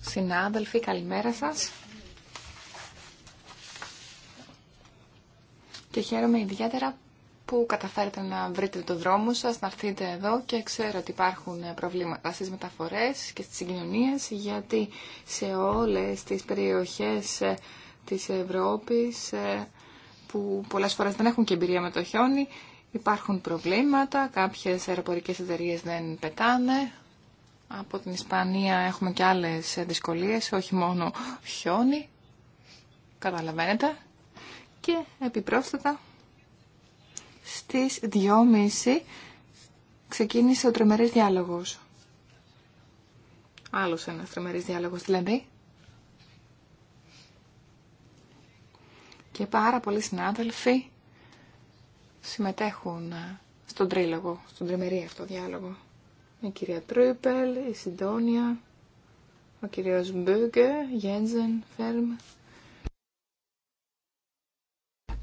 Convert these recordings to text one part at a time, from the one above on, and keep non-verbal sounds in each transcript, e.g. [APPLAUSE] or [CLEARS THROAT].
Συνάδελφοι, καλημέρα Και χαίρομαι ιδιαίτερα που καταφέρετε να βρείτε το δρόμο σας, να έρθετε εδώ και ξέρω ότι υπάρχουν προβλήματα στις μεταφορές και στις συγκοινωνίες γιατί σε όλες τις περιοχές ε, της Ευρώπης ε, που πολλές φορές δεν έχουν και εμπειρία με το χιόνι Υπάρχουν προβλήματα, κάποιες αεροπορικές εταιρείε δεν πετάνε. Από την Ισπανία έχουμε και άλλες δυσκολίες, όχι μόνο χιόνι, καταλαβαίνετε. Και επιπρόσθετα, στις 2.30 ξεκίνησε ο τρομερής διάλογος. Άλλος ένας τρομερής διάλογος δηλαδή. Και πάρα πολλοί συνάδελφοι συμμετέχουν ε, στον τρίλογο, στον τριμερή αυτό διάλογο. Η κυρία Τρούπελ, η Συντόνια, ο κύριος Μπούγκε, Γέντζεν, Φέρμ.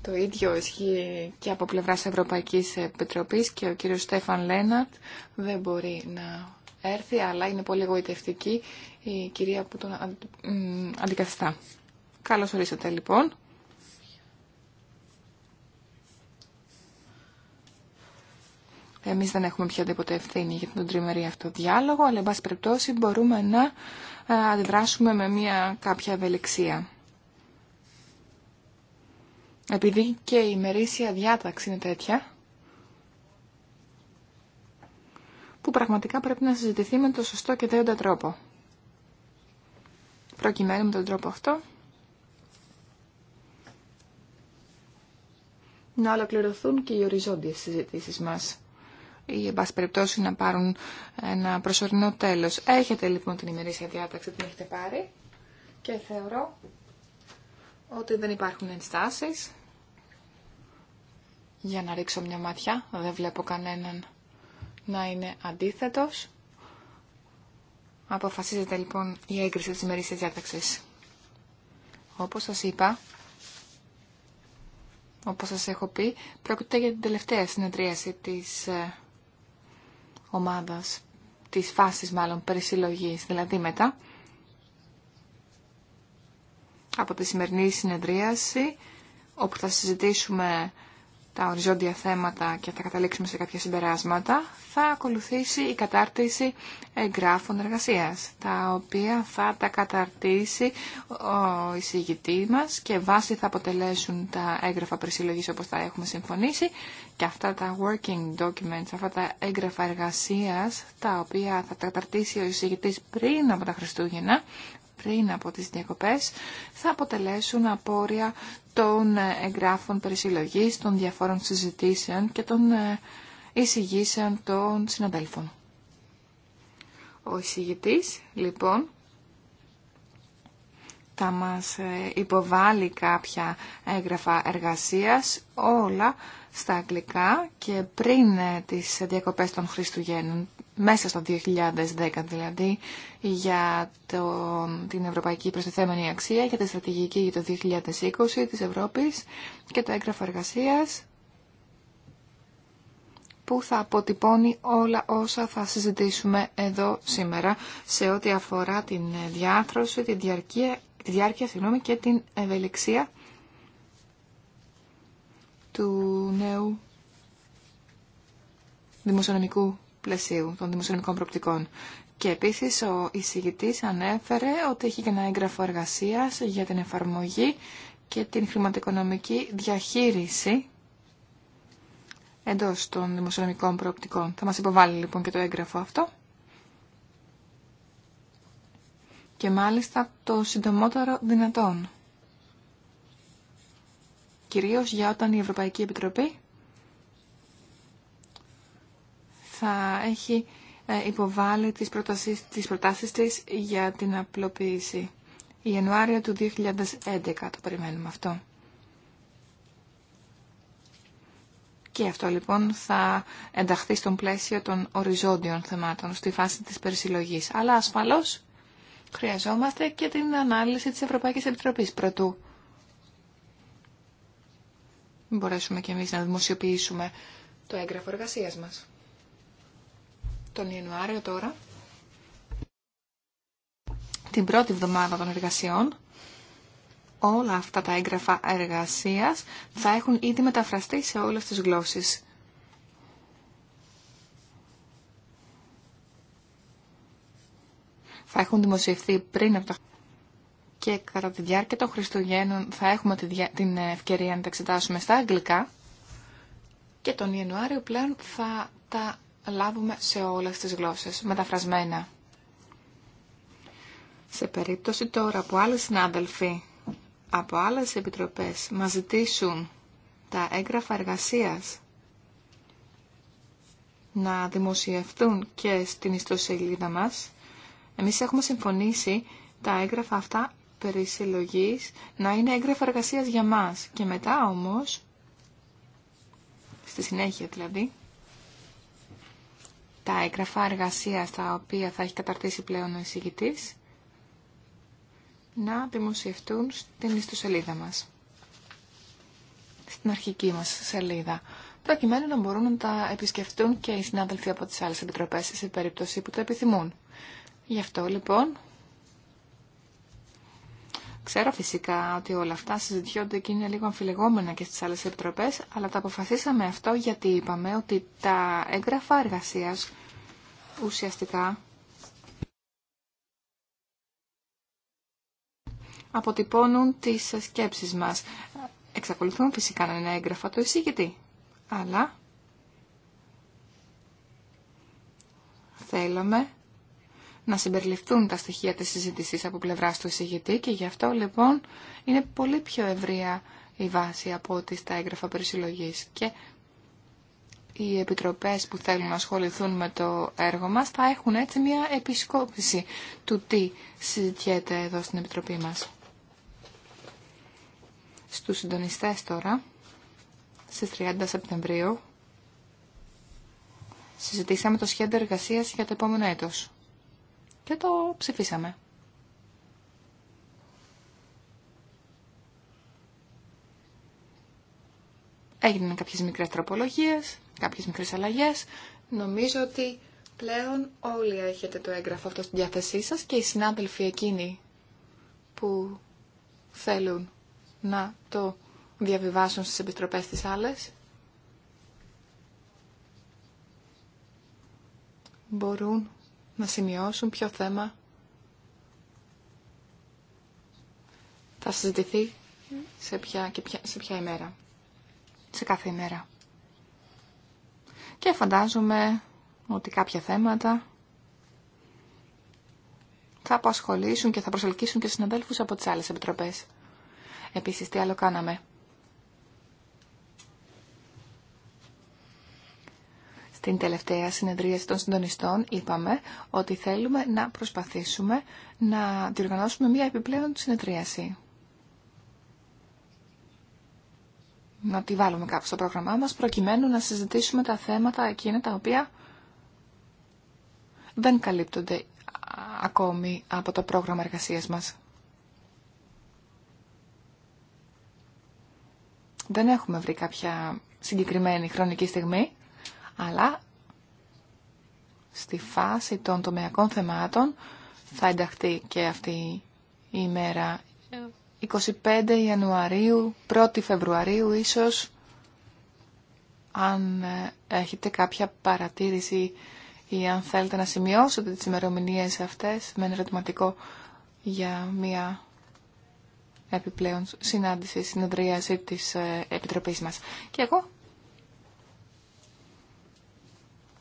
Το ίδιο ισχύει και από πλευράς Ευρωπαϊκής Επιτροπής και ο κύριος Στέφαν Λέναρτ δεν μπορεί να έρθει, αλλά είναι πολύ εγωιτευτική η κυρία που τον αντικαθιστά. Καλώς ορίσατε λοιπόν. Εμείς δεν έχουμε πια τίποτε ευθύνη για τον τριμερή αυτό διάλογο, αλλά εν πάση περιπτώσει μπορούμε να ε, αντιδράσουμε με μια κάποια ευελιξία. Επειδή και η μερίσια διάταξη είναι τέτοια, που πραγματικά πρέπει να συζητηθεί με το σωστό και δέοντα τρόπο. Προκειμένου με τον τρόπο αυτό, να ολοκληρωθούν και οι οριζόντιες συζητήσεις μας ή εν πάση περιπτώσει να πάρουν ένα προσωρινό τέλος. Έχετε λοιπόν την ημερήσια διάταξη, την έχετε πάρει και θεωρώ ότι δεν υπάρχουν ενστάσεις. Για να ρίξω μια μάτια, δεν βλέπω κανέναν να είναι αντίθετος. Αποφασίζεται λοιπόν η έγκριση της ημερήσιας διάταξης. Όπως σας είπα, όπως σας έχω πει, πρόκειται για την τελευταία συνεδρίαση της ε, ομάδας, της φάσης μάλλον περισυλλογής. Δηλαδή μετά από τη σημερινή συνεδρίαση όπου θα συζητήσουμε τα οριζόντια θέματα και θα καταλήξουμε σε κάποια συμπεράσματα, θα ακολουθήσει η κατάρτιση εγγράφων εργασίας, τα οποία θα τα καταρτήσει ο εισηγητή μας και βάση θα αποτελέσουν τα έγγραφα προσύλλογης όπως τα έχουμε συμφωνήσει και αυτά τα working documents, αυτά τα έγγραφα εργασίας, τα οποία θα τα καταρτήσει ο εισηγητής πριν από τα Χριστούγεννα, πριν από τις διακοπές θα αποτελέσουν απόρρια των εγγράφων περισυλλογής, των διαφόρων συζητήσεων και των ε, εισηγήσεων των συναδέλφων. Ο εισηγητής, λοιπόν, θα μας ε, υποβάλει κάποια έγγραφα εργασίας, όλα στα αγγλικά και πριν ε, τις διακοπές των Χριστουγέννων, μέσα στο 2010 δηλαδή, για την ευρωπαϊκή προστιθέμενη αξία, για τη στρατηγική για το 2020 της Ευρώπης και το έγγραφο εργασίας που θα αποτυπώνει όλα όσα θα συζητήσουμε εδώ σήμερα σε ό,τι αφορά την ε, διάθρωση, τη διάρκεια, τη διάρκεια και την ευελιξία του νέου δημοσιονομικού πλαισίου, των δημοσιονομικών προπτικών. Και επίσης ο εισηγητής ανέφερε ότι έχει και ένα έγγραφο εργασίας για την εφαρμογή και την χρηματοοικονομική διαχείριση εντός των δημοσιονομικών προοπτικών. Θα μας υποβάλει λοιπόν και το έγγραφο αυτό. Και μάλιστα το συντομότερο δυνατόν. Κυρίως για όταν η Ευρωπαϊκή Επιτροπή θα έχει ε, υποβάλει τις προτάσεις, τις προτάσεις της για την απλοποίηση. Η Ιανουάριο του 2011 το περιμένουμε αυτό. Και αυτό λοιπόν θα ενταχθεί στον πλαίσιο των οριζόντιων θεμάτων, στη φάση της περισυλλογής. Αλλά ασφαλώς χρειαζόμαστε και την ανάλυση της Ευρωπαϊκής Επιτροπής πρωτού μπορέσουμε και εμείς να δημοσιοποιήσουμε το έγγραφο εργασίας μας. Τον Ιανουάριο τώρα, την πρώτη εβδομάδα των εργασιών, όλα αυτά τα έγγραφα εργασίας θα έχουν ήδη μεταφραστεί σε όλες τις γλώσσες. Θα έχουν δημοσιευθεί πριν από τα και κατά τη διάρκεια των Χριστουγέννων θα έχουμε την ευκαιρία να τα εξετάσουμε στα αγγλικά και τον Ιανουάριο πλέον θα τα λάβουμε σε όλες τις γλώσσες, μεταφρασμένα. Σε περίπτωση τώρα που άλλοι συνάδελφοι από άλλες επιτροπές μας ζητήσουν τα έγγραφα εργασίας να δημοσιευτούν και στην ιστοσελίδα μας, εμείς έχουμε συμφωνήσει τα έγγραφα αυτά περί να είναι έγγραφα εργασία για μας. Και μετά όμως, στη συνέχεια δηλαδή, τα έγγραφα εργασία τα οποία θα έχει καταρτήσει πλέον ο εισηγητής, να δημοσιευτούν στην ιστοσελίδα μας. Στην αρχική μας σελίδα. Προκειμένου να μπορούν να τα επισκεφτούν και οι συνάδελφοι από τις άλλες επιτροπές σε περίπτωση που το επιθυμούν. Γι' αυτό λοιπόν Ξέρω φυσικά ότι όλα αυτά συζητιόνται και είναι λίγο αμφιλεγόμενα και στις άλλες επιτροπές, αλλά τα αποφασίσαμε αυτό γιατί είπαμε ότι τα έγγραφα εργασίας ουσιαστικά αποτυπώνουν τις σκέψεις μας. Εξακολουθούν φυσικά να είναι έγγραφα του εισήγητη, αλλά θέλουμε να συμπεριληφθούν τα στοιχεία της συζήτησης από πλευράς του εισηγητή και γι' αυτό λοιπόν είναι πολύ πιο ευρεία η βάση από ό,τι στα έγγραφα περισυλλογής και οι επιτροπές που θέλουν να ασχοληθούν με το έργο μας θα έχουν έτσι μια επισκόπηση του τι συζητιέται εδώ στην Επιτροπή μας. Στους συντονιστές τώρα, στις 30 Σεπτεμβρίου, συζητήσαμε το σχέδιο εργασίας για το επόμενο έτος και το ψηφίσαμε. Έγιναν κάποιες μικρές τροπολογίες, κάποιες μικρές αλλαγές. Νομίζω ότι πλέον όλοι έχετε το έγγραφο αυτό στην διάθεσή σας και οι συνάδελφοι εκείνοι που θέλουν να το διαβιβάσουν στις επιτροπές της άλλες. Μπορούν να σημειώσουν ποιο θέμα θα συζητηθεί σε ποια, και ποια, σε ποια ημέρα. Σε κάθε ημέρα. Και φαντάζομαι ότι κάποια θέματα θα απασχολήσουν και θα προσελκύσουν και συναδέλφους από τις άλλες επιτροπές. Επίσης, τι άλλο κάναμε. την τελευταία συνεδρίαση των συντονιστών είπαμε ότι θέλουμε να προσπαθήσουμε να διοργανώσουμε μια επιπλέον συνεδρίαση. Να τη βάλουμε κάπου στο πρόγραμμά μας προκειμένου να συζητήσουμε τα θέματα εκείνα τα οποία δεν καλύπτονται ακόμη από το πρόγραμμα εργασίας μας. Δεν έχουμε βρει κάποια συγκεκριμένη χρονική στιγμή, αλλά στη φάση των τομεακών θεμάτων θα ενταχθεί και αυτή η ημέρα 25 Ιανουαρίου, 1η Φεβρουαρίου ίσως αν ε, έχετε κάποια παρατήρηση ή αν θέλετε να σημειώσετε τις ημερομηνίε αυτές με ένα ερωτηματικό για μια επιπλέον συνάντηση, συνεδρίαση της ε, Επιτροπής μας. Και εγώ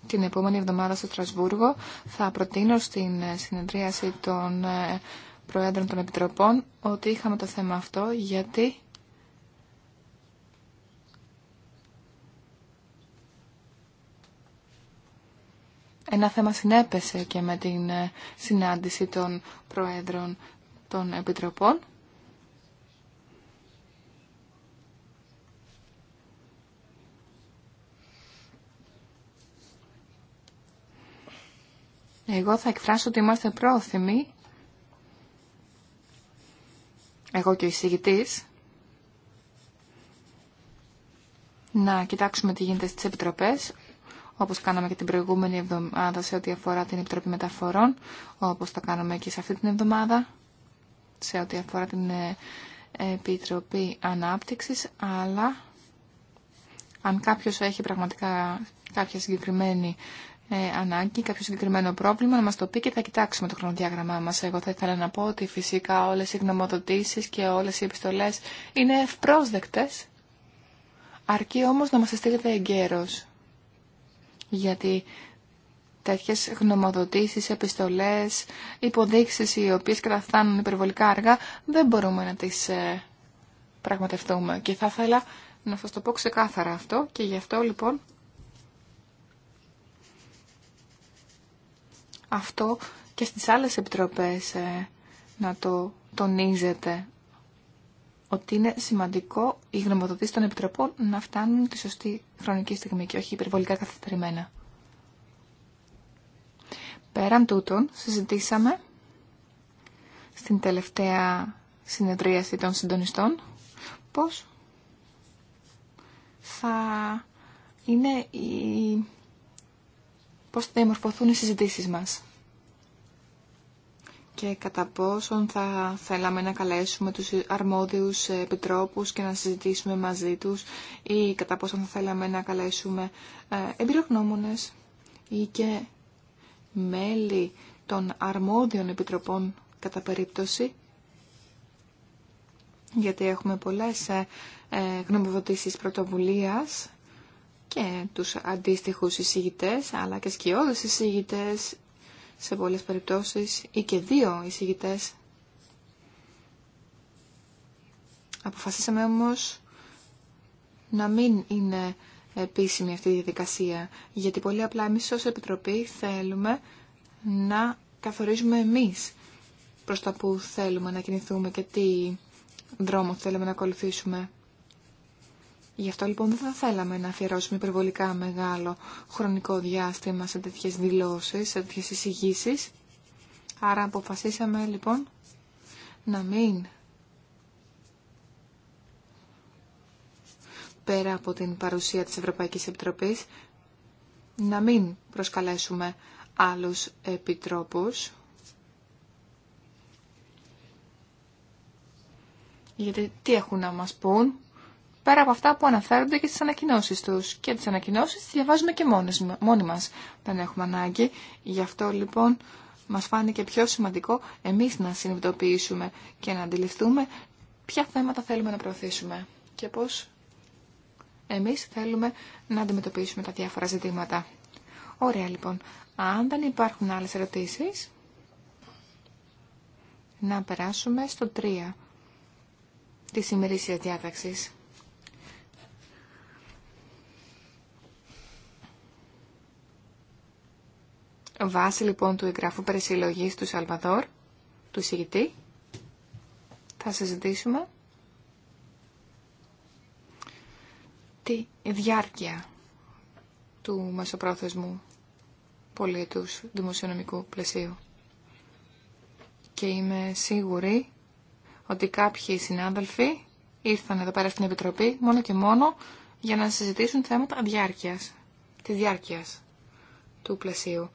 την επόμενη εβδομάδα στο Τρασβούργο θα προτείνω στην ε, συνεδρίαση των ε, Προέδρων των Επιτροπών ότι είχαμε το θέμα αυτό γιατί ένα θέμα συνέπεσε και με την ε, συνάντηση των Προέδρων των Επιτροπών Εγώ θα εκφράσω ότι είμαστε πρόθυμοι, εγώ και ο εισηγητής, να κοιτάξουμε τι γίνεται στις επιτροπές, όπως κάναμε και την προηγούμενη εβδομάδα σε ό,τι αφορά την Επιτροπή Μεταφορών, όπως το κάνουμε και σε αυτή την εβδομάδα, σε ό,τι αφορά την ε, Επιτροπή Ανάπτυξης, αλλά αν κάποιος έχει πραγματικά κάποια συγκεκριμένη ε, ανάγκη, κάποιο συγκεκριμένο πρόβλημα, να μα το πει και θα κοιτάξουμε το χρονοδιάγραμμά μα. Εγώ θα ήθελα να πω ότι φυσικά όλε οι γνωμοδοτήσει και όλε οι επιστολέ είναι ευπρόσδεκτε. αρκεί όμω να μας στείλετε εγκαίρω. Γιατί τέτοιε γνωμοδοτήσει, επιστολέ, υποδείξει οι οποίε καταφθάνουν υπερβολικά αργά, δεν μπορούμε να τις ε, πραγματευτούμε. Και θα ήθελα να σας το πω ξεκάθαρα αυτό και γι' αυτό λοιπόν αυτό και στις άλλες επιτροπές ε, να το τονίζετε ότι είναι σημαντικό οι γνωμοδοτήσεις των επιτροπών να φτάνουν τη σωστή χρονική στιγμή και όχι υπερβολικά καθυστερημένα. Πέραν τούτων, συζητήσαμε στην τελευταία συνεδρίαση των συντονιστών πώς θα είναι η... πώς θα διαμορφωθούν οι συζητήσεις μας και κατά πόσον θα θέλαμε να καλέσουμε τους αρμόδιους επιτρόπους και να συζητήσουμε μαζί τους ή κατά πόσον θα θέλαμε να καλέσουμε ε, εμπειρογνώμονες ή και μέλη των αρμόδιων επιτροπών κατά περίπτωση γιατί έχουμε πολλές ε, ε, γνωμοδοτήσεις πρωτοβουλίας και τους αντίστοιχους εισηγητές αλλά και σκιώδες εισηγητές σε πολλές περιπτώσεις ή και δύο εισηγητές. Αποφασίσαμε όμως να μην είναι επίσημη αυτή η διαδικασία, γιατί πολύ απλά εμείς ως Επιτροπή θέλουμε να καθορίζουμε εμείς προς τα που θέλουμε να κινηθούμε και τι δρόμο θέλουμε να ακολουθήσουμε. Γι' αυτό λοιπόν δεν θα θέλαμε να αφιερώσουμε υπερβολικά μεγάλο χρονικό διάστημα σε τέτοιε δηλώσει, σε τέτοιε εισηγήσει. Άρα αποφασίσαμε λοιπόν να μην πέρα από την παρουσία της Ευρωπαϊκής Επιτροπής να μην προσκαλέσουμε άλλους επιτρόπους γιατί τι έχουν να μας πούν πέρα από αυτά που αναφέρονται και στις ανακοινώσεις τους. Και τις ανακοινώσεις τις διαβάζουμε και μόνες, μόνοι μας. Δεν έχουμε ανάγκη. Γι' αυτό λοιπόν μας φάνηκε πιο σημαντικό εμείς να συνειδητοποιήσουμε και να αντιληφθούμε ποια θέματα θέλουμε να προωθήσουμε και πώς εμείς θέλουμε να αντιμετωπίσουμε τα διάφορα ζητήματα. Ωραία λοιπόν. Αν δεν υπάρχουν άλλες ερωτήσεις, να περάσουμε στο 3 της ημερήσιας διάταξης. Βάσει λοιπόν του εγγράφου περισυλλογής του Σαλβαδόρ, του εισηγητή, θα συζητήσουμε τη διάρκεια του μεσοπρόθεσμου πολίτους δημοσιονομικού πλαισίου. Και είμαι σίγουρη ότι κάποιοι συνάδελφοι ήρθαν εδώ πέρα στην Επιτροπή μόνο και μόνο για να συζητήσουν θέματα διάρκειας, τη διάρκειας του πλαισίου.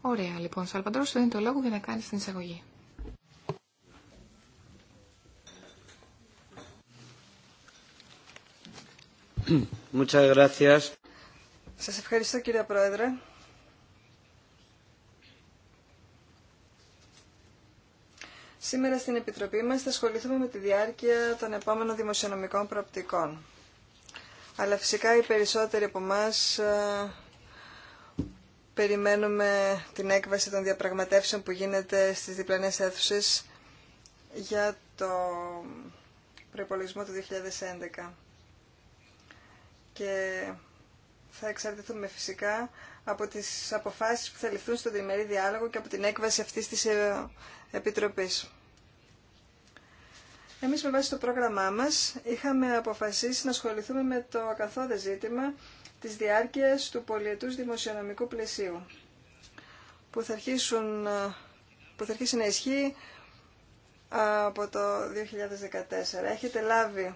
Ωραία, λοιπόν, Σαλπαντρό, σου δίνει το λόγο για να κάνει την εισαγωγή. Muchas ευχαριστώ κύριε Πρόεδρε. Σήμερα στην Επιτροπή μας θα ασχοληθούμε με τη διάρκεια των επόμενων δημοσιονομικών προοπτικών. Αλλά φυσικά οι περισσότεροι από εμά ε, περιμένουμε την έκβαση των διαπραγματεύσεων που γίνεται στις διπλανές αίθουσες για το προπολογισμό του 2011. Και θα εξαρτηθούμε φυσικά από τις αποφάσεις που θα ληφθούν στο διμερή διάλογο και από την έκβαση αυτής της ε, Επιτροπής. Εμείς με βάση το πρόγραμμά μας είχαμε αποφασίσει να ασχοληθούμε με το καθόδε ζήτημα της διάρκειας του πολιετούς δημοσιονομικού πλαισίου που θα, αρχίσουν, ε, που αρχίσει να ισχύει ε, από το 2014. Έχετε λάβει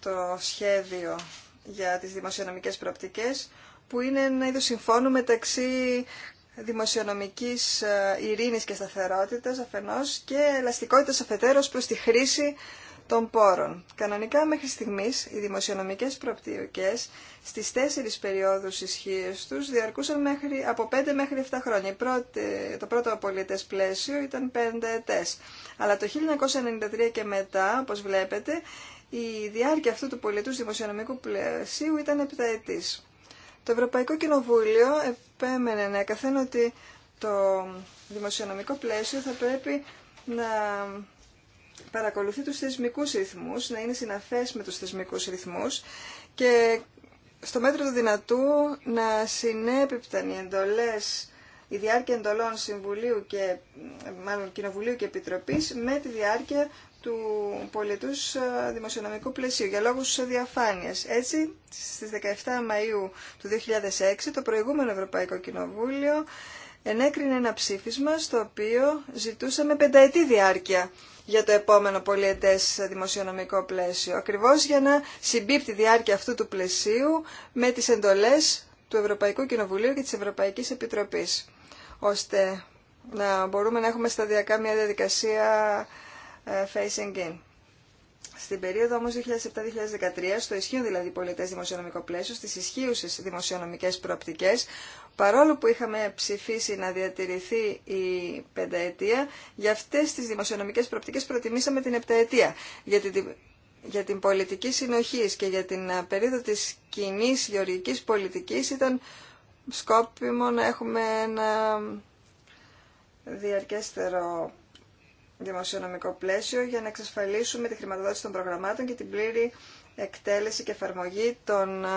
το σχέδιο για τις δημοσιονομικές προοπτικές που είναι ένα είδος συμφώνου μεταξύ δημοσιονομικής ε, ειρήνης και σταθερότητας αφενός και ελαστικότητας αφετέρως προς τη χρήση των πόρων. Κανονικά μέχρι στιγμής οι δημοσιονομικές προπτυρικές στις τέσσερις περιόδους ισχύω τους διαρκούσαν μέχρι, από 5 μέχρι 7 χρόνια. πρώτη, το πρώτο απολύτες πλαίσιο ήταν 5 ετές. Αλλά το 1993 και μετά, όπως βλέπετε, η διάρκεια αυτού του πολιτούς δημοσιονομικού πλαισίου ήταν ετής. Το Ευρωπαϊκό Κοινοβούλιο επέμενε να καθένα ότι το δημοσιονομικό πλαίσιο θα πρέπει να παρακολουθεί τους θεσμικούς ρυθμούς, να είναι συναφές με τους θεσμικούς ρυθμούς και στο μέτρο του δυνατού να συνέπιπταν οι εντολές, η διάρκεια εντολών Συμβουλίου και Κοινοβουλίου και Επιτροπής με τη διάρκεια του πολιτούς ε, δημοσιονομικού πλαισίου για λόγους διαφάνειας. Έτσι, στις 17 Μαΐου του 2006 το προηγούμενο Ευρωπαϊκό Κοινοβούλιο ενέκρινε ένα ψήφισμα στο οποίο ζητούσαμε πενταετή διάρκεια για το επόμενο πολιετές δημοσιονομικό πλαίσιο, ακριβώς για να συμπίπτει τη διάρκεια αυτού του πλαισίου με τις εντολές του Ευρωπαϊκού Κοινοβουλίου και της Ευρωπαϊκής Επιτροπής, ώστε να μπορούμε να έχουμε σταδιακά μια διαδικασία ε, facing in. Στην περίοδο όμως 2007-2013, στο ισχύον δηλαδή πολιτές δημοσιονομικό πλαίσιο, στις ισχύουσες δημοσιονομικές προοπτικές, παρόλο που είχαμε ψηφίσει να διατηρηθεί η πενταετία, για αυτές τις δημοσιονομικές προοπτικές προτιμήσαμε την επταετία. Για την, για την πολιτική συνοχή και για την περίοδο της κοινή γεωργικής πολιτικής ήταν σκόπιμο να έχουμε ένα διαρκέστερο δημοσιονομικό πλαίσιο για να εξασφαλίσουμε τη χρηματοδότηση των προγραμμάτων και την πλήρη εκτέλεση και εφαρμογή των ε,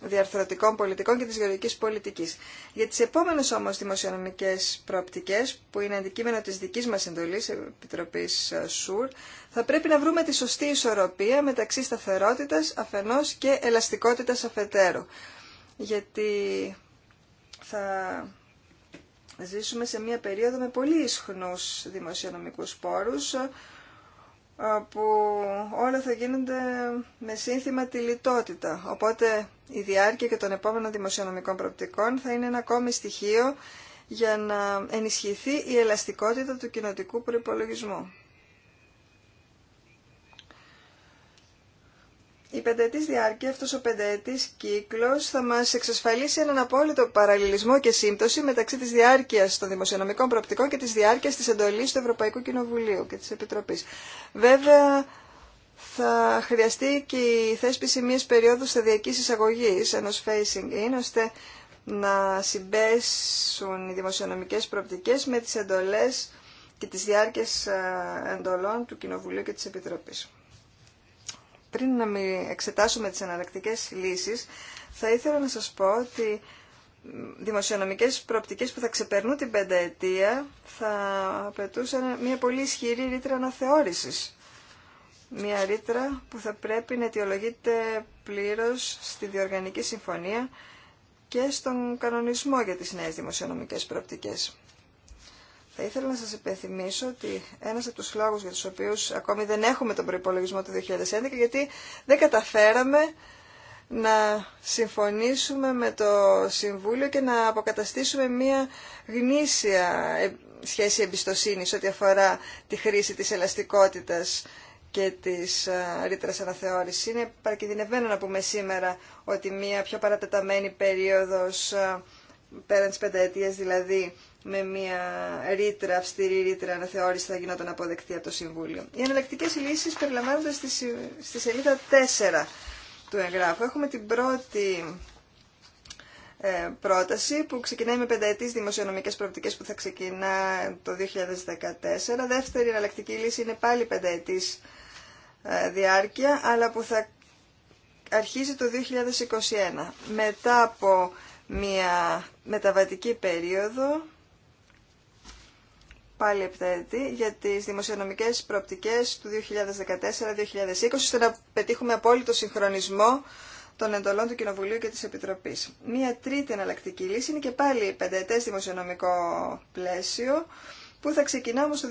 διαρθρωτικών πολιτικών και της γεωργικής πολιτικής. Για τις επόμενες όμως δημοσιονομικές προοπτικές, που είναι αντικείμενο της δικής μας εντολής, Επιτροπής ε, ΣΟΥΡ, θα πρέπει να βρούμε τη σωστή ισορροπία μεταξύ σταθερότητας αφενός και ελαστικότητας αφετέρου. Γιατί θα ζήσουμε σε μια περίοδο με πολύ ισχνούς δημοσιονομικούς πόρους ε, που όλα θα γίνονται με σύνθημα τη λιτότητα. Οπότε η διάρκεια και των επόμενων δημοσιονομικών προοπτικών θα είναι ένα ακόμη στοιχείο για να ενισχυθεί η ελαστικότητα του κοινοτικού προϋπολογισμού. η πενταετής διάρκεια, αυτό ο πενταετή κύκλο θα μα εξασφαλίσει έναν απόλυτο παραλληλισμό και σύμπτωση μεταξύ τη διάρκεια των δημοσιονομικών προοπτικών και τη διάρκεια τη εντολή του Ευρωπαϊκού Κοινοβουλίου και τη Επιτροπή. Βέβαια, θα χρειαστεί και η θέσπιση μιας περίοδου σταδιακή εισαγωγή, ενό facing in, ώστε να συμπέσουν οι δημοσιονομικέ προοπτικέ με τι εντολέ και τι διάρκειε ε, εντολών του Κοινοβουλίου και τη Επιτροπή πριν να εξετάσουμε τις αναλλακτικέ λύσεις, θα ήθελα να σας πω ότι δημοσιονομικές προοπτικές που θα ξεπερνούν την πενταετία θα απαιτούσαν μια πολύ ισχυρή ρήτρα αναθεώρησης. Μια ρήτρα που θα πρέπει να αιτιολογείται πλήρως στη Διοργανική Συμφωνία και στον κανονισμό για τις νέες δημοσιονομικές προοπτικές. Θα ήθελα να σας υπενθυμίσω ότι ένας από τους λόγους για τους οποίους ακόμη δεν έχουμε τον προϋπολογισμό του 2011 γιατί δεν καταφέραμε να συμφωνήσουμε με το Συμβούλιο και να αποκαταστήσουμε μια γνήσια ε, σχέση εμπιστοσύνης ό,τι αφορά τη χρήση της ελαστικότητας και της ε, ρήτρα αναθεώρησης. Είναι παρακινδυνευμένο να πούμε σήμερα ότι μια πιο παρατεταμένη περίοδος ε, πέραν της πενταετίας δηλαδή με μια ρήτρα, αυστηρή ρήτρα αναθεώρηση θα γινόταν αποδεκτή από το Συμβούλιο. Οι εναλλακτικέ λύσει περιλαμβάνονται στη, σελίδα 4 του εγγράφου. Έχουμε την πρώτη ε, πρόταση που ξεκινάει με πενταετή δημοσιονομικέ προοπτικέ που θα ξεκινά το 2014. Δεύτερη εναλλακτική λύση είναι πάλι πενταετή ε, διάρκεια, αλλά που θα αρχίζει το 2021. Μετά από μια μεταβατική περίοδο πάλι επτάετη για τις δημοσιονομικές προοπτικές του 2014-2020 ώστε να πετύχουμε απόλυτο συγχρονισμό των εντολών του Κοινοβουλίου και της Επιτροπής. Μία τρίτη εναλλακτική λύση είναι και πάλι πενταετές δημοσιονομικό πλαίσιο που θα ξεκινά όμως το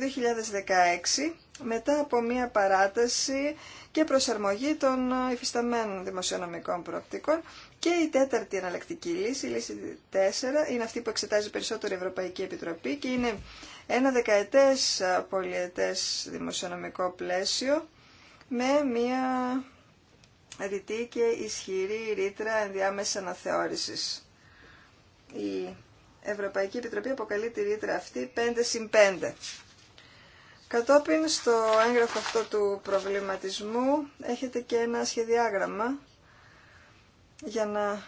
2016 μετά από μία παράταση και προσαρμογή των υφισταμένων δημοσιονομικών προοπτικών και η τέταρτη εναλλακτική λύση, η λύση 4, είναι αυτή που εξετάζει περισσότερο η Ευρωπαϊκή Επιτροπή και είναι ένα δεκαετές πολιετές δημοσιονομικό πλαίσιο με μια ρητή και ισχυρή ρήτρα ενδιάμεσης αναθεώρησης. Η Ευρωπαϊκή Επιτροπή αποκαλεί τη ρήτρα αυτή 5 συν 5. Κατόπιν στο έγγραφο αυτό του προβληματισμού έχετε και ένα σχεδιάγραμμα για να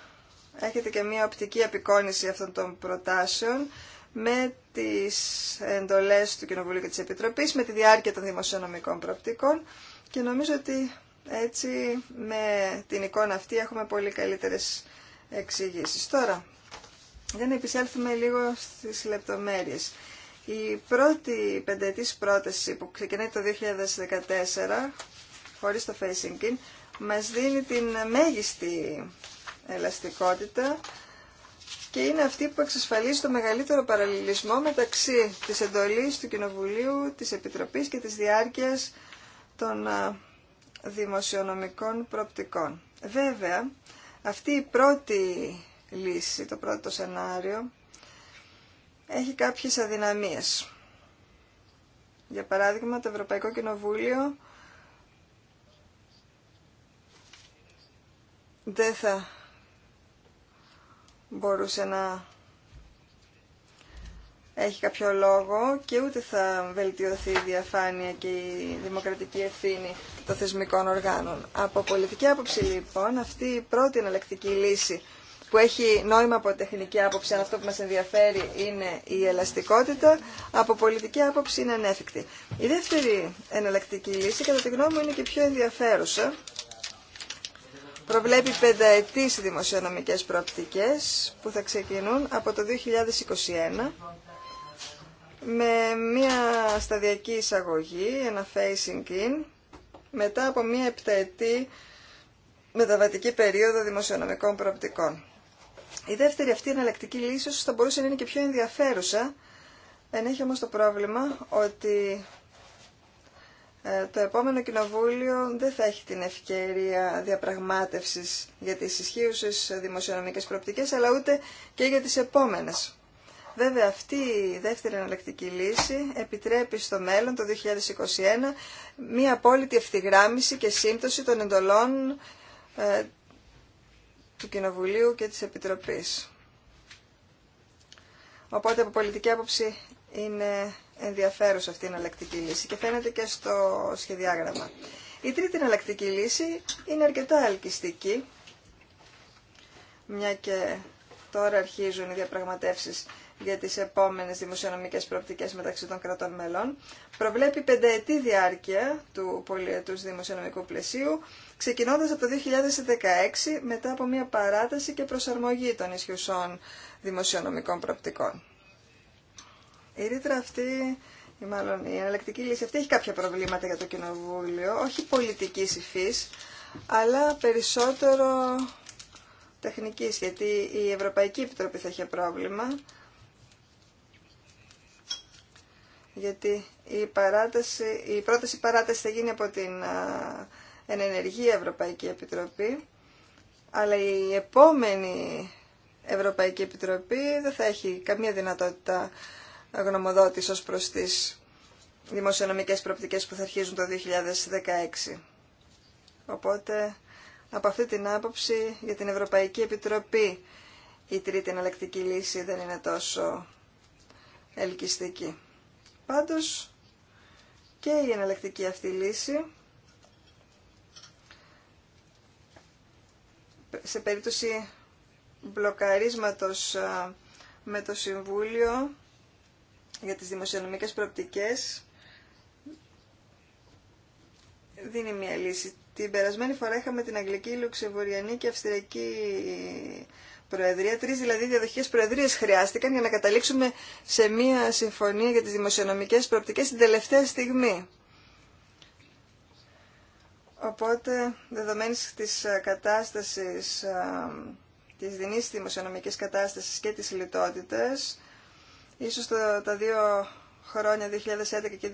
έχετε και μία οπτική απεικόνηση αυτών των προτάσεων με τις εντολές του Κοινοβουλίου και της Επιτροπής με τη διάρκεια των δημοσιονομικών προοπτικών και νομίζω ότι έτσι με την εικόνα αυτή έχουμε πολύ καλύτερες εξηγήσει. Τώρα, για να επισέλθουμε λίγο στις λεπτομέρειες. Η πρώτη πενταετής πρόταση που ξεκινάει το 2014, χωρίς το Facing In, μας δίνει την μέγιστη ελαστικότητα και είναι αυτή που εξασφαλίζει το μεγαλύτερο παραλληλισμό μεταξύ της εντολής του Κοινοβουλίου, της Επιτροπής και της διάρκειας των δημοσιονομικών προοπτικών. Βέβαια, αυτή η πρώτη λύση, το πρώτο σενάριο, έχει κάποιες αδυναμίες. Για παράδειγμα, το Ευρωπαϊκό Κοινοβούλιο δεν θα μπορούσε να έχει κάποιο λόγο και ούτε θα βελτιωθεί η διαφάνεια και η δημοκρατική ευθύνη των θεσμικών οργάνων. Από πολιτική άποψη λοιπόν αυτή η πρώτη εναλλακτική λύση που έχει νόημα από τεχνική άποψη αν αυτό που μας ενδιαφέρει είναι η ελαστικότητα, από πολιτική άποψη είναι ανέφικτη. Η δεύτερη εναλλακτική λύση κατά τη γνώμη μου είναι και πιο ενδιαφέρουσα προβλέπει πενταετής δημοσιονομικές προοπτικές που θα ξεκινούν από το 2021 με μια σταδιακή εισαγωγή, ένα facing in, μετά από μια επταετή μεταβατική περίοδο δημοσιονομικών προοπτικών. Η δεύτερη αυτή εναλλακτική λύση θα μπορούσε να είναι και πιο ενδιαφέρουσα, ενέχει όμως το πρόβλημα ότι ε, το επόμενο κοινοβούλιο δεν θα έχει την ευκαιρία διαπραγμάτευσης για τις ισχύουσες δημοσιονομικές προοπτικές, αλλά ούτε και για τις επόμενες. Βέβαια αυτή η δεύτερη εναλλακτική λύση επιτρέπει στο μέλλον το 2021 μία απόλυτη ευθυγράμμιση και σύμπτωση των εντολών ε, του Κοινοβουλίου και της Επιτροπής. Οπότε από πολιτική άποψη είναι ενδιαφέρουσα αυτή η εναλλακτική λύση και φαίνεται και στο σχεδιάγραμμα. Η τρίτη εναλλακτική λύση είναι αρκετά ελκυστική, μια και τώρα αρχίζουν οι διαπραγματεύσεις για τις επόμενες δημοσιονομικές προοπτικές μεταξύ των κρατών μελών. Προβλέπει πενταετή διάρκεια του πολυετούς δημοσιονομικού πλαισίου, ξεκινώντας από το 2016 μετά από μια παράταση και προσαρμογή των ισχυουσών δημοσιονομικών προοπτικών. Η ρήτρα αυτή, ή μάλλον η εναλλακτική λύση αυτή έχει κάποια προβλήματα για το Κοινοβούλιο, όχι πολιτική υφή, αλλά περισσότερο τεχνική γιατί η Ευρωπαϊκή Επιτροπή θα έχει πρόβλημα, γιατί η, παράταση, η πρόταση παράταση θα γίνει από την Ενενεργή Ευρωπαϊκή Επιτροπή, αλλά η επόμενη Ευρωπαϊκή Επιτροπή δεν θα έχει καμία δυνατότητα γνωμοδότης ως προς τις δημοσιονομικές προοπτικές που θα αρχίζουν το 2016. Οπότε, από αυτή την άποψη, για την Ευρωπαϊκή Επιτροπή η τρίτη εναλλακτική λύση δεν είναι τόσο ελκυστική. Πάντως, και η εναλλακτική αυτή λύση σε περίπτωση μπλοκαρίσματος με το Συμβούλιο για τις δημοσιονομικές προοπτικές δίνει μια λύση. Την περασμένη φορά είχαμε την Αγγλική, Λουξεβουριανή και Αυστριακή Προεδρία. Τρεις δηλαδή διαδοχικές προεδρίες χρειάστηκαν για να καταλήξουμε σε μια συμφωνία για τις δημοσιονομικές προοπτικές την τελευταία στιγμή. Οπότε, δεδομένης της ε, κατάστασης, ε, της δινής δημοσιονομικής κατάστασης και της λιτότητας, Ίσως τα δύο χρόνια 2011 και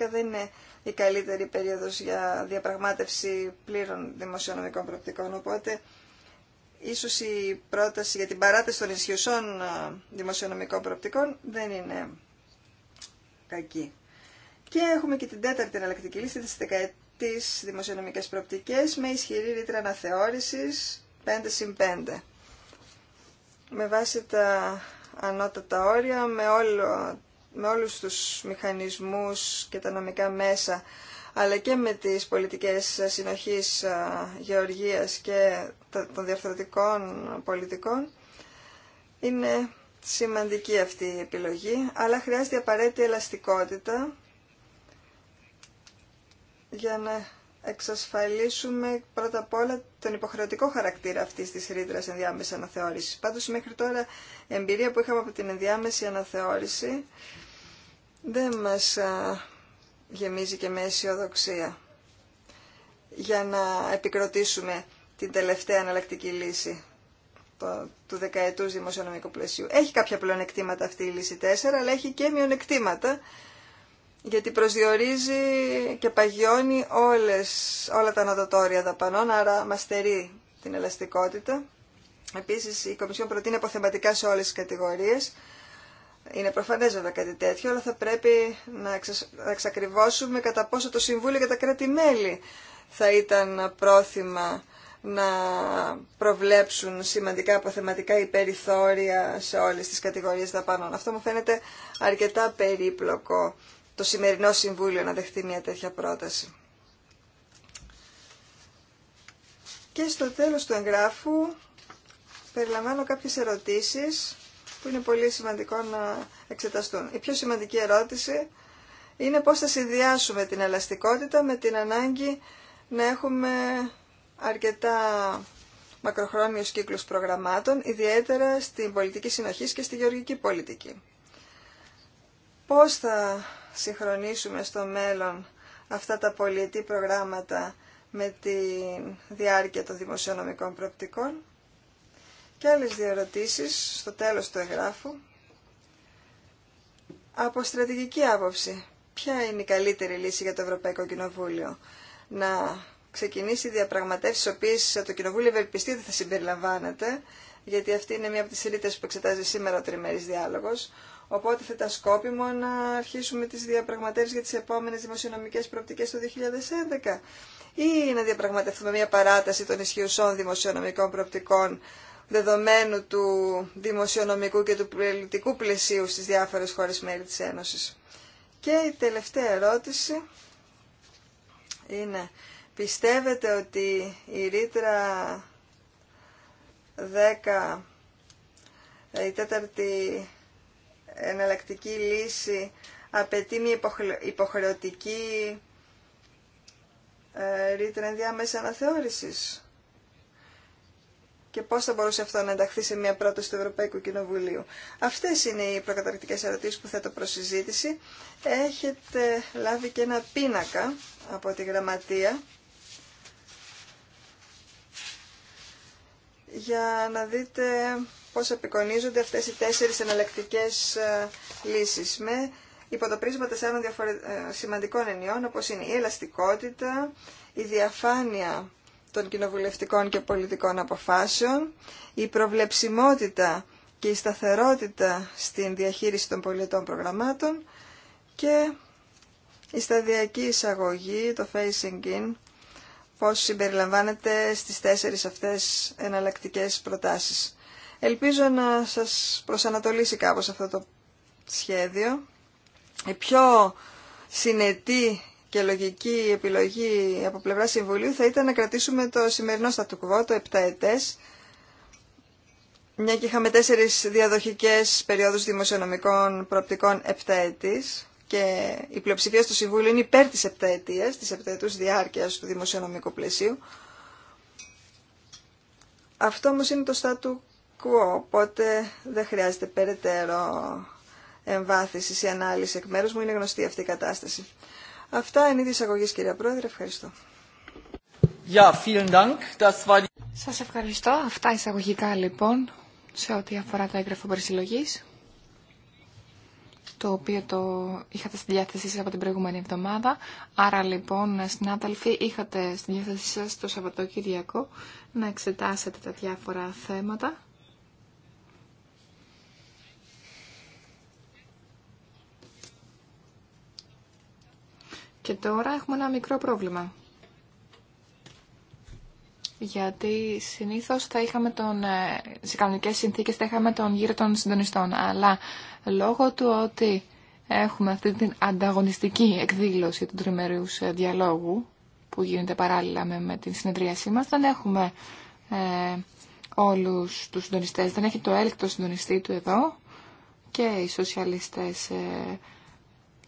2012 δεν είναι η καλύτερη περίοδος για διαπραγμάτευση πλήρων δημοσιονομικών προοπτικών. Οπότε ίσως η πρόταση για την παράταση των ισχυωσών ε, δημοσιονομικών προοπτικών δεν είναι κακή. Και έχουμε και την τέταρτη εναλλακτική λίστα της δεκαετής δημοσιονομικές προοπτικές με ισχυρή ρήτρα αναθεώρησης 5 5. Με βάση τα ανώτατα όρια με, όλο, με όλους τους μηχανισμούς και τα νομικά μέσα αλλά και με τις πολιτικές συνοχής γεωργίας και των διαφορετικών πολιτικών είναι σημαντική αυτή η επιλογή αλλά χρειάζεται απαραίτητη ελαστικότητα για να εξασφαλίσουμε πρώτα απ' όλα τον υποχρεωτικό χαρακτήρα αυτής της ρήτρας ενδιάμεση αναθεώρησης. Πάντως μέχρι τώρα η εμπειρία που είχαμε από την ενδιάμεση αναθεώρηση δεν μας γεμίζει και με αισιοδοξία για να επικροτήσουμε την τελευταία αναλλακτική λύση του δεκαετούς δημοσιονομικού πλαισίου. Έχει κάποια πλεονεκτήματα αυτή η λύση 4, αλλά έχει και μειονεκτήματα γιατί προσδιορίζει και παγιώνει όλες, όλα τα ανατοτόρια δαπανών, άρα μαστερεί την ελαστικότητα. Επίσης, η Κομισιόν προτείνει αποθεματικά σε όλες τις κατηγορίες. Είναι προφανέ βέβαια κάτι τέτοιο, αλλά θα πρέπει να, εξα... να εξακριβώσουμε κατά πόσο το Συμβούλιο για τα κράτη-μέλη θα ήταν πρόθυμα να προβλέψουν σημαντικά αποθεματικά υπερηθόρια σε όλες τις κατηγορίες δαπανών. Αυτό μου φαίνεται αρκετά περίπλοκο το σημερινό Συμβούλιο να δεχτεί μια τέτοια πρόταση. Και στο τέλος του εγγράφου περιλαμβάνω κάποιες ερωτήσεις που είναι πολύ σημαντικό να εξεταστούν. Η πιο σημαντική ερώτηση είναι πώς θα συνδυάσουμε την ελαστικότητα με την ανάγκη να έχουμε αρκετά μακροχρόνιους κύκλους προγραμμάτων, ιδιαίτερα στην πολιτική συνοχή και στη γεωργική πολιτική. Πώς θα συγχρονίσουμε στο μέλλον αυτά τα πολιετή προγράμματα με τη διάρκεια των δημοσιονομικών προοπτικών. Και άλλες δύο ερωτήσεις στο τέλος του εγγράφου. Από στρατηγική άποψη, ποια είναι η καλύτερη λύση για το Ευρωπαϊκό Κοινοβούλιο. Να ξεκινήσει διαπραγματεύσεις, οποίες το Κοινοβούλιο ευελπιστεί ότι θα συμπεριλαμβάνεται, γιατί αυτή είναι μία από τις ελίτες που εξετάζει σήμερα ο τριμερής διάλογος, Οπότε θα τα σκόπιμο να αρχίσουμε τις διαπραγματεύσεις για τις επόμενες δημοσιονομικές προοπτικές το 2011 ή να διαπραγματευτούμε μια παράταση των ισχυουσών δημοσιονομικών προοπτικών δεδομένου του δημοσιονομικού και του πολιτικού πλαισίου στις διάφορες χώρες μέλη της Ένωσης. Και η τελευταία ερώτηση είναι πιστεύετε ότι η ρήτρα 10 η τέταρτη εναλλακτική λύση απαιτεί μια υποχρεωτική ε, ρήτρα ενδιάμεση αναθεώρησης. Και πώς θα μπορούσε αυτό να ενταχθεί σε μια πρόταση του Ευρωπαϊκού Κοινοβουλίου. Αυτές είναι οι προκαταρκτικές ερωτήσεις που θέτω προς συζήτηση. Έχετε λάβει και ένα πίνακα από τη γραμματεία για να δείτε πώς απεικονίζονται αυτές οι τέσσερις εναλλακτικέ ε, λύσεις με υπό το πρίσμα τεσσάρων ε, σημαντικών ενιών όπως είναι η ελαστικότητα, η διαφάνεια των κοινοβουλευτικών και πολιτικών αποφάσεων, η προβλεψιμότητα και η σταθερότητα στην διαχείριση των πολιτών προγραμμάτων και η σταδιακή εισαγωγή, το facing in, πώς συμπεριλαμβάνεται στις τέσσερις αυτές εναλλακτικές προτάσεις. Ελπίζω να σας προσανατολίσει κάπως αυτό το σχέδιο. Η πιο συνετή και λογική επιλογή από πλευρά Συμβουλίου θα ήταν να κρατήσουμε το σημερινό στατουκβό, το 7 ετές, μια και είχαμε τέσσερις διαδοχικές περιόδους δημοσιονομικών προοπτικών 7 ετής και η πλειοψηφία στο Συμβούλιο είναι υπέρ της επταετίας, της επταετούς διάρκειας του δημοσιονομικού πλαισίου. Αυτό όμως είναι το στάτου Ακούω, οπότε δεν χρειάζεται περαιτέρω εμβάθυνση ή ανάλυση εκ μέρους μου. Είναι γνωστή αυτή η κατάσταση. Αυτά είναι η εισαγωγή, κυρία Πρόεδρε. Ευχαριστώ. Ja, vielen Dank. Das war... Σας ευχαριστώ. Αυτά εισαγωγικά λοιπόν σε ό,τι αφορά το έγγραφο περισυλλογής το οποίο το είχατε στη διάθεσή σας από την προηγούμενη εβδομάδα. Άρα λοιπόν, συνάδελφοι, είχατε στη διάθεσή σας το Σαββατοκύριακο να εξετάσετε τα διάφορα θέματα. Και τώρα έχουμε ένα μικρό πρόβλημα. Γιατί συνήθως θα είχαμε τον, ε, σε κανονικές συνθήκες θα είχαμε τον γύρο των συντονιστών. Αλλά λόγω του ότι έχουμε αυτή την ανταγωνιστική εκδήλωση του τριμερού ε, διαλόγου που γίνεται παράλληλα με, με την συνεδρίασή μας, δεν έχουμε ε, όλους τους συντονιστές. Δεν έχει το έλκτο συντονιστή του εδώ και οι σοσιαλιστές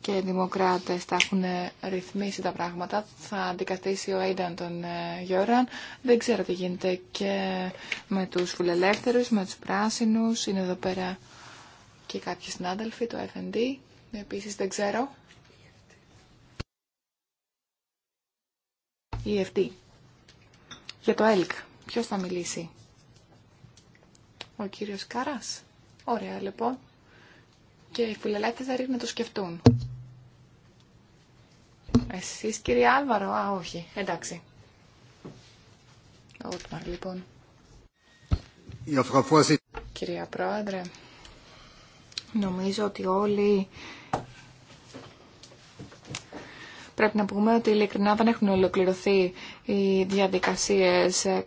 και οι δημοκράτες θα έχουν ρυθμίσει τα πράγματα. Θα αντικαθίσει ο Αίνταν τον ε, Γιώραν. Δεν ξέρω τι γίνεται και με τους φιλελεύθερους, με τους πράσινους. Είναι εδώ πέρα και κάποιοι συνάδελφοι, το FND. Επίσης δεν ξέρω. Η FD. Για το ΕΛΚ. Ποιος θα μιλήσει. Ο κύριος Καράς. Ωραία λοιπόν. Και οι φιλελεύθεροι να το σκεφτούν. Εσείς κύριε Άλβαρο, α όχι, εντάξει. Ότμαρ λοιπόν. Κυρία Πρόεδρε, νομίζω ότι όλοι πρέπει να πούμε ότι ειλικρινά δεν έχουν ολοκληρωθεί οι διαδικασίες ε,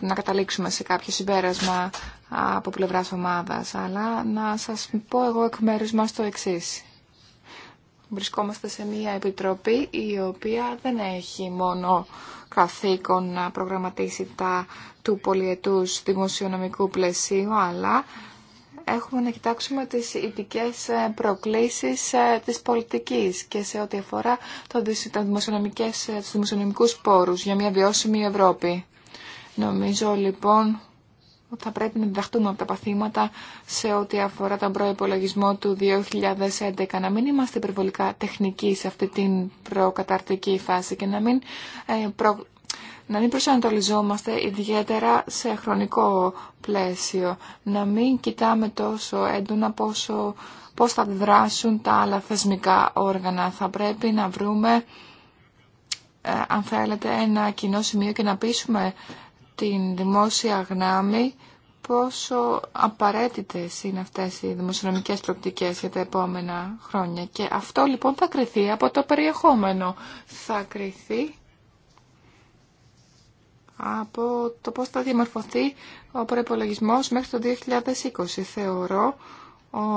να καταλήξουμε σε κάποιο συμπέρασμα από πλευράς ομάδας. Αλλά να σας πω εγώ εκ μέρους μας το εξής. Βρισκόμαστε σε μια επιτροπή η οποία δεν έχει μόνο καθήκον να προγραμματίσει τα του πολιετούς δημοσιονομικού πλαισίου, αλλά έχουμε να κοιτάξουμε τις ειδικές ε, προκλήσεις ε, της πολιτικής και σε ό,τι αφορά το, τα δημοσιονομικές, ε, τους δημοσιονομικούς πόρους για μια βιώσιμη Ευρώπη. Νομίζω λοιπόν θα πρέπει να διδαχτούμε από τα παθήματα σε ό,τι αφορά τον προϋπολογισμό του 2011. Να μην είμαστε υπερβολικά τεχνικοί σε αυτή την προκαταρτική φάση και να μην, ε, προ... να μην προσανατολιζόμαστε ιδιαίτερα σε χρονικό πλαίσιο. Να μην κοιτάμε τόσο έντονα πόσο... πώς θα δράσουν τα άλλα θεσμικά όργανα. Θα πρέπει να βρούμε, ε, αν θέλετε, ένα κοινό σημείο και να πείσουμε την δημόσια γνάμη πόσο απαραίτητες είναι αυτές οι δημοσιονομικές προοπτικές για τα επόμενα χρόνια. Και αυτό λοιπόν θα κριθεί από το περιεχόμενο. Θα κριθεί από το πώς θα διαμορφωθεί ο προπολογισμό μέχρι το 2020. Θεωρώ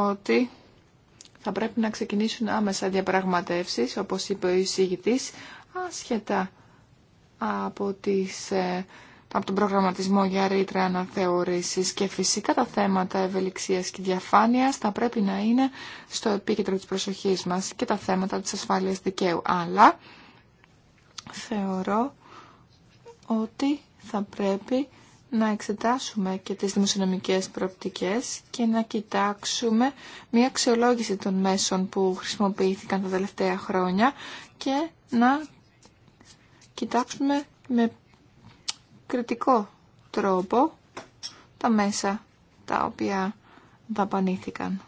ότι θα πρέπει να ξεκινήσουν άμεσα διαπραγματεύσεις, όπως είπε ο εισηγητής, άσχετα από τις ε, από τον προγραμματισμό για ρήτρα αναθεωρήσεις και φυσικά τα θέματα ευελιξίας και διαφάνειας θα πρέπει να είναι στο επίκεντρο της προσοχής μας και τα θέματα της ασφάλειας δικαίου. Αλλά θεωρώ ότι θα πρέπει να εξετάσουμε και τις δημοσιονομικές προοπτικές και να κοιτάξουμε μια αξιολόγηση των μέσων που χρησιμοποιήθηκαν τα τελευταία χρόνια και να κοιτάξουμε με κριτικό τρόπο τα μέσα τα οποία δαπανήθηκαν.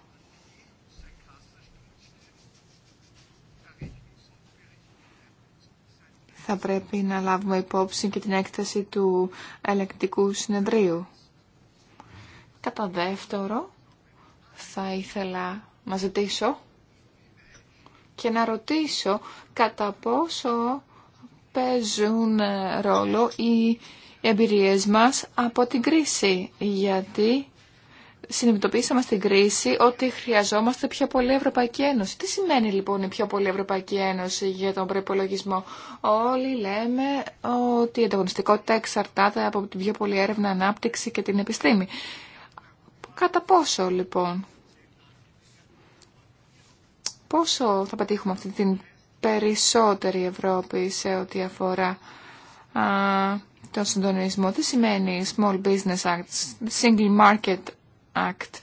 Θα πρέπει να λάβουμε υπόψη και την έκταση του ελεκτικού συνεδρίου. Κατά δεύτερο, θα ήθελα να ζητήσω και να ρωτήσω κατά πόσο παίζουν ρόλο οι εμπειρίες μας από την κρίση, γιατί συνειδητοποίησαμε στην κρίση ότι χρειαζόμαστε πιο πολύ Ευρωπαϊκή Ένωση. Τι σημαίνει λοιπόν η πιο πολύ Ευρωπαϊκή Ένωση για τον προπολογισμό. Όλοι λέμε ότι η ανταγωνιστικότητα εξαρτάται από την πιο πολύ έρευνα, ανάπτυξη και την επιστήμη. Κατά πόσο λοιπόν. Πόσο θα πετύχουμε αυτή την περισσότερη Ευρώπη σε ό,τι αφορά α, τον συντονισμό. Τι σημαίνει Small Business Act, Single Market Act,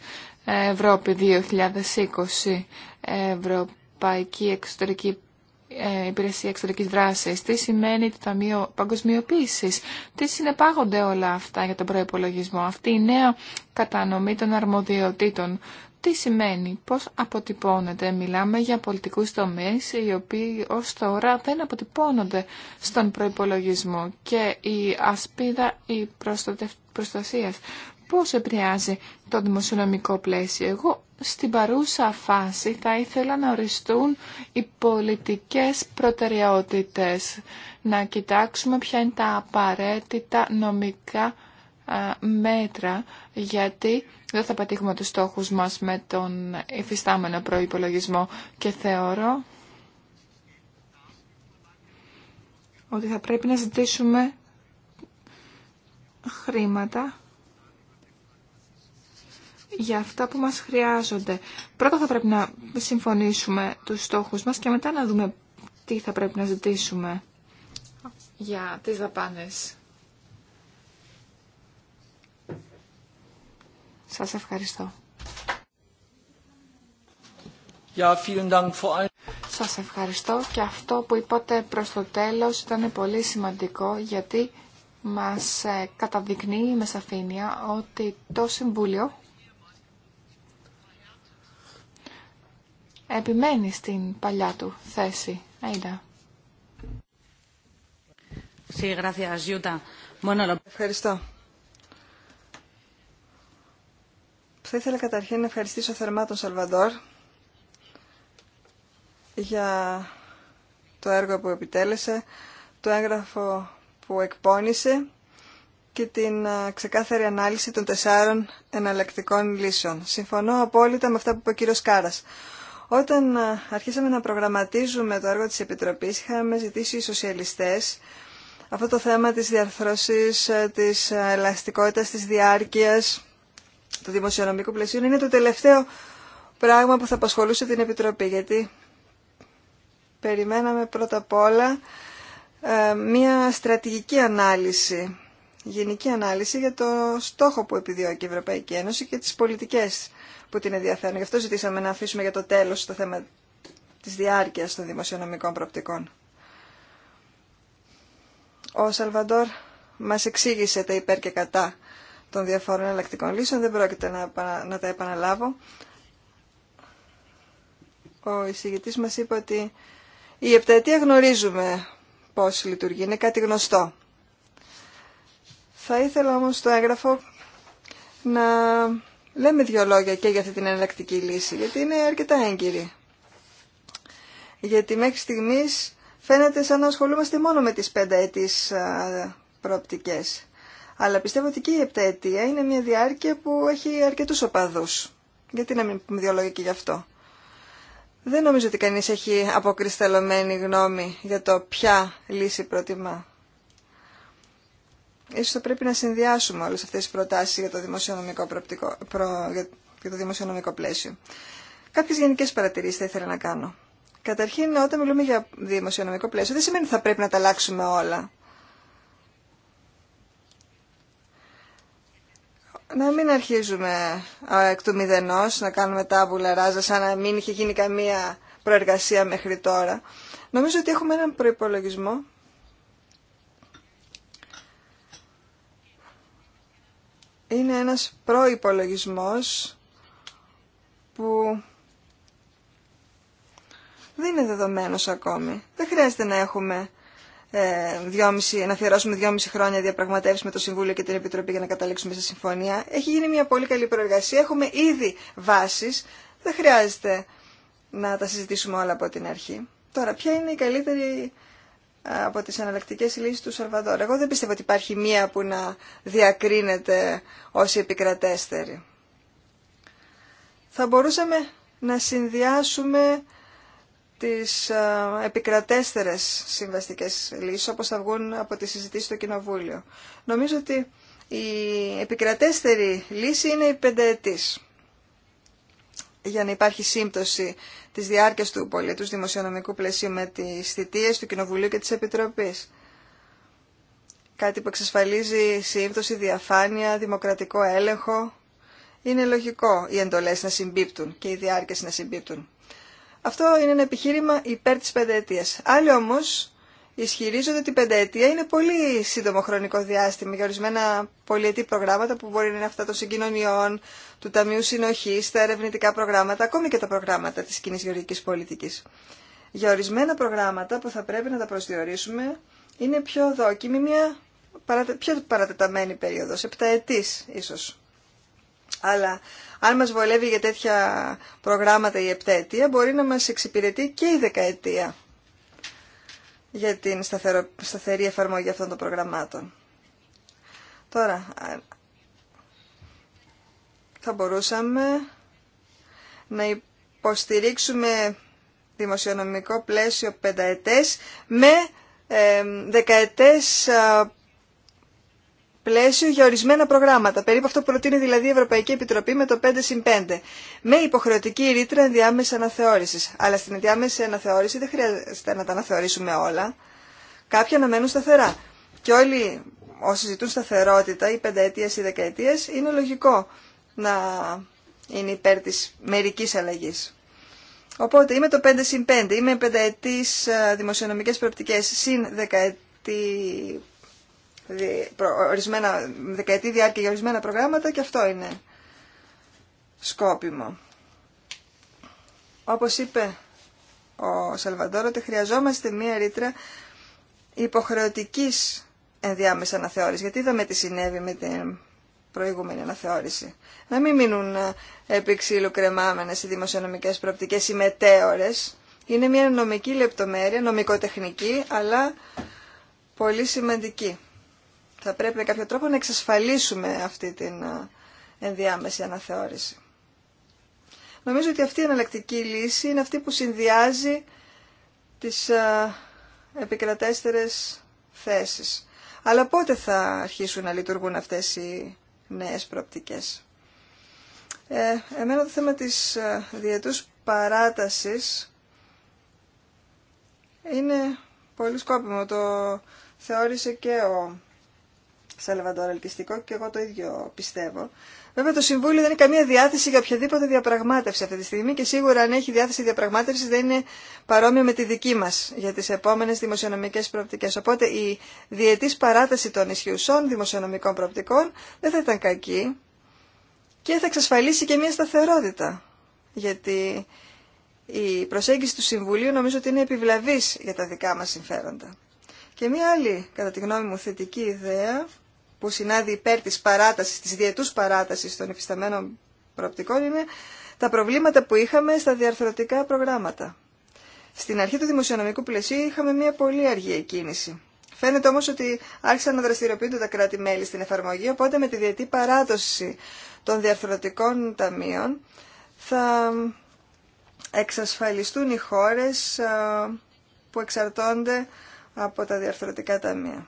Ευρώπη 2020, Ευρωπαϊκή Εξωτερική ε, Υπηρεσία Εξωτερικής Δράσης, τι σημαίνει το Ταμείο Παγκοσμιοποίησης, τι συνεπάγονται όλα αυτά για τον προϋπολογισμό, αυτή η νέα κατανομή των αρμοδιοτήτων τι σημαίνει, πώς αποτυπώνεται. Μιλάμε για πολιτικούς τομείς οι οποίοι ως τώρα δεν αποτυπώνονται στον προϋπολογισμό και η ασπίδα η προστασίας. Πώς επηρεάζει το δημοσιονομικό πλαίσιο. Εγώ στην παρούσα φάση θα ήθελα να οριστούν οι πολιτικές προτεραιότητες. Να κοιτάξουμε ποια είναι τα απαραίτητα νομικά μέτρα γιατί δεν θα πετύχουμε τους στόχους μας με τον εφιστάμενο προϋπολογισμό και θεωρώ ότι θα πρέπει να ζητήσουμε χρήματα για αυτά που μας χρειάζονται. Πρώτα θα πρέπει να συμφωνήσουμε τους στόχους μας και μετά να δούμε τι θα πρέπει να ζητήσουμε για τις δαπάνες. Σας ευχαριστώ. Σα Dank Σας ευχαριστώ και αυτό που είπατε προς το τέλος ήταν πολύ σημαντικό γιατί μας ε, καταδεικνύει με σαφήνεια ότι το Συμβούλιο επιμένει στην παλιά του θέση. Αίντα. Ευχαριστώ. Θα ήθελα καταρχήν να ευχαριστήσω θερμά τον Σαλβαδόρ για το έργο που επιτέλεσε, το έγγραφο που εκπώνησε και την ξεκάθαρη ανάλυση των τεσσάρων εναλλακτικών λύσεων. Συμφωνώ απόλυτα με αυτά που είπε ο κύριος Κάρας. Όταν αρχίσαμε να προγραμματίζουμε το έργο της Επιτροπής, είχαμε ζητήσει οι σοσιαλιστές αυτό το θέμα της διαρθρώσης, ε, της ε, ελαστικότητας, της διάρκειας, το δημοσιονομικό πλαίσιο είναι το τελευταίο πράγμα που θα απασχολούσε την Επιτροπή, γιατί περιμέναμε πρώτα απ' όλα ε, μία στρατηγική ανάλυση, γενική ανάλυση για το στόχο που επιδιώκει η Ευρωπαϊκή Ένωση και τις πολιτικές που την ενδιαφέρουν. Γι' αυτό ζητήσαμε να αφήσουμε για το τέλος το θέμα της διάρκειας των δημοσιονομικών προοπτικών. Ο Σαλβαντόρ μας εξήγησε τα υπέρ και κατά των διαφόρων εναλλακτικών λύσεων. Δεν πρόκειται να, να τα επαναλάβω. Ο εισηγητής μας είπε ότι η επταετία γνωρίζουμε πώς λειτουργεί. Είναι κάτι γνωστό. Θα ήθελα όμως το έγγραφο να λέμε δύο λόγια και για αυτή την εναλλακτική λύση, γιατί είναι αρκετά έγκυρη. Γιατί μέχρι στιγμής φαίνεται σαν να ασχολούμαστε μόνο με τις πενταετής προοπτικές. Αλλά πιστεύω ότι και η επταετία είναι μια διάρκεια που έχει αρκετού. οπαδού. Γιατί να μην πούμε δύο λόγια και γι' αυτό. Δεν νομίζω ότι κανείς έχει αποκρισταλωμένη γνώμη για το ποια λύση προτιμά. Ίσως θα πρέπει να συνδυάσουμε όλες αυτές τις προτάσεις για το δημοσιονομικό, για το δημοσιονομικό πλαίσιο. Κάποιες γενικές παρατηρήσεις θα ήθελα να κάνω. Καταρχήν, όταν μιλούμε για δημοσιονομικό πλαίσιο, δεν σημαίνει ότι θα πρέπει να τα αλλάξουμε όλα. να μην αρχίζουμε εκ του μηδενό να κάνουμε τάβουλα ράζα σαν να μην είχε γίνει καμία προεργασία μέχρι τώρα. Νομίζω ότι έχουμε έναν προϋπολογισμό είναι ένας προϋπολογισμός που δεν είναι δεδομένος ακόμη. Δεν χρειάζεται να έχουμε ε, να αφιερώσουμε δυόμιση χρόνια διαπραγματεύσει με το Συμβούλιο και την Επιτροπή για να καταλήξουμε σε συμφωνία. Έχει γίνει μια πολύ καλή προεργασία. Έχουμε ήδη βάσεις. Δεν χρειάζεται να τα συζητήσουμε όλα από την αρχή. Τώρα, ποια είναι η καλύτερη ε, από τις αναλλακτικέ λύσεις του Σαλβαδόρ. Εγώ δεν πιστεύω ότι υπάρχει μία που να διακρίνεται ως η επικρατέστερη. Θα μπορούσαμε να συνδυάσουμε τις ε, επικρατέστερες συμβαστικές λύσεις, όπως θα βγουν από τη συζητήση στο Κοινοβούλιο. Νομίζω ότι η επικρατέστερη λύση είναι η πενταετής για να υπάρχει σύμπτωση της διάρκειας του πολίτου δημοσιονομικού πλαισίου με τις θητείες του Κοινοβουλίου και της Επιτροπής. Κάτι που εξασφαλίζει σύμπτωση, διαφάνεια, δημοκρατικό έλεγχο. Είναι λογικό οι εντολές να συμπίπτουν και οι διάρκειες να συμπίπτουν. Αυτό είναι ένα επιχείρημα υπέρ της πενταετίας. Άλλοι όμως ισχυρίζονται ότι η πενταετία είναι πολύ σύντομο χρονικό διάστημα για ορισμένα πολυετή προγράμματα που μπορεί να είναι αυτά των συγκοινωνιών, του Ταμείου Συνοχής, τα ερευνητικά προγράμματα, ακόμη και τα προγράμματα της κοινή γεωργικής πολιτικής. Για ορισμένα προγράμματα που θα πρέπει να τα προσδιορίσουμε είναι πιο δόκιμη μια πιο παρατεταμένη περίοδος, επταετής ίσως. Αλλά αν μας βολεύει για τέτοια προγράμματα η επτέτεια, μπορεί να μας εξυπηρετεί και η δεκαετία για την σταθερή εφαρμογή αυτών των προγραμμάτων. Τώρα, θα μπορούσαμε να υποστηρίξουμε δημοσιονομικό πλαίσιο πενταετές με ε, δεκαετές πλαίσιο για ορισμένα προγράμματα. Περίπου αυτό προτείνει δηλαδή η Ευρωπαϊκή Επιτροπή με το 5 συν 5. Με υποχρεωτική ρήτρα ενδιάμεση αναθεώρηση. Αλλά στην ενδιάμεση αναθεώρηση δεν χρειάζεται να τα αναθεωρήσουμε όλα. Κάποια να μένουν σταθερά. Και όλοι όσοι ζητούν σταθερότητα, ή πενταετία ή δεκαετία, είναι λογικό να είναι υπέρ τη μερική αλλαγή. Οπότε είμαι το 5 συν 5, είμαι πενταετή ε, δημοσιονομικέ προοπτικέ συν δεκαετή ορισμένα, δεκαετή διάρκεια για ορισμένα προγράμματα και αυτό είναι σκόπιμο. Όπως είπε ο Σαλβαντόρο ότι χρειαζόμαστε μία ρήτρα υποχρεωτικής ενδιάμεσα αναθεώρηση. Γιατί είδαμε τι συνέβη με την προηγούμενη αναθεώρηση. Να μην μείνουν ε, επί ξύλου κρεμάμενες οι δημοσιονομικές προοπτικές, οι μετέωρες. Είναι μια νομική λεπτομέρεια, νομικοτεχνική, αλλά πολύ σημαντική θα πρέπει με κάποιο τρόπο να εξασφαλίσουμε αυτή την ε, ενδιάμεση αναθεώρηση. Νομίζω ότι αυτή η εναλλακτική λύση είναι αυτή που συνδυάζει τις ε, επικρατέστερες θέσεις. Αλλά πότε θα αρχίσουν να λειτουργούν αυτές οι νέες προοπτικές. Ε, εμένα το θέμα της ε, διετούς παράτασης είναι πολύ σκόπιμο. Το θεώρησε και ο Σαλβαντόρ, ελπιστικό και εγώ το ίδιο πιστεύω. Βέβαια το Συμβούλιο δεν είναι καμία διάθεση για οποιαδήποτε διαπραγμάτευση αυτή τη στιγμή και σίγουρα αν έχει διάθεση διαπραγμάτευση δεν είναι παρόμοια με τη δική μα για τι επόμενε δημοσιονομικέ προοπτικέ. Οπότε η διετή παράταση των ισχυουσών δημοσιονομικών προοπτικών δεν θα ήταν κακή και θα εξασφαλίσει και μια σταθερότητα. Γιατί η προσέγγιση του Συμβουλίου νομίζω ότι είναι επιβλαβής για τα δικά μας συμφέροντα. Και μία άλλη, κατά τη γνώμη μου, θετική ιδέα που συνάδει υπέρ της παράτασης, της διετούς παράτασης των υφισταμένων προοπτικών είναι τα προβλήματα που είχαμε στα διαρθρωτικά προγράμματα. Στην αρχή του δημοσιονομικού πλαισίου είχαμε μια πολύ αργή κίνηση. Φαίνεται όμως ότι άρχισαν να δραστηριοποιούνται τα κράτη-μέλη στην εφαρμογή, οπότε με τη διετή παράδοση των διαρθρωτικών ταμείων θα εξασφαλιστούν οι χώρες που εξαρτώνται από τα διαρθρωτικά ταμεία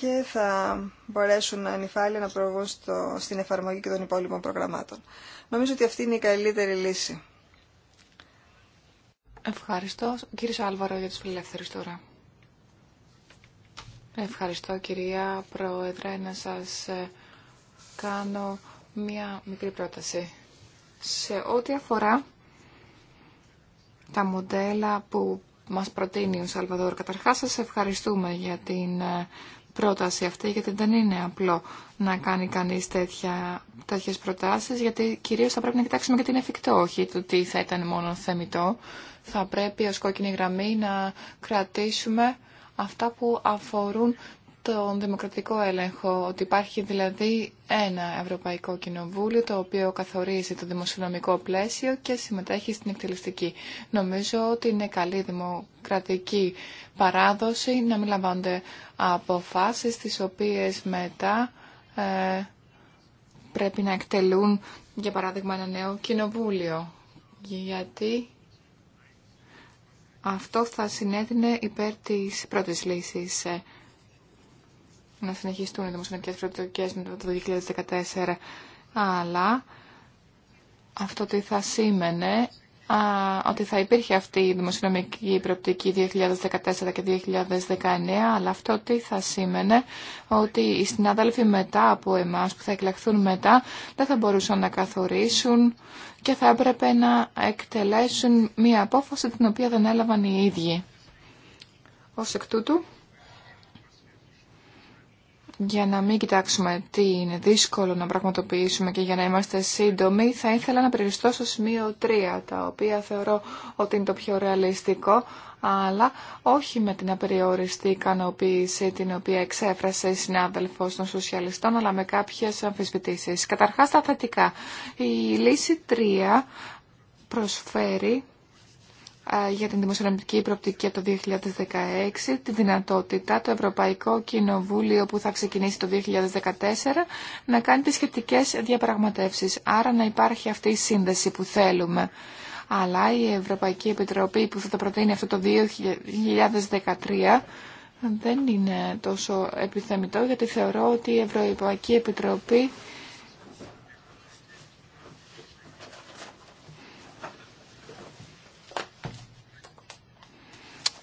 και θα μπορέσουν ανυφάλια να προβούν στο, στην εφαρμογή και των υπόλοιπων προγραμμάτων. Νομίζω ότι αυτή είναι η καλύτερη λύση. Ευχαριστώ. Κύριε Άλβαρο για τους φιλελεύθερους τώρα. Ευχαριστώ κυρία Πρόεδρε να σας ε, κάνω μία μικρή πρόταση. Σε ό,τι αφορά τα μοντέλα που μας προτείνει ο Σαλβαδόρ. Καταρχάς σας ευχαριστούμε για την ε, πρόταση αυτή, γιατί δεν είναι απλό να κάνει κανείς τέτοια, τέτοιες προτάσεις, γιατί κυρίως θα πρέπει να κοιτάξουμε και την εφικτό, όχι το τι θα ήταν μόνο θεμητό. Θα πρέπει ως κόκκινη γραμμή να κρατήσουμε αυτά που αφορούν τον δημοκρατικό έλεγχο, ότι υπάρχει δηλαδή ένα Ευρωπαϊκό Κοινοβούλιο το οποίο καθορίζει το δημοσιονομικό πλαίσιο και συμμετέχει στην εκτελεστική. Νομίζω ότι είναι καλή δημοκρατική παράδοση να μην λαμβάνονται αποφάσεις τις οποίες μετά ε, πρέπει να εκτελούν για παράδειγμα ένα νέο κοινοβούλιο. Γιατί αυτό θα συνέδινε υπέρ της πρώτης λύσης ε, να συνεχιστούν οι δημοσιονομικές προεπτοκές με το 2014, αλλά αυτό τι θα σήμαινε α, ότι θα υπήρχε αυτή η δημοσιονομική προοπτική 2014 και 2019, αλλά αυτό τι θα σήμαινε ότι οι συνάδελφοι μετά από εμάς που θα εκλεχθούν μετά δεν θα μπορούσαν να καθορίσουν και θα έπρεπε να εκτελέσουν μία απόφαση την οποία δεν έλαβαν οι ίδιοι. Ως εκ τούτου, για να μην κοιτάξουμε τι είναι δύσκολο να πραγματοποιήσουμε και για να είμαστε σύντομοι, θα ήθελα να περιοριστώ στο σημείο 3, τα οποία θεωρώ ότι είναι το πιο ρεαλιστικό, αλλά όχι με την απεριόριστη ικανοποίηση την οποία εξέφρασε η συνάδελφος των σοσιαλιστών, αλλά με κάποιε αμφισβητήσει. Καταρχά τα θετικά. Η λύση 3 προσφέρει για την δημοσιονομική προοπτική το 2016, τη δυνατότητα το Ευρωπαϊκό Κοινοβούλιο που θα ξεκινήσει το 2014 να κάνει τις σχετικές διαπραγματεύσεις. Άρα να υπάρχει αυτή η σύνδεση που θέλουμε. Αλλά η Ευρωπαϊκή Επιτροπή που θα το προτείνει αυτό το 2013 δεν είναι τόσο επιθεμητό γιατί θεωρώ ότι η Ευρωπαϊκή Επιτροπή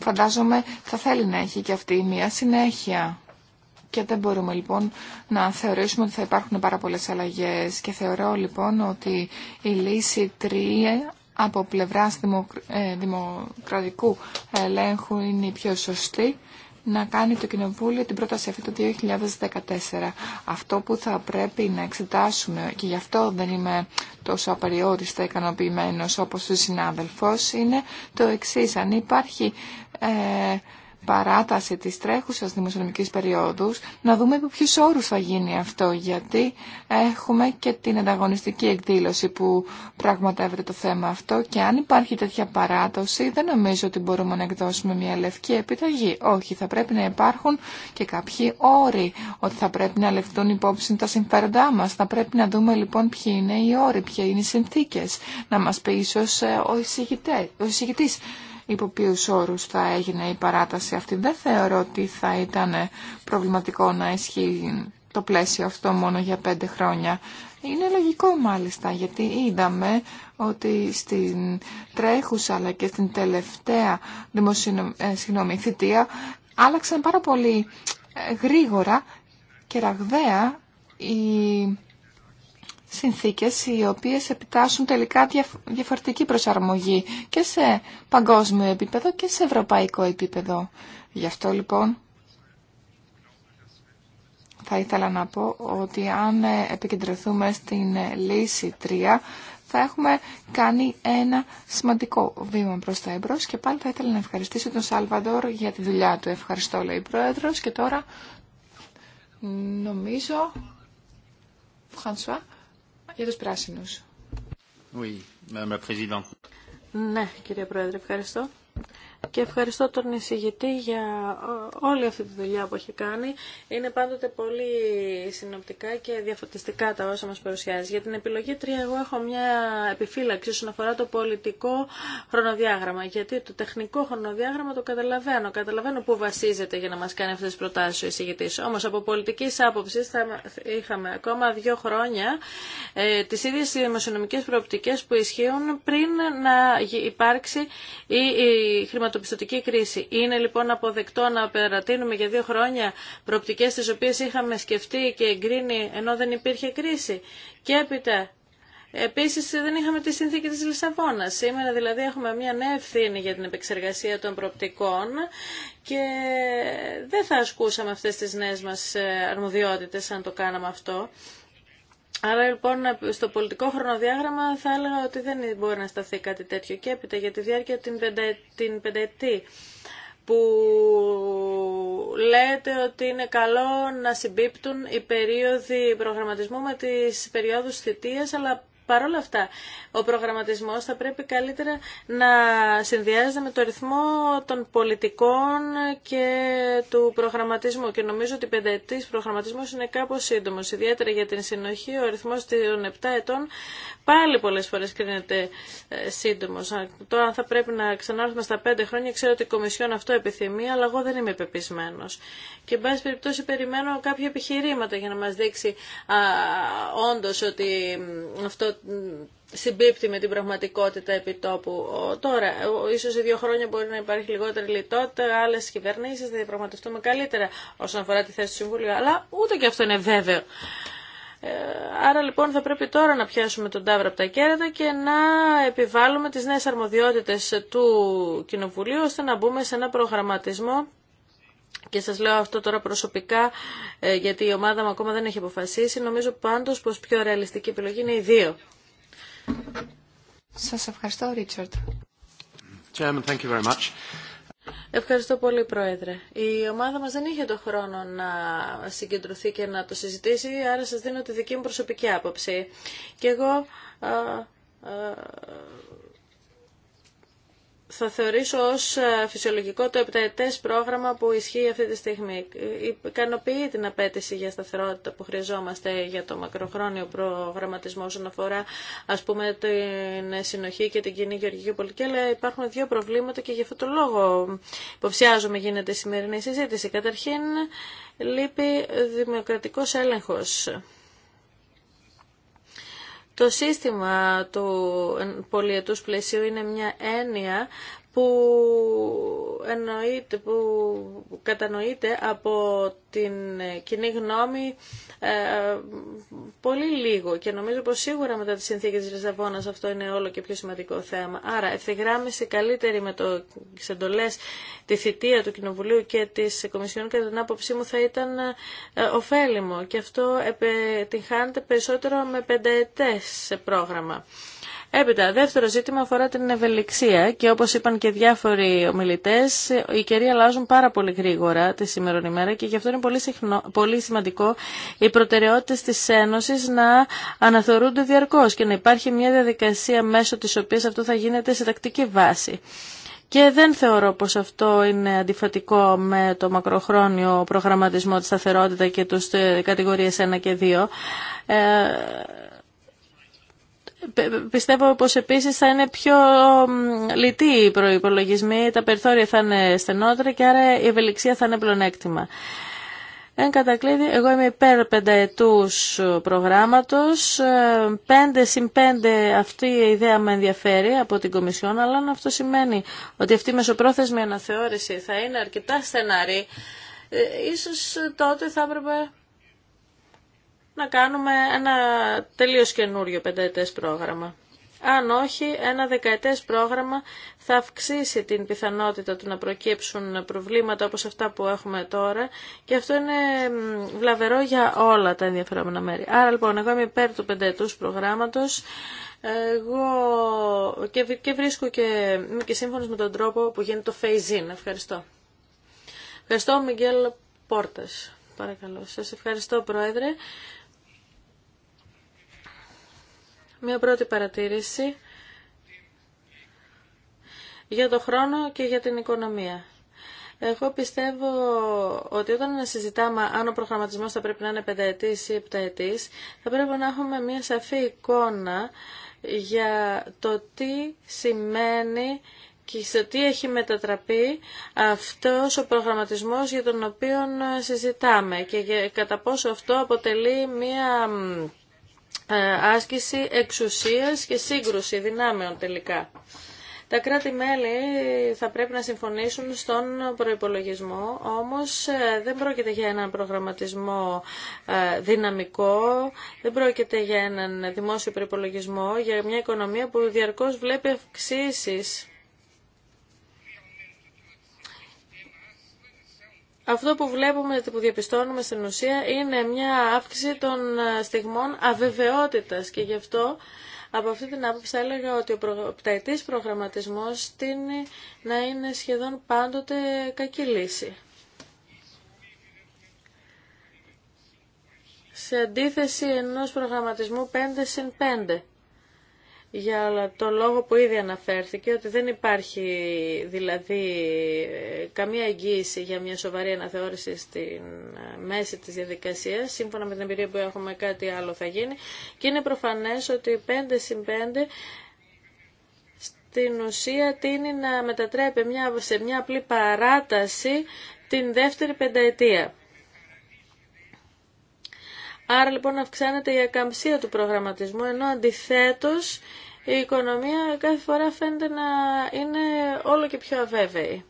φαντάζομαι θα θέλει να έχει και αυτή μια συνέχεια. Και δεν μπορούμε λοιπόν να θεωρήσουμε ότι θα υπάρχουν πάρα πολλές αλλαγές. Και θεωρώ λοιπόν ότι η λύση 3 από πλευράς ε, δημοκρατικού ελέγχου είναι η πιο σωστή να κάνει το Κοινοβούλιο την πρόταση αυτή το 2014. Αυτό που θα πρέπει να εξετάσουμε και γι' αυτό δεν είμαι τόσο απεριόριστα ικανοποιημένος όπως ο συνάδελφος είναι το εξής. Αν υπάρχει ε, παράταση της τρέχουσας δημοσιονομικής περιόδους, να δούμε από ποιους όρους θα γίνει αυτό, γιατί έχουμε και την ανταγωνιστική εκδήλωση που πραγματεύεται το θέμα αυτό και αν υπάρχει τέτοια παράταση δεν νομίζω ότι μπορούμε να εκδώσουμε μια λευκή επιταγή. Όχι, θα πρέπει να υπάρχουν και κάποιοι όροι, ότι θα πρέπει να λεφτούν υπόψη τα συμφέροντά μας. Θα πρέπει να δούμε λοιπόν ποιοι είναι οι όροι, ποιοι είναι οι συνθήκες, να μας πει ίσως ε, ο εισηγητής υπό ποιους όρους θα έγινε η παράταση αυτή. Δεν θεωρώ ότι θα ήταν προβληματικό να ισχύει το πλαίσιο αυτό μόνο για πέντε χρόνια. Είναι λογικό μάλιστα γιατί είδαμε ότι στην τρέχουσα αλλά και στην τελευταία ε, θητεία άλλαξαν πάρα πολύ ε, γρήγορα και ραγδαία οι συνθήκες οι οποίες επιτάσσουν τελικά διαφορετική προσαρμογή και σε παγκόσμιο επίπεδο και σε ευρωπαϊκό επίπεδο. Γι' αυτό λοιπόν θα ήθελα να πω ότι αν ε, επικεντρωθούμε στην ε, λύση 3 θα έχουμε κάνει ένα σημαντικό βήμα προς τα εμπρός και πάλι θα ήθελα να ευχαριστήσω τον Σαλβαντόρ για τη δουλειά του. Ευχαριστώ λέει η Πρόεδρος και τώρα νομίζω Φρανσουά για τους πράσινους. Oui, Madame la Présidente. Ναι, κύριε Πρόεδρε, ευχαριστώ και ευχαριστώ τον εισηγητή για ε, όλη αυτή τη δουλειά που έχει κάνει. Είναι πάντοτε πολύ συνοπτικά και διαφωτιστικά τα όσα μας παρουσιάζει. Για την επιλογή 3 εγώ έχω μια επιφύλαξη όσον αφορά το πολιτικό χρονοδιάγραμμα. Γιατί το τεχνικό χρονοδιάγραμμα το καταλαβαίνω. Καταλαβαίνω πού βασίζεται για να μας κάνει αυτές τις προτάσεις ο εισηγητής. Όμως από πολιτική άποψη θα είχαμε ακόμα δύο χρόνια ε, τις ίδιες δημοσιονομικές προοπτικές που ισχύουν πριν να υπάρξει η, η χρηματοπιστωτική κρίση. Είναι λοιπόν αποδεκτό να περατείνουμε για δύο χρόνια προοπτικές τις οποίες είχαμε σκεφτεί και εγκρίνει ενώ δεν υπήρχε κρίση. Και έπειτα Επίσης δεν είχαμε τη συνθήκη της Λισαβόνας. Σήμερα δηλαδή έχουμε μια νέα ευθύνη για την επεξεργασία των προοπτικών και δεν θα ασκούσαμε αυτές τις νέες μας ε, αρμοδιότητες αν το κάναμε αυτό. Άρα λοιπόν στο πολιτικό χρονοδιάγραμμα θα έλεγα ότι δεν μπορεί να σταθεί κάτι τέτοιο και έπειτα για τη διάρκεια την, την πενταετή που λέτε ότι είναι καλό να συμπίπτουν οι περίοδοι προγραμματισμού με τις περιόδους θητείας αλλά Παρ' όλα αυτά, ο προγραμματισμός θα πρέπει καλύτερα να συνδυάζεται με το ρυθμό των πολιτικών και του προγραμματισμού. Και νομίζω ότι πενταετής προγραμματισμός είναι κάπως σύντομο. Ιδιαίτερα για την συνοχή, ο ρυθμός των 7 ετών πάλι πολλέ φορέ κρίνεται ε, σύντομο. Τώρα αν θα πρέπει να ξανάρθουμε στα 5 χρόνια, ξέρω ότι η Κομισιόν αυτό επιθυμεί, αλλά εγώ δεν είμαι πεπισμένος. Και, εν πάση περιπτώσει, περιμένω κάποια επιχειρήματα για να μα δείξει όντω ότι αυτό συμπίπτει με την πραγματικότητα επιτόπου. Τώρα, ίσως σε δύο χρόνια μπορεί να υπάρχει λιγότερη λιτότητα, άλλε κυβερνήσει θα διαπραγματευτούμε καλύτερα όσον αφορά τη θέση του Συμβουλίου. Αλλά ούτε και αυτό είναι βέβαιο. Ε, άρα λοιπόν θα πρέπει τώρα να πιάσουμε τον τάβρα από τα κέρατα και να επιβάλλουμε τις νέες αρμοδιότητες του Κοινοβουλίου ώστε να μπούμε σε ένα προγραμματισμό και σας λέω αυτό τώρα προσωπικά ε, γιατί η ομάδα μου ακόμα δεν έχει αποφασίσει. Νομίζω πάντως πως πιο ρεαλιστική επιλογή είναι οι δύο. Σας ευχαριστώ, Ρίτσαρντ. Ευχαριστώ πολύ, Πρόεδρε. Η ομάδα μας δεν είχε το χρόνο να συγκεντρωθεί και να το συζητήσει, άρα σας δίνω τη δική μου προσωπική άποψη. Και εγώ... Ε, ε, θα θεωρήσω ως ε, φυσιολογικό το επταετές πρόγραμμα που ισχύει αυτή τη στιγμή. Ε, ικανοποιεί την απέτηση για σταθερότητα που χρειαζόμαστε για το μακροχρόνιο προγραμματισμό όσον αφορά ας πούμε την συνοχή και την κοινή γεωργική πολιτική, αλλά υπάρχουν δύο προβλήματα και γι' αυτό το λόγο υποψιάζομαι γίνεται η σημερινή συζήτηση. Καταρχήν λείπει δημοκρατικός έλεγχος το σύστημα του πολιετούς πλαισίου είναι μια έννοια που, εννοείται, που κατανοείται από την κοινή γνώμη ε, πολύ λίγο και νομίζω πως σίγουρα μετά τη συνθήκη της Λισαβόνας αυτό είναι όλο και πιο σημαντικό θέμα. Άρα ευθυγράμμιση καλύτερη με το εντολές τη θητεία του Κοινοβουλίου και της Κομισιόν κατά την άποψή μου θα ήταν ε, ωφέλιμο και αυτό επιτυχάνεται περισσότερο με πενταετές πρόγραμμα. Έπειτα, δεύτερο ζήτημα αφορά την ευελιξία και όπως είπαν και διάφοροι ομιλητές, οι καιροί αλλάζουν πάρα πολύ γρήγορα τη σήμερα ημέρα και γι' αυτό είναι πολύ, σημαντικό οι προτεραιότητες της Ένωσης να αναθεωρούνται διαρκώς και να υπάρχει μια διαδικασία μέσω της οποίας αυτό θα γίνεται σε τακτική βάση. Και δεν θεωρώ πως αυτό είναι αντιφατικό με το μακροχρόνιο προγραμματισμό της σταθερότητα και τους ε, κατηγορίες 1 και 2. Πιστεύω πως επίσης θα είναι πιο λιτή οι προϋπολογισμοί, τα περιθώρια θα είναι στενότερα και άρα η ευελιξία θα είναι πλονέκτημα. Εν κατακλείδη, εγώ είμαι υπέρ πενταετούς προγράμματος. Ε, πέντε συν πέντε αυτή η ιδέα με ενδιαφέρει από την Κομισιόν, αλλά αν αυτό σημαίνει ότι αυτή η μεσοπρόθεσμη αναθεώρηση θα είναι αρκετά στεναρή, ε, ίσως τότε θα έπρεπε να κάνουμε ένα τελείως καινούριο πενταετές πρόγραμμα. Αν όχι, ένα δεκαετές πρόγραμμα θα αυξήσει την πιθανότητα του να προκύψουν προβλήματα όπως αυτά που έχουμε τώρα και αυτό είναι βλαβερό για όλα τα ενδιαφερόμενα μέρη. Άρα λοιπόν, εγώ είμαι υπέρ του πενταετούς προγράμματος εγώ και, και βρίσκω και, και σύμφωνος με τον τρόπο που γίνεται το phase-in. Ευχαριστώ. Ευχαριστώ, Μιγγέλ Πόρτας. Παρακαλώ. Σας ευχαριστώ, Πρόεδρε. Μια πρώτη παρατήρηση για το χρόνο και για την οικονομία. Εγώ πιστεύω ότι όταν συζητάμε αν ο προγραμματισμός θα πρέπει να είναι πενταετής ή επταετής, θα πρέπει να έχουμε μια σαφή εικόνα για το τι σημαίνει και σε τι έχει μετατραπεί αυτός ο προγραμματισμός για τον οποίο συζητάμε και κατά πόσο αυτό αποτελεί μια ε, άσκηση εξουσίας και σύγκρουση δυνάμεων τελικά. Τα κράτη-μέλη θα πρέπει να συμφωνήσουν στον προϋπολογισμό, όμως ε, δεν πρόκειται για έναν προγραμματισμό ε, δυναμικό, δεν πρόκειται για έναν δημόσιο προϋπολογισμό, για μια οικονομία που διαρκώς βλέπει αυξήσεις. αυτό που βλέπουμε, που διαπιστώνουμε στην ουσία, είναι μια αύξηση των ε, στιγμών αβεβαιότητας και γι' αυτό από αυτή την άποψη θα έλεγα ότι ο πταετής προγραμματισμός τίνει να είναι σχεδόν πάντοτε κακή λύση. Σε αντίθεση ενός προγραμματισμού 5 συν 5 για το λόγο που ήδη αναφέρθηκε, ότι δεν υπάρχει δηλαδή καμία εγγύηση για μια σοβαρή αναθεώρηση στη ε, μέση της διαδικασίας. Σύμφωνα με την εμπειρία που έχουμε κάτι άλλο θα γίνει. Και είναι προφανές ότι 5 5 στην ουσία τίνει να μετατρέπει μια, σε μια απλή παράταση την δεύτερη πενταετία. Άρα λοιπόν αυξάνεται η ακαμψία του προγραμματισμού, ενώ αντιθέτως η οικονομία κάθε φορά φαίνεται να είναι όλο και πιο αβέβαιη.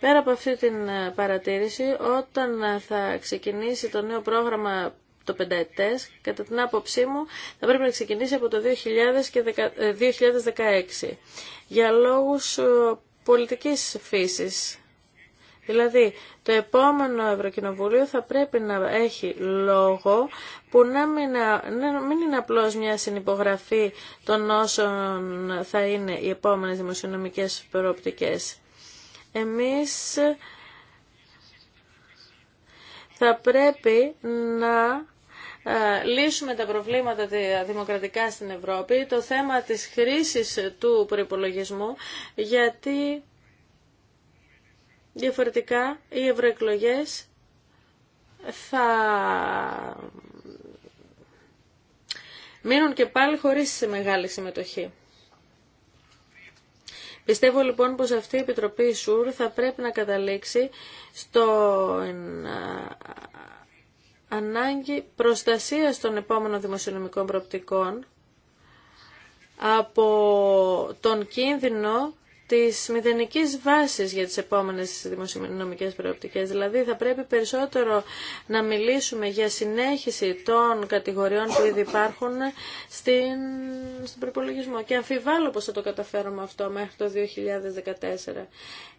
Πέρα από αυτή την ε, παρατήρηση, όταν θα ξεκινήσει το νέο πρόγραμμα το πενταετές, κατά την άποψή μου, θα πρέπει να ξεκινήσει από το 2016. Ε, Για λόγους ε, πολιτικής φύσης Δηλαδή, το επόμενο Ευρωκοινοβούλιο θα πρέπει να έχει λόγο που να μην, να μην είναι απλώς μια συνυπογραφή των όσων θα είναι οι επόμενες δημοσιονομικές προοπτικές. Εμείς θα πρέπει να ε, λύσουμε τα προβλήματα δημοκρατικά στην Ευρώπη, το θέμα της χρήσης του προϋπολογισμού, γιατί Διαφορετικά, οι ευρωεκλογέ θα μείνουν και πάλι χωρίς μεγάλη συμμετοχή. Πιστεύω λοιπόν πως αυτή η Επιτροπή ΣΟΥΡ θα πρέπει να καταλήξει στο ανάγκη προστασίας των επόμενων δημοσιονομικών προοπτικών από τον κίνδυνο τις μηδενικής βάσεις για τις επόμενες δημοσιονομικές προοπτικές. Δηλαδή θα πρέπει περισσότερο να μιλήσουμε για συνέχιση των κατηγοριών που ήδη υπάρχουν στην, στον προπολογισμό. Και αμφιβάλλω πως θα το καταφέρουμε αυτό μέχρι το 2014.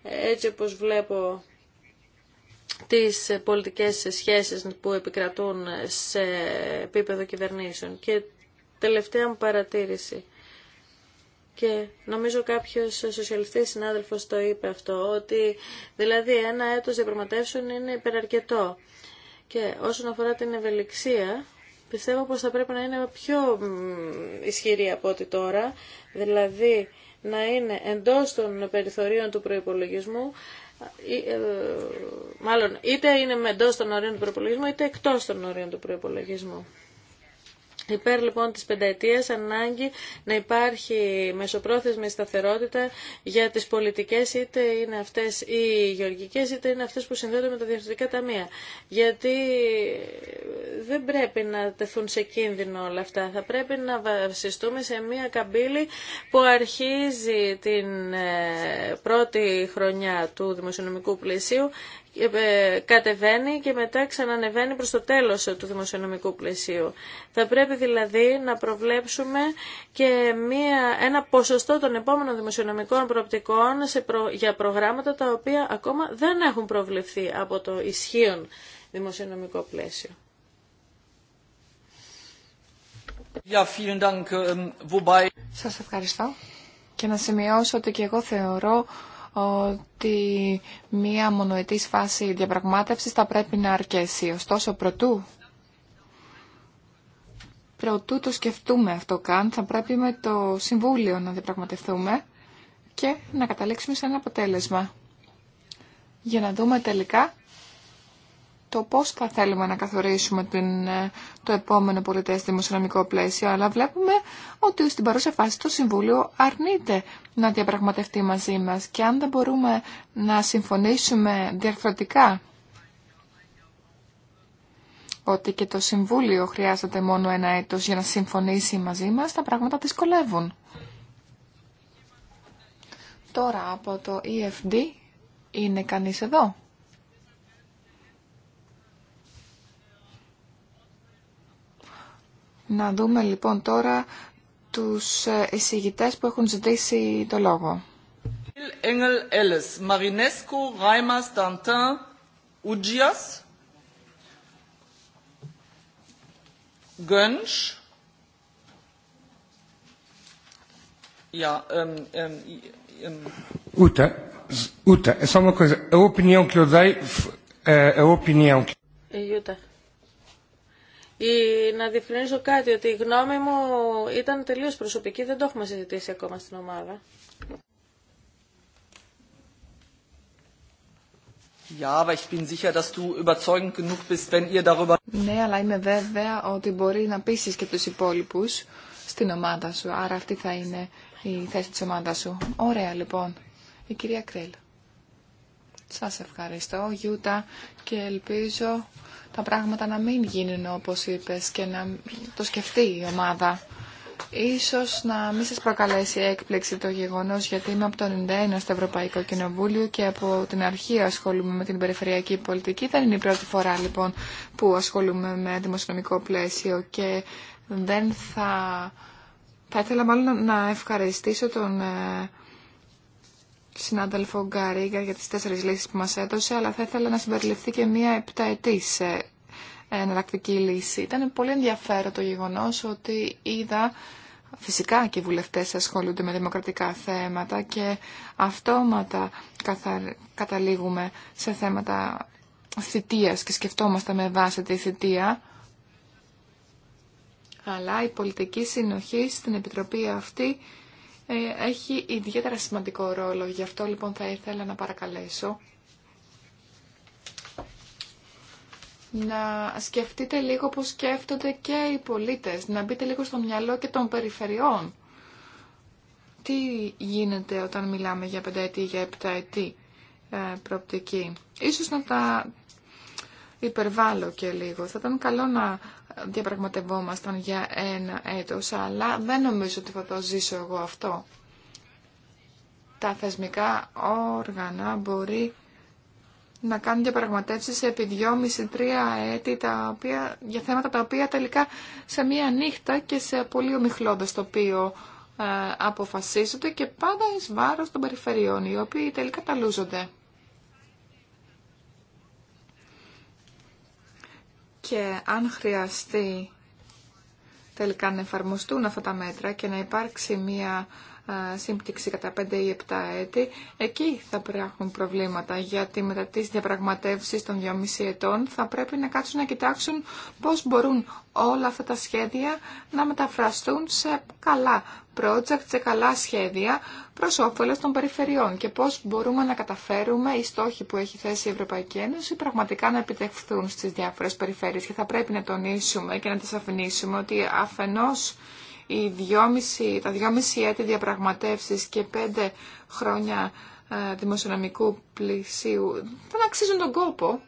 Έτσι όπως βλέπω τις πολιτικές σχέσεις που επικρατούν σε επίπεδο κυβερνήσεων. Και τελευταία μου παρατήρηση. Και νομίζω κάποιος σοσιαλιστής συνάδελφος το είπε αυτό, ότι δηλαδή ένα έτος διαπραγματεύσεων είναι υπεραρκετό. Και όσον αφορά την ευελιξία, πιστεύω πως θα πρέπει να είναι πιο ισχυρή από ό,τι τώρα, δηλαδή να είναι εντός των περιθωρίων του προϋπολογισμού, ε, μάλλον είτε είναι εντός των ορίων του προϋπολογισμού, είτε εκτός των ορίων του προϋπολογισμού. Υπέρ λοιπόν της πενταετίας ανάγκη να υπάρχει μεσοπρόθεσμη σταθερότητα για τις πολιτικές είτε είναι αυτές οι γεωργικές είτε είναι αυτές που συνδέονται με τα διευθυντικά ταμεία. Γιατί δεν πρέπει να τεθούν σε κίνδυνο όλα αυτά. Θα πρέπει να βασιστούμε σε μια καμπύλη που αρχίζει την ε, πρώτη χρονιά του δημοσιονομικού πλαισίου κατεβαίνει και μετά ξανανεβαίνει προς το τέλος του δημοσιονομικού πλαισίου. Θα πρέπει δηλαδή να προβλέψουμε και μία, ένα ποσοστό των επόμενων δημοσιονομικών προοπτικών για προγράμματα τα οποία ακόμα δεν έχουν προβλεφθεί από το ισχύον δημοσιονομικό πλαίσιο. Ähm, Σας ευχαριστώ και να σημειώσω ότι και εγώ θεωρώ ότι μία μονοετής φάση διαπραγμάτευσης θα πρέπει να αρκέσει. Ωστόσο, προτού, προτού το σκεφτούμε αυτό καν, θα πρέπει με το Συμβούλιο να διαπραγματευτούμε και να καταλήξουμε σε ένα αποτέλεσμα για να δούμε τελικά το πώς θα θέλουμε να καθορίσουμε την, ε, το επόμενο πολιτές δημοσιονομικό πλαίσιο, αλλά βλέπουμε ότι στην παρούσα φάση το Συμβούλιο αρνείται να διαπραγματευτεί μαζί μας και αν δεν μπορούμε να συμφωνήσουμε διαρθρωτικά ότι και το Συμβούλιο χρειάζεται μόνο ένα έτος για να συμφωνήσει μαζί μας, τα πράγματα δυσκολεύουν. Τώρα από το EFD είναι κανείς εδώ. Να δούμε λοιπόν τώρα τους εισηγητές που έχουν ζητήσει το λόγο. Engel Ellis, Marinescu, Reimers, Dantin, Ugias, Gönsch, ja, um, um, um... Uta, Uta, é só uma coisa. A opinião que eu dei, a opinião que... Uta ή να διευκρινίσω κάτι, ότι η γνώμη μου ήταν τελείως προσωπική, δεν το έχουμε συζητήσει ακόμα στην ομάδα. Ναι, αλλά είμαι βέβαια ότι μπορεί να πείσει και του υπόλοιπου στην ομάδα σου. Άρα αυτή θα είναι η θέση τη ομάδα σου. Ωραία, λοιπόν. Η κυρία Κρέλ. Σας ευχαριστώ, Γιούτα, και ελπίζω τα πράγματα να μην γίνουν όπως είπες και να το σκεφτεί η ομάδα. Ίσως να μην σας προκαλέσει έκπληξη το γεγονός γιατί είμαι από το 91 στο Ευρωπαϊκό Κοινοβούλιο και από την αρχή ασχολούμαι με την περιφερειακή πολιτική. Δεν είναι η πρώτη φορά λοιπόν που ασχολούμαι με δημοσιονομικό πλαίσιο και δεν θα... Θα ήθελα μάλλον να ευχαριστήσω τον ε, συνάδελφο Γκαρίγκα για τις τέσσερις λύσεις που μας έδωσε, αλλά θα ήθελα να συμπεριληφθεί και μία επταετής ε, εναλλακτική λύση. Ήταν πολύ ενδιαφέρον το γεγονός ότι είδα φυσικά και οι βουλευτές ασχολούνται με δημοκρατικά θέματα και αυτόματα καταλήγουμε σε θέματα θητείας και σκεφτόμαστε με βάση τη θητεία. Αλλά η πολιτική συνοχή στην Επιτροπή αυτή ε, έχει ιδιαίτερα σημαντικό ρόλο. Γι' αυτό λοιπόν θα ήθελα να παρακαλέσω να σκεφτείτε λίγο πώς σκέφτονται και οι πολίτες, να μπείτε λίγο στο μυαλό και των περιφερειών. Τι γίνεται όταν μιλάμε για πενταετή ή για επταετή ε, προοπτική. Ίσως να τα υπερβάλλω και λίγο. Θα ήταν καλό να διαπραγματευόμασταν για ένα έτος, αλλά δεν νομίζω ότι θα το ζήσω εγώ αυτό. Τα θεσμικά όργανα μπορεί να κάνουν διαπραγματεύσεις επί 2,5-3 έτη τα οποία, για θέματα τα οποία τελικά σε μία νύχτα και σε πολύ ομιχλώδες οποίο ε, αποφασίζονται και πάντα εις βάρος των περιφερειών, οι οποίοι τελικά ταλούζονται. και αν χρειαστεί τελικά να εφαρμοστούν αυτά τα μέτρα και να υπάρξει μια σύμπτυξη κατά 5 ή 7 έτη, εκεί θα έχουν προβλήματα, γιατί μετά τις διαπραγματεύσεις των 2,5 ετών θα πρέπει να κάτσουν να κοιτάξουν πώς μπορούν όλα αυτά τα σχέδια να μεταφραστούν σε καλά project, σε καλά σχέδια προς όφελος των περιφερειών και πώς μπορούμε να καταφέρουμε οι στόχοι που έχει θέσει η Ευρωπαϊκή Ένωση πραγματικά να επιτευχθούν στις διάφορες περιφέρειες και θα πρέπει να τονίσουμε και να τις αφηνίσουμε ότι αφενός τα δυόμιση έτη διαπραγματεύσεις και πέντε χρόνια ε, δημοσιονομικού πλησίου δεν αξίζουν τον κόπο.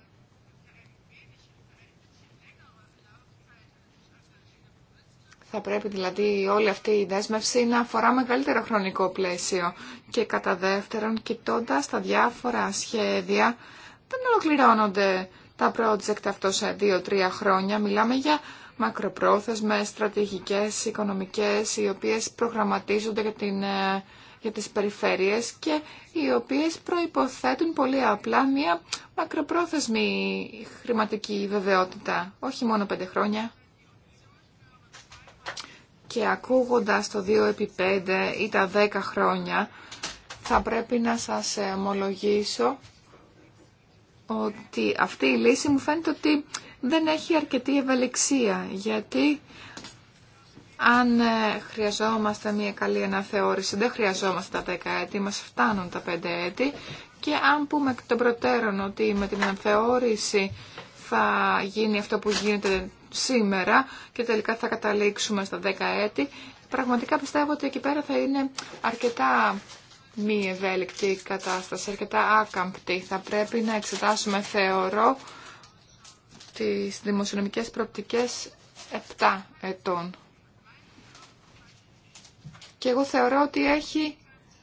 Θα πρέπει δηλαδή όλη αυτή η δέσμευση να αφορά μεγαλύτερο χρονικό πλαίσιο και κατά δεύτερον κοιτώντα τα διάφορα σχέδια δεν ολοκληρώνονται τα project αυτό σε δύο-τρία χρόνια. Μιλάμε για μακροπρόθεσμες, στρατηγικές, οικονομικές, οι οποίες προγραμματίζονται για, την, ε, για τις περιφέρειες και οι οποίες προϋποθέτουν πολύ απλά μια μακροπρόθεσμη χρηματική βεβαιότητα, όχι μόνο πέντε χρόνια. Και ακούγοντας το 2 επί 5 ή τα 10 χρόνια, θα πρέπει να σας ομολογήσω ότι αυτή η λύση μου φαίνεται ότι δεν έχει αρκετή ευελιξία, γιατί αν ε, χρειαζόμαστε μια καλή αναθεώρηση, δεν χρειαζόμαστε τα 10 έτη, μας φτάνουν τα 5 έτη και αν πούμε εκ των προτέρων ότι με την αναθεώρηση θα γίνει αυτό που γίνεται σήμερα και τελικά θα καταλήξουμε στα 10 έτη, πραγματικά πιστεύω ότι εκεί πέρα θα είναι αρκετά μη ευέλικτη κατάσταση, αρκετά άκαμπτη. Θα πρέπει να εξετάσουμε, θεωρώ, τις δημοσιονομικές προοπτικές 7 ετών. Και εγώ θεωρώ ότι έχει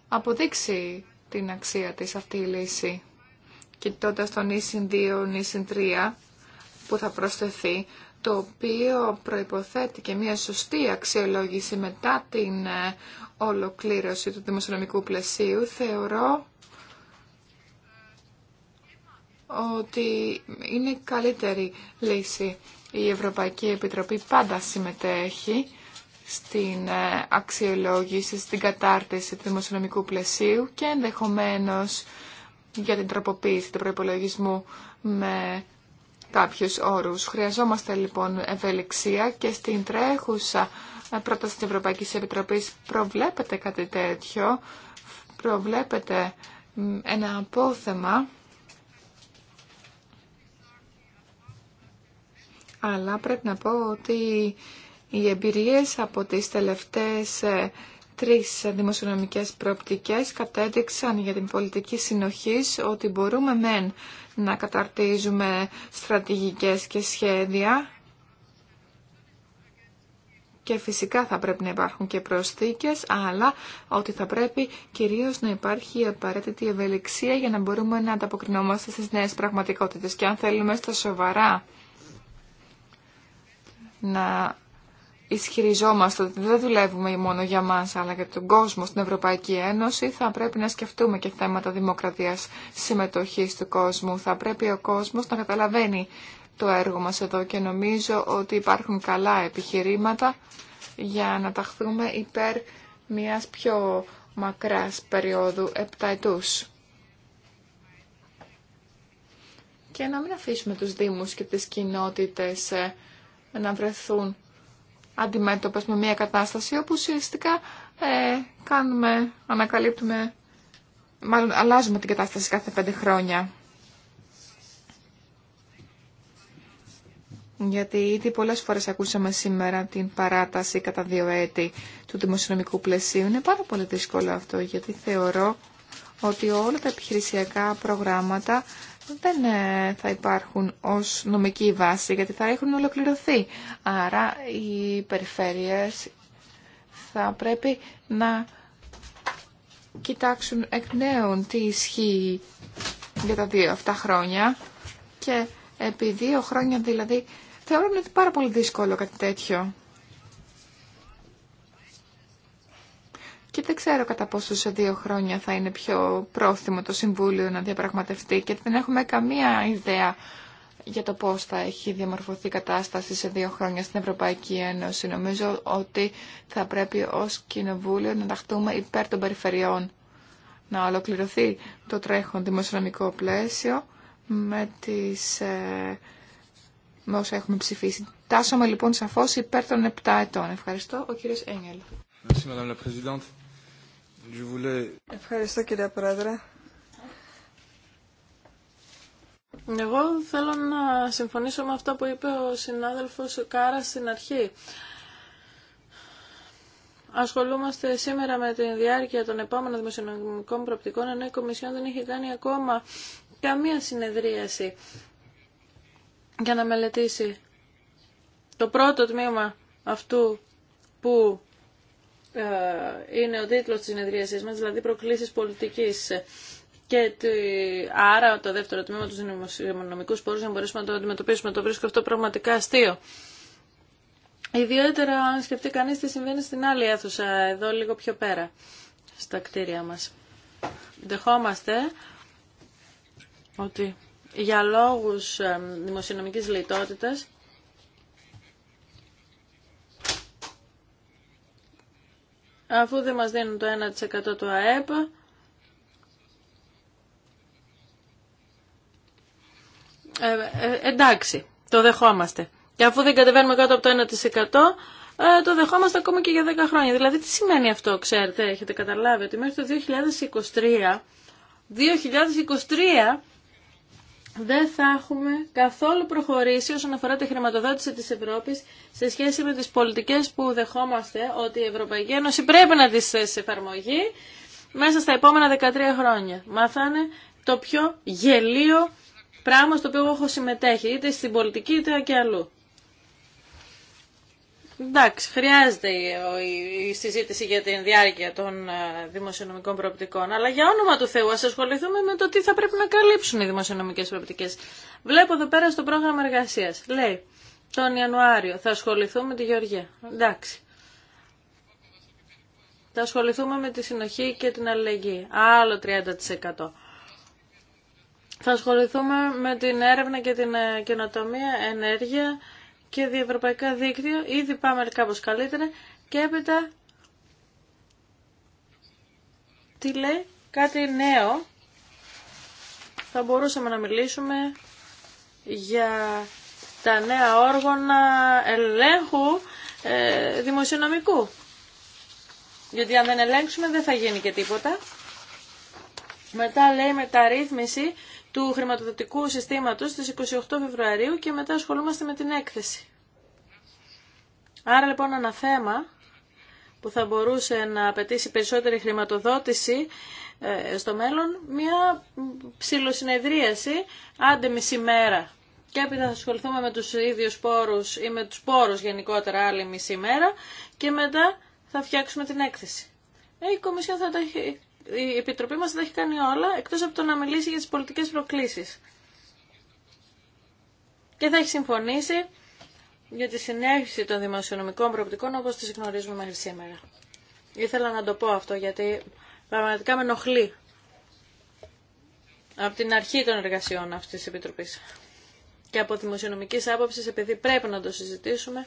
αποδείξει την αξία της αυτή η λύση. Κοιτώντας τον ίσιν 2, ίσιν 3 που θα προσθεθεί, το οποίο προϋποθέτει και μια σωστή αξιολόγηση μετά την ε, ολοκλήρωση του δημοσιονομικού πλαισίου, θεωρώ ότι είναι καλύτερη λύση. Η Ευρωπαϊκή Επιτροπή πάντα συμμετέχει στην ε, αξιολόγηση, στην κατάρτιση του δημοσιονομικού πλαισίου και ενδεχομένως για την τροποποίηση του προϋπολογισμού με κάποιους όρους. Χρειαζόμαστε λοιπόν ευελιξία και στην τρέχουσα ε, πρόταση της Ευρωπαϊκής Επιτροπής προβλέπεται κάτι τέτοιο, προβλέπεται ένα απόθεμα αλλά πρέπει να πω ότι οι εμπειρίες από τις τελευταίες ε, τρεις δημοσιονομικές προοπτικές κατέδειξαν για την πολιτική συνοχής ότι μπορούμε μεν να καταρτίζουμε στρατηγικές και σχέδια και φυσικά θα πρέπει να υπάρχουν και προσθήκες, αλλά ότι θα πρέπει κυρίως να υπάρχει η απαραίτητη ευελιξία για να μπορούμε να ανταποκρινόμαστε στις νέες πραγματικότητες. Και αν θέλουμε στα σοβαρά να ισχυριζόμαστε ότι δεν δουλεύουμε μόνο για μας αλλά και τον κόσμο στην Ευρωπαϊκή Ένωση, θα πρέπει να σκεφτούμε και θέματα δημοκρατίας συμμετοχής του κόσμου. Θα πρέπει ο κόσμος να καταλαβαίνει το έργο μας εδώ και νομίζω ότι υπάρχουν καλά επιχειρήματα για να ταχθούμε υπέρ μιας πιο μακράς περίοδου επταετούς. Και να μην αφήσουμε τους Δήμους και τις κοινότητες ε, να βρεθούν αντιμέτωπες με μια κατάσταση όπου ουσιαστικά ε, κάνουμε, ανακαλύπτουμε, μάλλον αλλάζουμε την κατάσταση κάθε πέντε χρόνια. Γιατί ήδη πολλές φορές ακούσαμε σήμερα την παράταση κατά δύο έτη του δημοσιονομικού πλαισίου. Είναι πάρα πολύ δύσκολο αυτό γιατί θεωρώ ότι όλα τα επιχειρησιακά προγράμματα δεν ε, θα υπάρχουν ως νομική βάση γιατί θα έχουν ολοκληρωθεί. Άρα οι περιφέρειες θα πρέπει να κοιτάξουν εκ νέων τι ισχύει για τα δύο αυτά χρόνια και επί δύο χρόνια δηλαδή θεωρούν ότι πάρα πολύ δύσκολο κάτι τέτοιο. Και δεν ξέρω κατά πόσο σε δύο χρόνια θα είναι πιο πρόθυμο το Συμβούλιο να διαπραγματευτεί και δεν έχουμε καμία ιδέα για το πώς θα έχει διαμορφωθεί η κατάσταση σε δύο χρόνια στην Ευρωπαϊκή Ένωση. Νομίζω ότι θα πρέπει ως Κοινοβούλιο να ταχτούμε υπέρ των περιφερειών. Να ολοκληρωθεί το τρέχον δημοσιονομικό πλαίσιο με τις... Ε, όσα έχουμε ψηφίσει. Τάσομαι λοιπόν σαφώς υπέρ των 7 ετών. Ευχαριστώ. Ο κύριος Έγγελ. Ευχαριστώ κύριε Πρόεδρε. Εγώ θέλω να συμφωνήσω με αυτά που είπε ο συνάδελφος Κάρα στην αρχή. Ασχολούμαστε σήμερα με την διάρκεια των επόμενων δημοσιονομικών προπτικών, ενώ η Κομισιόν δεν είχε κάνει ακόμα καμία συνεδρίαση για να μελετήσει το πρώτο τμήμα αυτού που ε, είναι ο τίτλος της συνεδρίασής μας, δηλαδή προκλήσεις πολιτικής. Και άρα το δεύτερο τμήμα του δημοσιονομικού πόρου να μπορέσουμε να το αντιμετωπίσουμε. Το βρίσκω αυτό πραγματικά αστείο. Ιδιαίτερα αν σκεφτεί κανείς τι συμβαίνει στην άλλη αίθουσα, εδώ λίγο πιο πέρα, στα κτίρια μας. Δεχόμαστε ότι για λόγους ε, δημοσιονομικής λιτότητας αφού δεν μας δίνουν το 1% του ΑΕΠ, ε, ε, εντάξει, το δεχόμαστε. Και αφού δεν κατεβαίνουμε κάτω από το 1%, ε, το δεχόμαστε ακόμα και για 10 χρόνια. Δηλαδή τι σημαίνει αυτό, ξέρετε, έχετε καταλάβει, ότι μέχρι το 2023, 2023 δεν θα έχουμε καθόλου προχωρήσει όσον αφορά τη χρηματοδότηση της Ευρώπης σε σχέση με τις πολιτικές που δεχόμαστε ότι η Ευρωπαϊκή Ένωση πρέπει να τις θέσει ε, εφαρμογή μέσα στα επόμενα 13 χρόνια. Μάθανε το πιο γελίο πράγμα στο οποίο έχω συμμετέχει, είτε στην πολιτική είτε και αλλού. Εντάξει, χρειάζεται η συζήτηση για την διάρκεια των ε, δημοσιονομικών προοπτικών, αλλά για όνομα του Θεού ας ασχοληθούμε με το τι θα πρέπει να καλύψουν οι δημοσιονομικέ προοπτικέ. Βλέπω εδώ πέρα στο πρόγραμμα εργασία. λέει, τον Ιανουάριο θα ασχοληθούμε με τη Γεωργία. Εντάξει. Θα ασχοληθούμε με τη συνοχή και την αλληλεγγύη. Άλλο 30%. Θα ασχοληθούμε με την έρευνα και την ε, καινοτομία, ενέργεια, και διευρωπαϊκά δίκτυα, ήδη πάμε κάπως καλύτερα και έπειτα τι λέει, κάτι νέο θα μπορούσαμε να μιλήσουμε για τα νέα όργανα ελέγχου ε, δημοσιονομικού. Γιατί αν δεν ελέγξουμε δεν θα γίνει και τίποτα. Μετά λέει μεταρρύθμιση του χρηματοδοτικού συστήματος στις 28 Φεβρουαρίου και μετά ασχολούμαστε με την έκθεση. Άρα λοιπόν ένα θέμα που θα μπορούσε να απαιτήσει περισσότερη χρηματοδότηση ε, στο μέλλον, μια ψηλοσυνεδρίαση, άντε μισή μέρα. Και έπειτα θα ασχοληθούμε με τους ίδιους πόρους ή με τους πόρους γενικότερα άλλη μισή μέρα και μετά θα φτιάξουμε την έκθεση. Ε, η θα το έχει η Επιτροπή μας δεν έχει κάνει όλα, εκτός από το να μιλήσει για τις πολιτικές προκλήσεις. Και θα έχει συμφωνήσει για τη συνέχιση των δημοσιονομικών προοπτικών όπως τις γνωρίζουμε μέχρι σήμερα. Ήθελα να το πω αυτό γιατί πραγματικά με ενοχλεί από την αρχή των εργασιών αυτής της Επιτροπής. Και από δημοσιονομικής άποψης, επειδή πρέπει να το συζητήσουμε,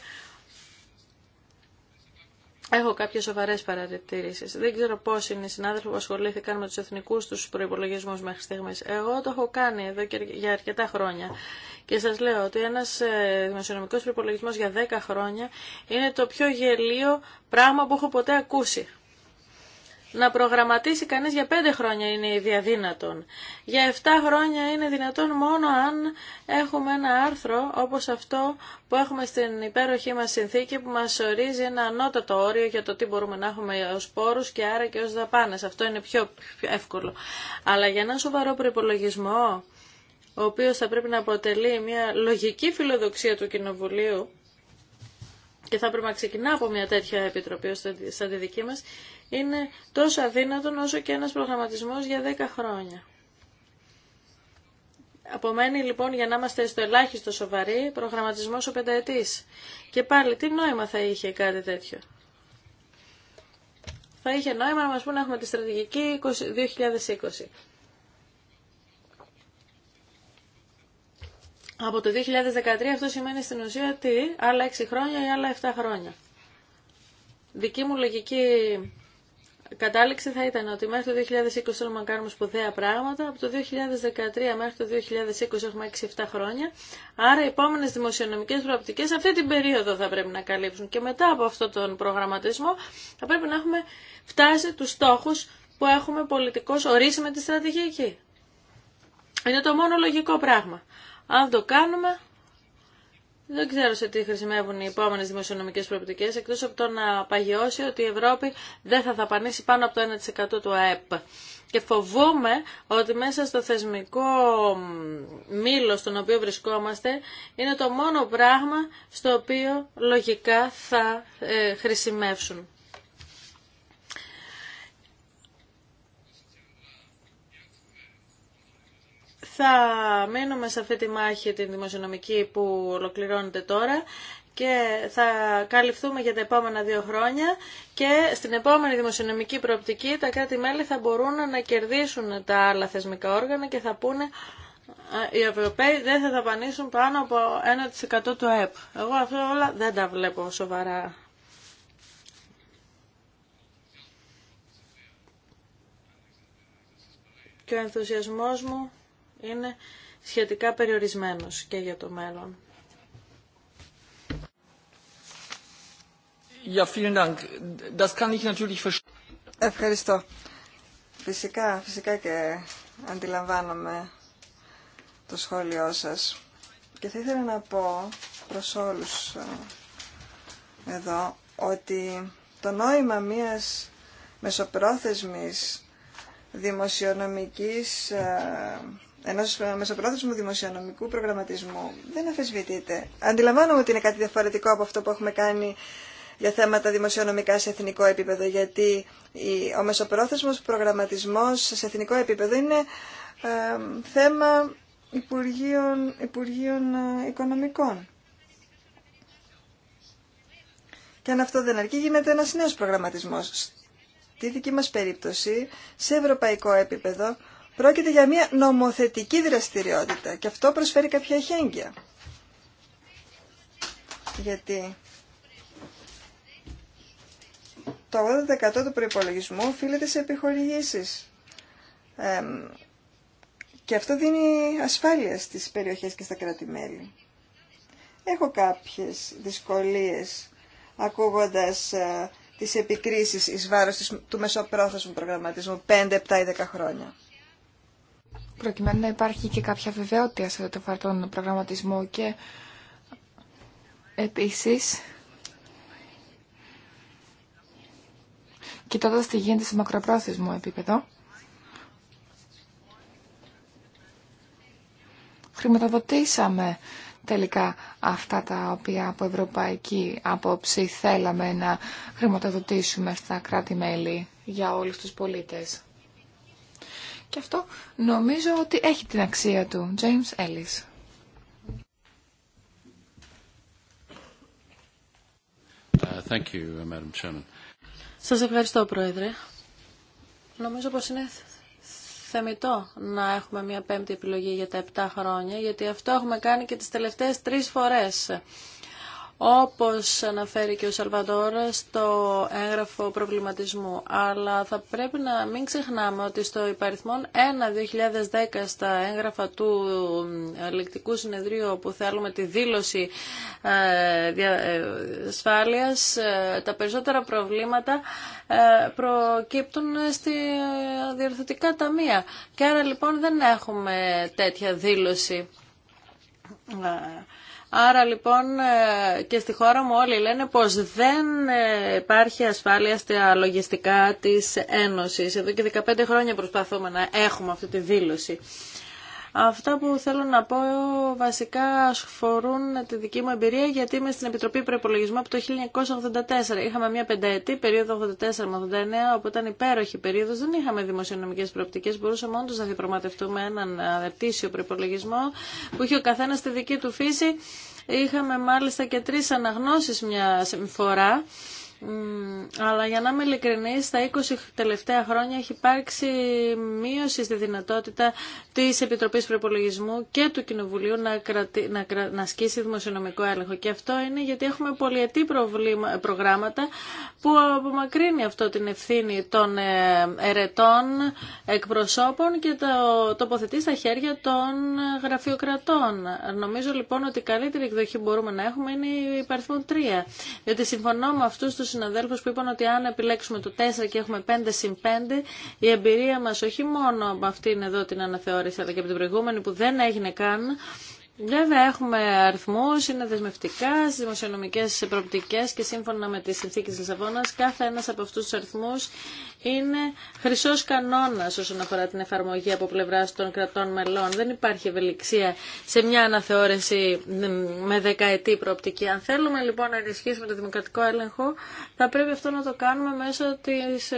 Έχω κάποιες σοβαρές παρατηρήσεις. Δεν ξέρω πώς είναι οι συνάδελφοι που ασχολήθηκαν με τους εθνικούς τους προϋπολογισμούς μέχρι στιγμής. Εγώ το έχω κάνει εδώ και για αρκετά χρόνια. Και σας λέω ότι ένας ε, δημοσιονομικός προϋπολογισμός για 10 χρόνια είναι το πιο γελίο πράγμα που έχω ποτέ ακούσει να προγραμματίσει κανείς για πέντε χρόνια είναι δύνατον. Για 7 χρόνια είναι δυνατόν μόνο αν έχουμε ένα άρθρο όπως αυτό που έχουμε στην υπέροχή μας συνθήκη που μας ορίζει ένα ανώτατο όριο για το τι μπορούμε να έχουμε ως πόρους και άρα και ως δαπάνες. Αυτό είναι πιο, εύκολο. Αλλά για ένα σοβαρό προπολογισμό ο οποίος θα πρέπει να αποτελεί μια λογική φιλοδοξία του Κοινοβουλίου και θα πρέπει να ξεκινά από μια τέτοια επιτροπή σαν τη δική μας, είναι τόσο αδύνατον όσο και ένας προγραμματισμός για 10 χρόνια. Απομένει λοιπόν για να είμαστε στο ελάχιστο σοβαροί προγραμματισμός ο πενταετής. Και πάλι τι νόημα θα είχε κάτι τέτοιο. Θα είχε νόημα να μας πούνε έχουμε τη στρατηγική 2020. Από το 2013 αυτό σημαίνει στην ουσία τι, άλλα 6 χρόνια ή άλλα 7 χρόνια. Δική μου λογική κατάληξη θα ήταν ότι μέχρι το 2020 θέλουμε να κάνουμε σπουδαία πράγματα. Από το 2013 μέχρι το 2020 έχουμε 6-7 χρόνια. Άρα οι επόμενε δημοσιονομικές προοπτικές αυτή την περίοδο θα πρέπει να καλύψουν. Και μετά από αυτόν τον προγραμματισμό θα πρέπει να έχουμε φτάσει τους στόχους που έχουμε πολιτικώς ορίσει με τη στρατηγική. Είναι το μόνο λογικό πράγμα. Αν το κάνουμε, δεν ξέρω σε τι χρησιμεύουν οι επόμενε δημοσιονομικές προοπτικέ, εκτός από το να παγιώσει ότι η Ευρώπη δεν θα δαπανίσει πάνω από το 1% του ΑΕΠ. Και φοβούμε ότι μέσα στο θεσμικό μήλο στον οποίο βρισκόμαστε είναι το μόνο πράγμα στο οποίο λογικά θα ε, χρησιμεύσουν. Θα μείνουμε σε αυτή τη μάχη την δημοσιονομική που ολοκληρώνεται τώρα και θα καλυφθούμε για τα επόμενα δύο χρόνια και στην επόμενη δημοσιονομική προοπτική τα κράτη-μέλη θα μπορούν να κερδίσουν τα άλλα θεσμικά όργανα και θα πούνε οι Ευρωπαίοι δεν θα δαπανίσουν πάνω από 1% του ΕΠ. Εγώ αυτό όλα δεν τα βλέπω σοβαρά. Και ο ενθουσιασμός μου είναι σχετικά περιορισμένος και για το μέλλον. Ευχαριστώ. Φυσικά, φυσικά και αντιλαμβάνομαι το σχόλιο σας. Και θα ήθελα να πω προς όλους ε, εδώ ότι το νόημα μιας μεσοπρόθεσμης δημοσιονομικής ε, Ενό μεσοπρόθεσμου δημοσιονομικού προγραμματισμού δεν αφισβητείται. Αντιλαμβάνομαι ότι είναι κάτι διαφορετικό από αυτό που έχουμε κάνει για θέματα δημοσιονομικά σε εθνικό επίπεδο, γιατί ο μεσοπρόθεσμος προγραμματισμός σε εθνικό επίπεδο είναι θέμα Υπουργείων, Υπουργείων ε, Οικονομικών. Και αν αυτό δεν αρκεί, γίνεται ένας νέος προγραμματισμός. Στη δική μας περίπτωση, σε ευρωπαϊκό επίπεδο, Πρόκειται για μια νομοθετική δραστηριότητα και αυτό προσφέρει κάποια εχέγγυα. Γιατί το 80% του προϋπολογισμού οφείλεται σε επιχορηγήσεις. και αυτό δίνει ασφάλεια στις περιοχές και στα κράτη-μέλη. Έχω κάποιες δυσκολίες ακούγοντας ε, τις επικρίσεις εις βάρος του μεσοπρόθεσμου προγραμματισμού 5, 7 ή 10 χρόνια προκειμένου να υπάρχει και κάποια βεβαιότητα σε αυτό το τον προγραμματισμό και επίσης κοιτώντα τι γίνεται σε μακροπρόθεσμο επίπεδο χρηματοδοτήσαμε τελικά αυτά τα οποία από ευρωπαϊκή άποψη θέλαμε να χρηματοδοτήσουμε στα κράτη-μέλη για όλους τους πολίτες. Και αυτό νομίζω ότι έχει την αξία του. James Ellis. Uh, uh, Σας ευχαριστώ, Πρόεδρε. Νομίζω πως είναι θεμητό να έχουμε μια πέμπτη επιλογή για τα επτά χρόνια, γιατί αυτό έχουμε κάνει και τις τελευταίες τρεις φορές όπως αναφέρει και ο Σαλβαδόρα στο έγγραφο προβληματισμού. Αλλά θα πρέπει να μην ξεχνάμε ότι στο υπαριθμόν 1-2010 στα έγγραφα του ε, λεκτικού συνεδρίου που θέλουμε τη δήλωση ε, ε, ασφάλειας, τα περισσότερα προβλήματα προκύπτουν στη διορθωτικά ταμεία. Και άρα λοιπόν δεν έχουμε τέτοια δήλωση Άρα λοιπόν ε, και στη χώρα μου όλοι λένε πως δεν ε, υπάρχει ασφάλεια στα λογιστικά της Ένωσης. Εδώ και 15 χρόνια προσπαθούμε να έχουμε αυτή τη δήλωση. Αυτά που θέλω να πω βασικά αφορούν τη δική μου εμπειρία γιατί είμαι στην Επιτροπή Προπολογισμού από το 1984. Είχαμε μια πενταετή περίοδο 84 με 89, οπότε ήταν υπέροχη περίοδο. Δεν είχαμε δημοσιονομικέ προοπτικέ. Μπορούσαμε όντω να διαπραγματευτούμε έναν αδερτήσιο προπολογισμό που είχε ο καθένα τη δική του φύση. Είχαμε μάλιστα και τρει αναγνώσει μια φορά. Αλλά για να είμαι ειλικρινή, στα 20 τελευταία χρόνια έχει υπάρξει μείωση στη δυνατότητα τη Επιτροπή Προπολογισμού και του Κοινοβουλίου να, κρατη... να... να ασκήσει δημοσιονομικό έλεγχο. Και αυτό είναι γιατί έχουμε πολυετή προγράμματα που απομακρύνει αυτό την ευθύνη των ε, ερετών εκπροσώπων και το τοποθετεί στα χέρια των γραφειοκρατών. Νομίζω λοιπόν ότι η καλύτερη εκδοχή που μπορούμε να έχουμε είναι η υπαριθμό 3. Διότι συμφωνώ με αυτού του συναδέλφους που είπαν ότι αν επιλέξουμε το 4 και έχουμε 5 συν 5, η εμπειρία μας όχι μόνο από αυτήν εδώ την αναθεώρηση, αλλά και από την προηγούμενη που δεν έγινε καν, Βέβαια έχουμε αριθμούς, είναι δεσμευτικά στις δημοσιονομικές προοπτικές και σύμφωνα με τις συνθήκες Λισαβόνας κάθε ένας από αυτούς τους αριθμούς είναι χρυσός κανόνας όσον αφορά την εφαρμογή από πλευρά των κρατών μελών. Δεν υπάρχει ευελιξία σε μια αναθεώρηση με δεκαετή προοπτική. Αν θέλουμε λοιπόν να ενισχύσουμε το δημοκρατικό έλεγχο θα πρέπει αυτό να το κάνουμε μέσω, της,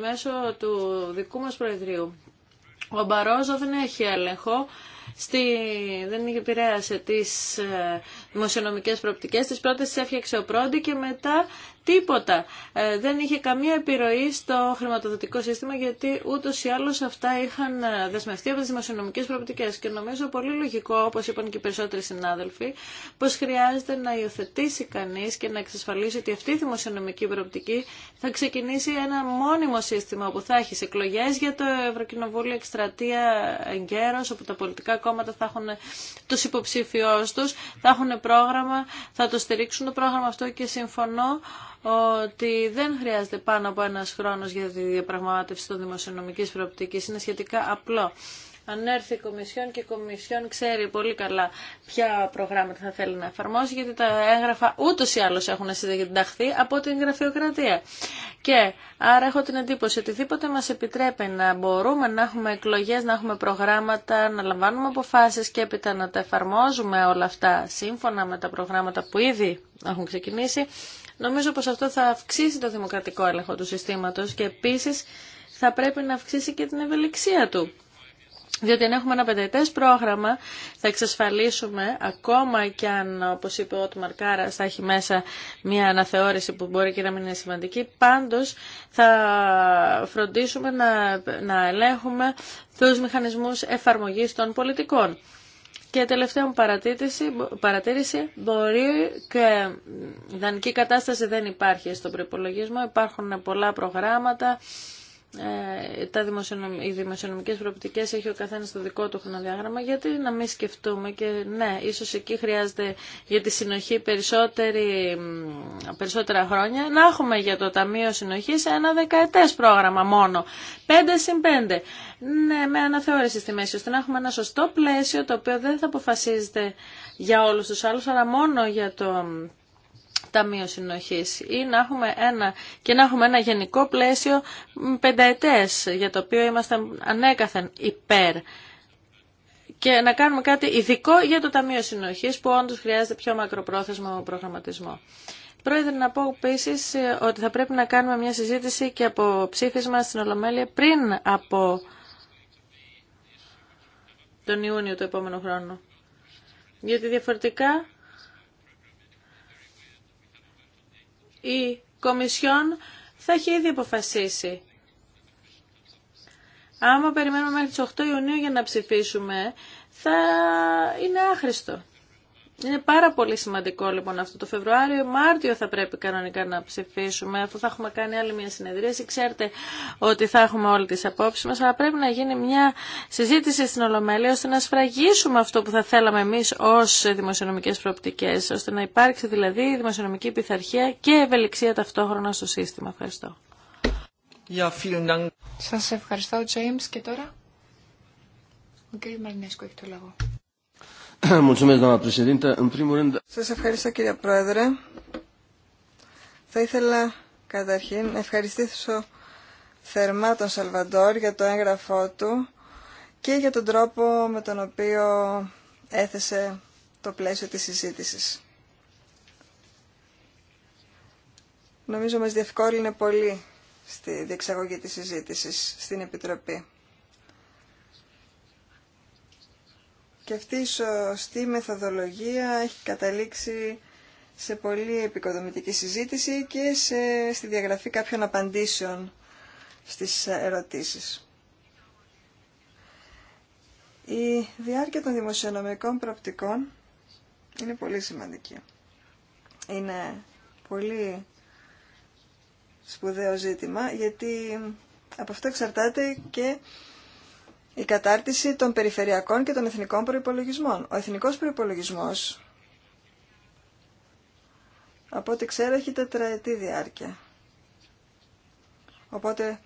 μέσω του δικού μας Προεδρίου. Ο Μπαρόζο δεν έχει έλεγχο στη, δεν επηρέασε τις ε, δημοσιονομικές προοπτικές. Τις πρώτες τις έφτιαξε ο πρώτη και μετά τίποτα. Ε, δεν είχε καμία επιρροή στο χρηματοδοτικό σύστημα γιατί ούτω ή άλλω αυτά είχαν ε, δεσμευτεί από τι δημοσιονομικέ προοπτικές και νομίζω πολύ λογικό, όπω είπαν και οι περισσότεροι συνάδελφοι, πω χρειάζεται να υιοθετήσει κανεί και να εξασφαλίσει ότι αυτή η δημοσιονομική προοπτική θα ξεκινήσει ένα μόνιμο σύστημα όπου θα έχει εκλογέ για το Ευρωκοινοβούλιο εκστρατεία εγκαίρως, όπου τα πολιτικά κόμματα θα έχουν του υποψήφιου του, θα έχουν πρόγραμμα, θα το στηρίξουν το πρόγραμμα αυτό και συμφωνώ ότι δεν χρειάζεται πάνω από ένα χρόνο για τη διαπραγμάτευση των δημοσιονομική προοπτική. Είναι σχετικά απλό. Αν έρθει η Κομισιόν και η Κομισιόν ξέρει πολύ καλά ποια προγράμματα θα θέλει να εφαρμόσει, γιατί τα έγγραφα ούτω ή άλλω έχουν συνταχθεί από την γραφειοκρατία. Και άρα έχω την εντύπωση ότι οτιδήποτε μα επιτρέπει να μπορούμε να έχουμε εκλογέ, να έχουμε προγράμματα, να λαμβάνουμε αποφάσει και έπειτα να τα εφαρμόζουμε όλα αυτά σύμφωνα με τα προγράμματα που ήδη έχουν ξεκινήσει, Νομίζω πως αυτό θα αυξήσει το δημοκρατικό έλεγχο του συστήματος και επίσης θα πρέπει να αυξήσει και την ευελιξία του. Διότι αν έχουμε ένα πενταετές πρόγραμμα θα εξασφαλίσουμε ακόμα και αν όπως είπε ο Μαρκάρα, θα έχει μέσα μια αναθεώρηση που μπορεί και να μην είναι σημαντική πάντως θα φροντίσουμε να, να ελέγχουμε τους μηχανισμούς εφαρμογής των πολιτικών. Και τελευταία μου παρατήρηση, μπορεί και ιδανική κατάσταση δεν υπάρχει στον προπολογισμό. Υπάρχουν πολλά προγράμματα ε, τα δημοσιονομ... οι δημοσιονομικές προοπτικές έχει ο καθένας το δικό του χρονοδιάγραμμα γιατί να μην σκεφτούμε και ναι, ίσως εκεί χρειάζεται για τη συνοχή περισσότερη... περισσότερα χρόνια να έχουμε για το Ταμείο Συνοχής ένα δεκαετές πρόγραμμα μόνο 5 συν 5 ναι, με αναθεώρηση στη μέση ώστε να έχουμε ένα σωστό πλαίσιο το οποίο δεν θα αποφασίζεται για όλους τους άλλους αλλά μόνο για το Ταμείο συνοχή ή να έχουμε ένα, και να έχουμε ένα γενικό πλαίσιο πενταετέ, για το οποίο είμαστε ανέκαθεν υπέρ και να κάνουμε κάτι ειδικό για το Ταμείο συνοχή που όντω χρειάζεται πιο μακροπρόθεσμο προγραμματισμό. Πρόεδρε, να πω επίση ε, ότι θα πρέπει να κάνουμε μια συζήτηση και από ψήφισμα στην Ολομέλεια πριν από τον Ιούνιο του επόμενου χρόνου. Γιατί διαφορετικά η Κομισιόν θα έχει ήδη αποφασίσει. Άμα περιμένουμε μέχρι τις 8 Ιουνίου για να ψηφίσουμε, θα είναι άχρηστο. Είναι πάρα πολύ σημαντικό λοιπόν αυτό το Φεβρουάριο. Μάρτιο θα πρέπει κανονικά να ψηφίσουμε, αφού θα έχουμε κάνει άλλη μια συνεδρία. Ξέρετε ότι θα έχουμε όλε τι απόψει μα, αλλά πρέπει να γίνει μια συζήτηση στην Ολομέλεια ώστε να σφραγίσουμε αυτό που θα θέλαμε εμεί ω δημοσιονομικέ προοπτικέ, ώστε να υπάρξει δηλαδή δημοσιονομική πειθαρχία και ευελιξία ταυτόχρονα στο σύστημα. Ευχαριστώ. Σα ευχαριστώ, Τζέιμ, Και τώρα ο κ. Μαρινέσκο έχει το λόγο. Σας [CLEARS THROAT] ευχαριστώ κύριε Πρόεδρε. Θα ήθελα καταρχήν να ευχαριστήσω θερμά τον Σαλβαντόρ για το έγγραφό του και για τον τρόπο με τον οποίο έθεσε το πλαίσιο της συζήτησης. Νομίζω μας διευκόλυνε πολύ στη διεξαγωγή της συζήτησης στην Επιτροπή. Και αυτή η σωστή μεθοδολογία έχει καταλήξει σε πολύ επικοδομητική συζήτηση και σε, στη διαγραφή κάποιων απαντήσεων στις ε, ερωτήσεις. Η διάρκεια των δημοσιονομικών προοπτικών είναι πολύ σημαντική. Είναι πολύ σπουδαίο ζήτημα γιατί από αυτό εξαρτάται και η κατάρτιση των περιφερειακών και των εθνικών προϋπολογισμών. Ο εθνικός προϋπολογισμός, από ό,τι ξέρω, έχει τετραετή διάρκεια. Οπότε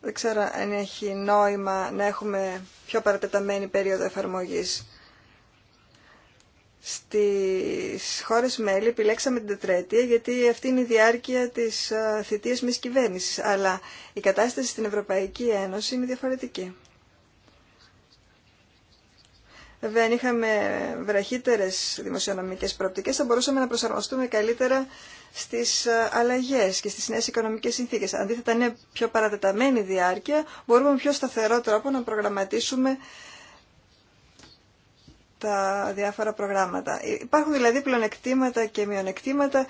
δεν ξέρω αν έχει νόημα να έχουμε πιο παρατεταμένη περίοδο εφαρμογής. Στις χώρες μέλη επιλέξαμε την τετραετία γιατί αυτή είναι η διάρκεια της ε, θητείας μιας κυβέρνησης. Αλλά η κατάσταση στην Ευρωπαϊκή Ένωση είναι διαφορετική. Βέβαια, αν είχαμε βραχύτερε δημοσιονομικέ προοπτικέ, θα μπορούσαμε να προσαρμοστούμε καλύτερα στι ε, αλλαγέ και στι νέε οικονομικέ συνθήκε. Αντίθετα, είναι πιο παρατεταμένη διάρκεια, μπορούμε με πιο σταθερό τρόπο να προγραμματίσουμε τα διάφορα προγράμματα. Ε, υπάρχουν δηλαδή πλεονεκτήματα και μειονεκτήματα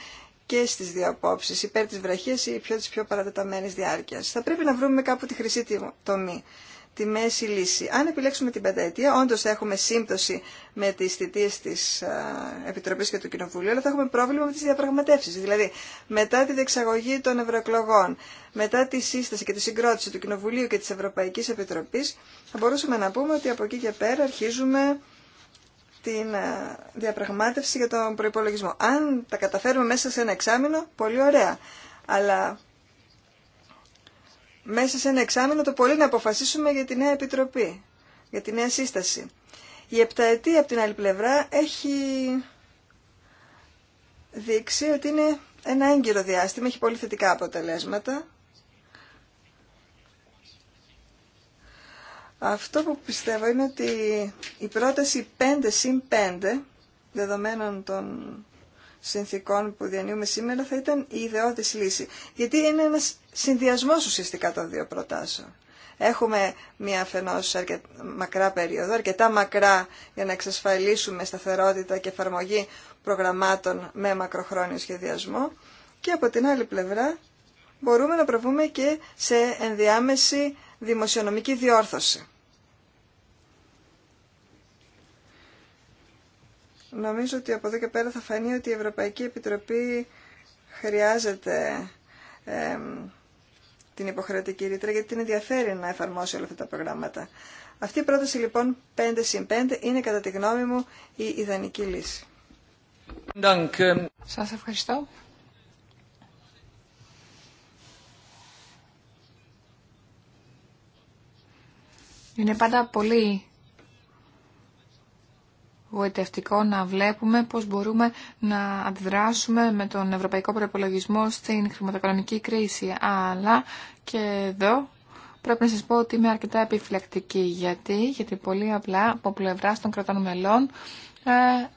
και στι δύο απόψει. υπέρ τη βραχίας ή πιο της πιο παρατεταμένη διάρκεια. Θα πρέπει να βρούμε κάπου τη χρυσή τομή τη μέση λύση. Αν επιλέξουμε την πενταετία, όντω θα έχουμε σύμπτωση με τι θητείε τη Επιτροπή και του Κοινοβουλίου, αλλά θα έχουμε πρόβλημα με τι διαπραγματεύσει. Δηλαδή, μετά τη διεξαγωγή των ευρωεκλογών, μετά τη σύσταση και τη συγκρότηση του Κοινοβουλίου και τη Ευρωπαϊκή Επιτροπή, θα μπορούσαμε να πούμε ότι από εκεί και πέρα αρχίζουμε την διαπραγμάτευση για τον προπολογισμό. Αν τα καταφέρουμε μέσα σε ένα εξάμεινο, πολύ ωραία. Αλλά μέσα σε ένα εξάμεινο το πολύ να αποφασίσουμε για τη νέα επιτροπή, για τη νέα σύσταση. Η επταετία από την άλλη πλευρά έχει δείξει ότι είναι ένα έγκυρο διάστημα, έχει πολύ θετικά αποτελέσματα. Αυτό που πιστεύω είναι ότι η πρόταση 5 συν 5, δεδομένων των συνθήκων που διανύουμε σήμερα θα ήταν η ιδεώδης λύση. Γιατί είναι ένας συνδυασμός ουσιαστικά των δύο προτάσεων. Έχουμε μία αφενός μακρά περίοδο, αρκετά μακρά για να εξασφαλίσουμε σταθερότητα και εφαρμογή προγραμμάτων με μακροχρόνιο σχεδιασμό και από την άλλη πλευρά μπορούμε να προβούμε και σε ενδιάμεση δημοσιονομική διόρθωση. Νομίζω ότι από εδώ και πέρα θα φανεί ότι η Ευρωπαϊκή Επιτροπή χρειάζεται την υποχρεωτική ρήτρα γιατί την ενδιαφέρει να εφαρμόσει όλα αυτά τα προγράμματα. Αυτή η πρόταση λοιπόν 5 συν 5 είναι κατά τη γνώμη μου η ιδανική λύση. Ε, Σας ευχαριστώ. Είναι πάντα πολύ γοητευτικό να βλέπουμε πώς μπορούμε να αντιδράσουμε με τον ευρωπαϊκό προπολογισμό στην χρηματοοικονομική κρίση. Αλλά και εδώ πρέπει να σας πω ότι είμαι αρκετά επιφυλακτική. Γιατί, γιατί πολύ απλά από πλευρά των κρατών μελών ε,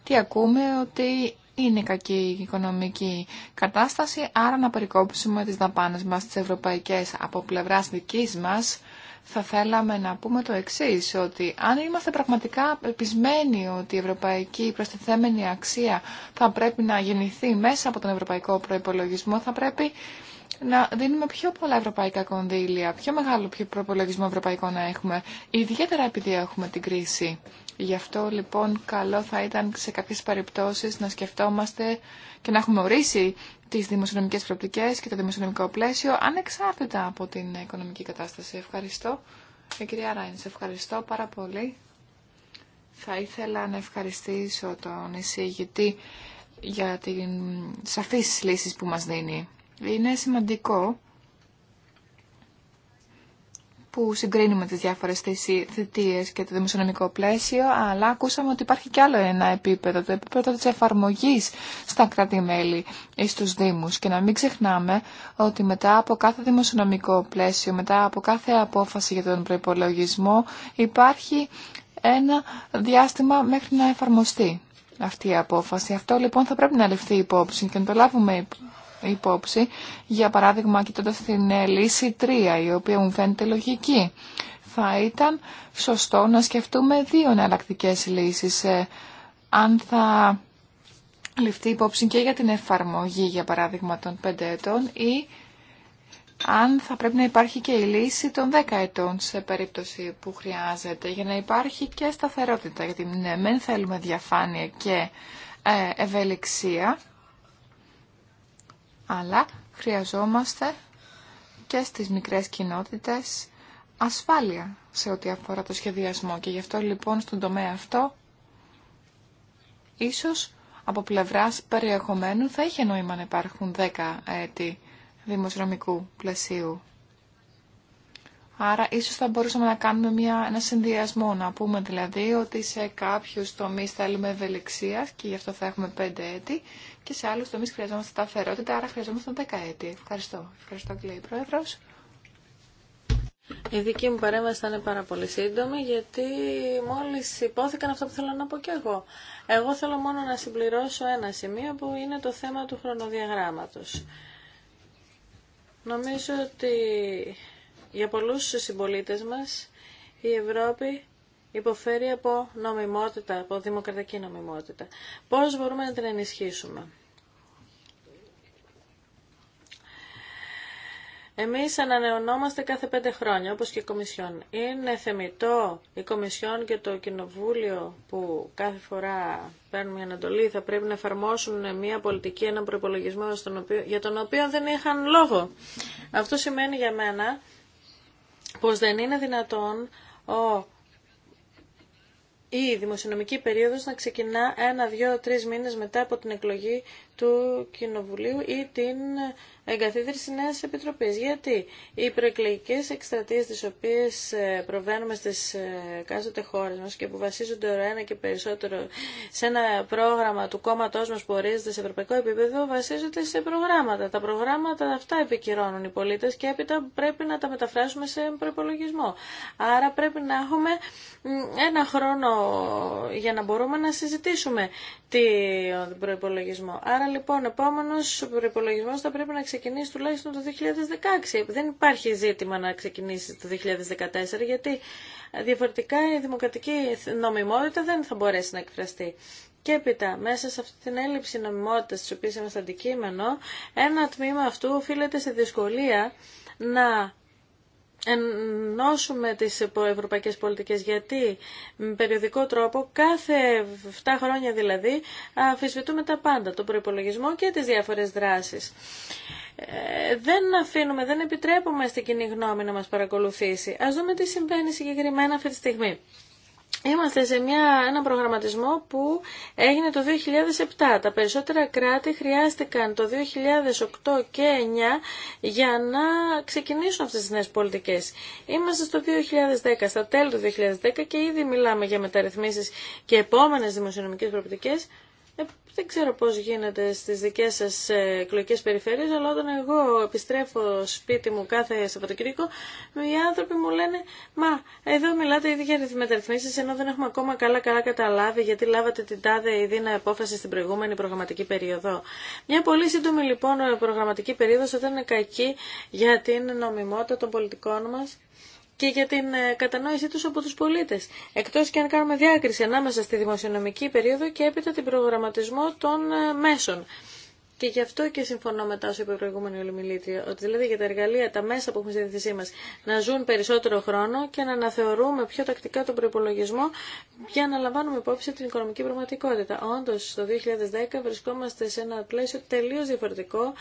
τι ακούμε ότι είναι κακή η οικονομική κατάσταση, άρα να περικόψουμε τις δαπάνες μας, τις ευρωπαϊκές από πλευράς δικής μας θα θέλαμε να πούμε το εξή ότι αν είμαστε πραγματικά πεπισμένοι ότι η ευρωπαϊκή προστιθέμενη αξία θα πρέπει να γεννηθεί μέσα από τον ευρωπαϊκό προπολογισμό. θα πρέπει να δίνουμε πιο πολλά ευρωπαϊκά κονδύλια, πιο μεγάλο πιο προπολογισμό ευρωπαϊκό να έχουμε, ιδιαίτερα επειδή έχουμε την κρίση. Γι' αυτό λοιπόν καλό θα ήταν σε κάποιες περιπτώσεις να σκεφτόμαστε και να έχουμε ορίσει τι δημοσιονομικέ προοπτικέ και το δημοσιονομικό πλαίσιο ανεξάρτητα από την οικονομική κατάσταση. Ευχαριστώ. Ε, κυρία Ράιν, ευχαριστώ πάρα πολύ. Θα ήθελα να ευχαριστήσω τον εισηγητή για την σαφείς λύσει που μας δίνει. Είναι σημαντικό που συγκρίνουμε τις διάφορες θητείες και το δημοσιονομικό πλαίσιο, αλλά ακούσαμε ότι υπάρχει κι άλλο ένα επίπεδο, το επίπεδο της εφαρμογής στα κράτη-μέλη ή στους Δήμους. Και να μην ξεχνάμε ότι μετά από κάθε δημοσιονομικό πλαίσιο, μετά από κάθε απόφαση για τον προϋπολογισμό, υπάρχει ένα διάστημα μέχρι να εφαρμοστεί αυτή η απόφαση. Αυτό λοιπόν θα πρέπει να ληφθεί υπόψη και να το λάβουμε υπόψη, για παράδειγμα κοιτώντα την ε, λύση 3, η οποία μου φαίνεται λογική. Θα ήταν σωστό να σκεφτούμε δύο εναλλακτικέ λύσεις. Ε, αν θα ληφθεί υπόψη και για την εφαρμογή, για παράδειγμα, των 5 ετών ή αν θα πρέπει να υπάρχει και η λύση των 10 ετών σε περίπτωση που χρειάζεται για να υπάρχει και σταθερότητα. Γιατί ναι, μεν θέλουμε διαφάνεια και ε, ευελιξία, αλλά χρειαζόμαστε και στις μικρές κοινότητες ασφάλεια σε ό,τι αφορά το σχεδιασμό και γι' αυτό λοιπόν στον τομέα αυτό ίσως από πλευράς περιεχομένου θα είχε νόημα να υπάρχουν 10 έτη δημοσιονομικού πλαισίου. Άρα ίσως θα μπορούσαμε να κάνουμε μια, ένα συνδυασμό, να πούμε δηλαδή ότι σε κάποιους τομείς θέλουμε ευελιξία και γι' αυτό θα έχουμε πέντε έτη και σε άλλους τομείς χρειαζόμαστε σταθερότητα, άρα χρειαζόμαστε 10 έτη. Ευχαριστώ. Ευχαριστώ λέει η Πρόεδρος. Η δική μου παρέμβαση θα είναι πάρα πολύ σύντομη γιατί μόλις υπόθηκαν αυτό που θέλω να πω κι εγώ. Εγώ θέλω μόνο να συμπληρώσω ένα σημείο που είναι το θέμα του χρονοδιαγράμματος. Νομίζω ότι για πολλούς συμπολίτες μας η Ευρώπη υποφέρει από νομιμότητα, από δημοκρατική νομιμότητα. Πώς μπορούμε να την ενισχύσουμε. Εμείς ανανεωνόμαστε κάθε πέντε χρόνια, όπως και η Κομισιόν. Είναι θεμητό η Κομισιόν και το Κοινοβούλιο που κάθε φορά παίρνουν μια ανατολή θα πρέπει να εφαρμόσουν μια πολιτική, έναν προπολογισμό για τον οποίο δεν είχαν λόγο. Αυτό σημαίνει για μένα πως δεν είναι δυνατόν ο η δημοσιονομική περίοδος να ξεκινά ένα, δύο, τρεις μήνες μετά από την εκλογή του Κοινοβουλίου ή την εγκαθίδρυση νέα επιτροπή. Γιατί οι προεκλογικέ εκστρατείες τι οποίε ε, προβαίνουμε στι ε, κάστοτε χώρε μα και που βασίζονται ωραία ένα και περισσότερο σε ένα πρόγραμμα του κόμματό μα που ορίζεται σε ευρωπαϊκό επίπεδο βασίζονται σε προγράμματα. Τα προγράμματα αυτά επικυρώνουν οι πολίτε και έπειτα πρέπει να τα μεταφράσουμε σε προπολογισμό. Άρα πρέπει να έχουμε ένα χρόνο για να μπορούμε να συζητήσουμε τον προπολογισμό λοιπόν, επόμενο προπολογισμό θα πρέπει να ξεκινήσει τουλάχιστον το 2016. Δεν υπάρχει ζήτημα να ξεκινήσει το 2014, γιατί διαφορετικά η δημοκρατική νομιμότητα δεν θα μπορέσει να εκφραστεί. Και έπειτα, μέσα σε αυτή την έλλειψη νομιμότητας της οποίας είμαστε αντικείμενο, ένα τμήμα αυτού οφείλεται σε δυσκολία να ενώσουμε τις ευρωπαϊκές πολιτικές γιατί με περιοδικό τρόπο κάθε 7 χρόνια δηλαδή αμφισβητούμε τα πάντα, τον προπολογισμό και τις διάφορες δράσεις. Ε, δεν αφήνουμε, δεν επιτρέπουμε στην κοινή γνώμη να μας παρακολουθήσει. Ας δούμε τι συμβαίνει συγκεκριμένα αυτή τη στιγμή. Είμαστε σε μια, ένα προγραμματισμό που έγινε το 2007. Τα περισσότερα κράτη χρειάστηκαν το 2008 και 2009 για να ξεκινήσουν αυτές τις νέες πολιτικές. Είμαστε στο 2010, στα τέλη του 2010 και ήδη μιλάμε για μεταρρυθμίσεις και επόμενες δημοσιονομικές προοπτικές ε, δεν ξέρω πώς γίνεται στις δικές σας ε, εκλογικέ περιφέρειες, αλλά όταν εγώ επιστρέφω σπίτι μου κάθε Σαββατοκύριακο, οι άνθρωποι μου λένε «Μα, εδώ μιλάτε ήδη για μεταρρυθμίσεις, ενώ δεν έχουμε ακόμα καλά-καλά καταλάβει γιατί λάβατε την τάδε ή δίνα απόφαση στην προηγούμενη προγραμματική περίοδο». Μια πολύ σύντομη λοιπόν προγραμματική περίοδο όταν είναι κακή για την νομιμότητα των πολιτικών μας και για την ε, κατανόησή τους από τους πολίτες, εκτός και αν κάνουμε διάκριση ανάμεσα στη δημοσιονομική περίοδο και έπειτα την προγραμματισμό των ε, μέσων. Και γι' αυτό και συμφωνώ μετά όσο είπε η προηγούμενη ολομιλήτρια, ότι δηλαδή για τα εργαλεία, τα μέσα που έχουμε στη διάθεσή μα να ζουν περισσότερο χρόνο και να αναθεωρούμε πιο τακτικά τον προπολογισμό για να λαμβάνουμε υπόψη την οικονομική πραγματικότητα. Όντω, το 2010 βρισκόμαστε σε ένα πλαίσιο τελείω διαφορετικό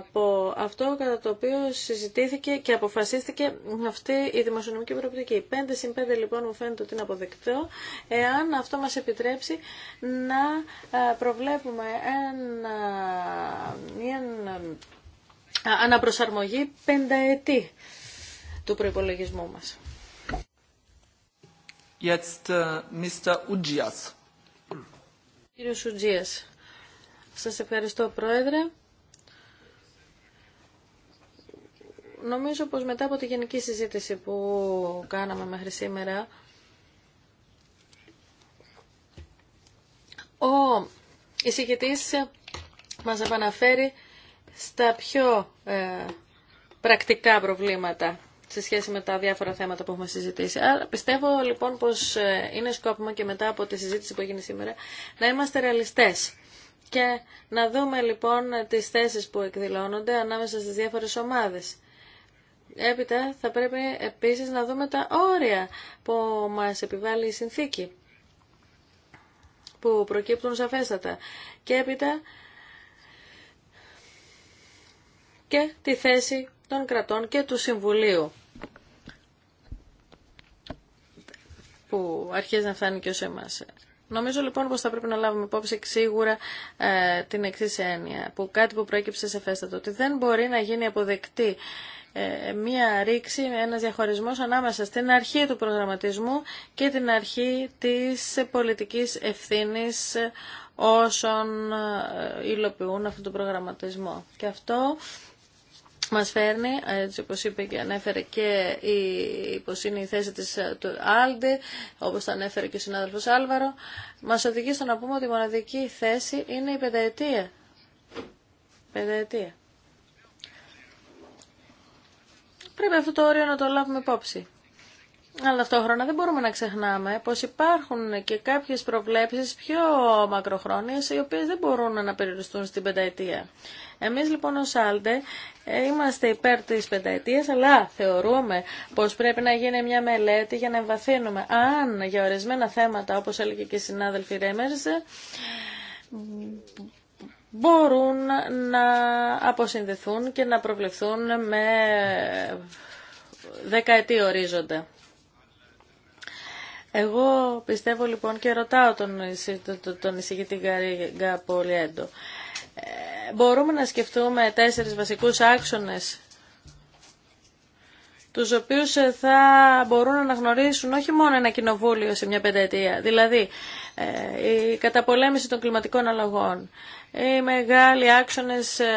από αυτό κατά το οποίο συζητήθηκε και αποφασίστηκε αυτή η δημοσιονομική προοπτική. 5 συν 5 λοιπόν μου φαίνεται ότι είναι αποδεκτό, εάν αυτό μα επιτρέψει να προβλέπουμε ένα μια ε, αναπροσαρμογή πενταετή του προϋπολογισμού μας. Jetzt, Mr. Ουτζίας. Κύριος Ουτζίας, σας ευχαριστώ Πρόεδρε. Νομίζω πως μετά από τη γενική συζήτηση που κάναμε μέχρι σήμερα, ο εισηγητής μας επαναφέρει στα πιο ε, πρακτικά προβλήματα σε σχέση με τα διάφορα θέματα που έχουμε συζητήσει. Άρα πιστεύω λοιπόν πως ε, είναι σκόπιμο και μετά από τη συζήτηση που έγινε σήμερα να είμαστε ρεαλιστές και να δούμε λοιπόν τις θέσεις που εκδηλώνονται ανάμεσα στις διάφορες ομάδες. Έπειτα θα πρέπει επίσης να δούμε τα όρια που μας επιβάλλει η συνθήκη που προκύπτουν σαφέστατα και έπειτα και τη θέση των κρατών και του Συμβουλίου που αρχίζει να φτάνει και ως εμάς. Νομίζω λοιπόν πως θα πρέπει να λάβουμε υπόψη σίγουρα ε, την εξή έννοια, που κάτι που προέκυψε σε φέστατο, ότι δεν μπορεί να γίνει αποδεκτή ε, μία ρήξη, ένας διαχωρισμός ανάμεσα στην αρχή του προγραμματισμού και την αρχή της πολιτικής ευθύνης όσων ε, υλοποιούν αυτόν τον προγραμματισμό. Και αυτό μας φέρνει, έτσι όπως είπε και ανέφερε και η, πως είναι η θέση της, ε, του Άλντε, όπως το ανέφερε και ο συνάδελφος Άλβαρο, μας οδηγεί στο να πούμε ότι η μοναδική θέση είναι η πενταετία. Πενταετία. Πρέπει αυτό το όριο να το λάβουμε υπόψη. Αλλά ταυτόχρονα δεν μπορούμε να ξεχνάμε πως υπάρχουν και κάποιες προβλέψεις πιο μακροχρόνιες οι οποίες δεν μπορούν να περιοριστούν στην πενταετία. Εμείς λοιπόν ως Άλντε είμαστε υπέρ της πενταετίας αλλά θεωρούμε πως πρέπει να γίνει μια μελέτη για να εμβαθύνουμε αν για ορισμένα θέματα όπως έλεγε και η συνάδελφη Ρέμερς μπορούν να αποσυνδεθούν και να προβλεφθούν με δεκαετή ορίζοντα. Εγώ πιστεύω λοιπόν και ρωτάω τον, τον εισηγητή Γκαρίγκα Πολιέντο. Ε, μπορούμε να σκεφτούμε τέσσερις βασικούς άξονες τους οποίους ε, θα μπορούν να αναγνωρίσουν όχι μόνο ένα κοινοβούλιο σε μια πενταετία, δηλαδή ε, η καταπολέμηση των κλιματικών αλλαγών, οι μεγάλοι άξονες ε,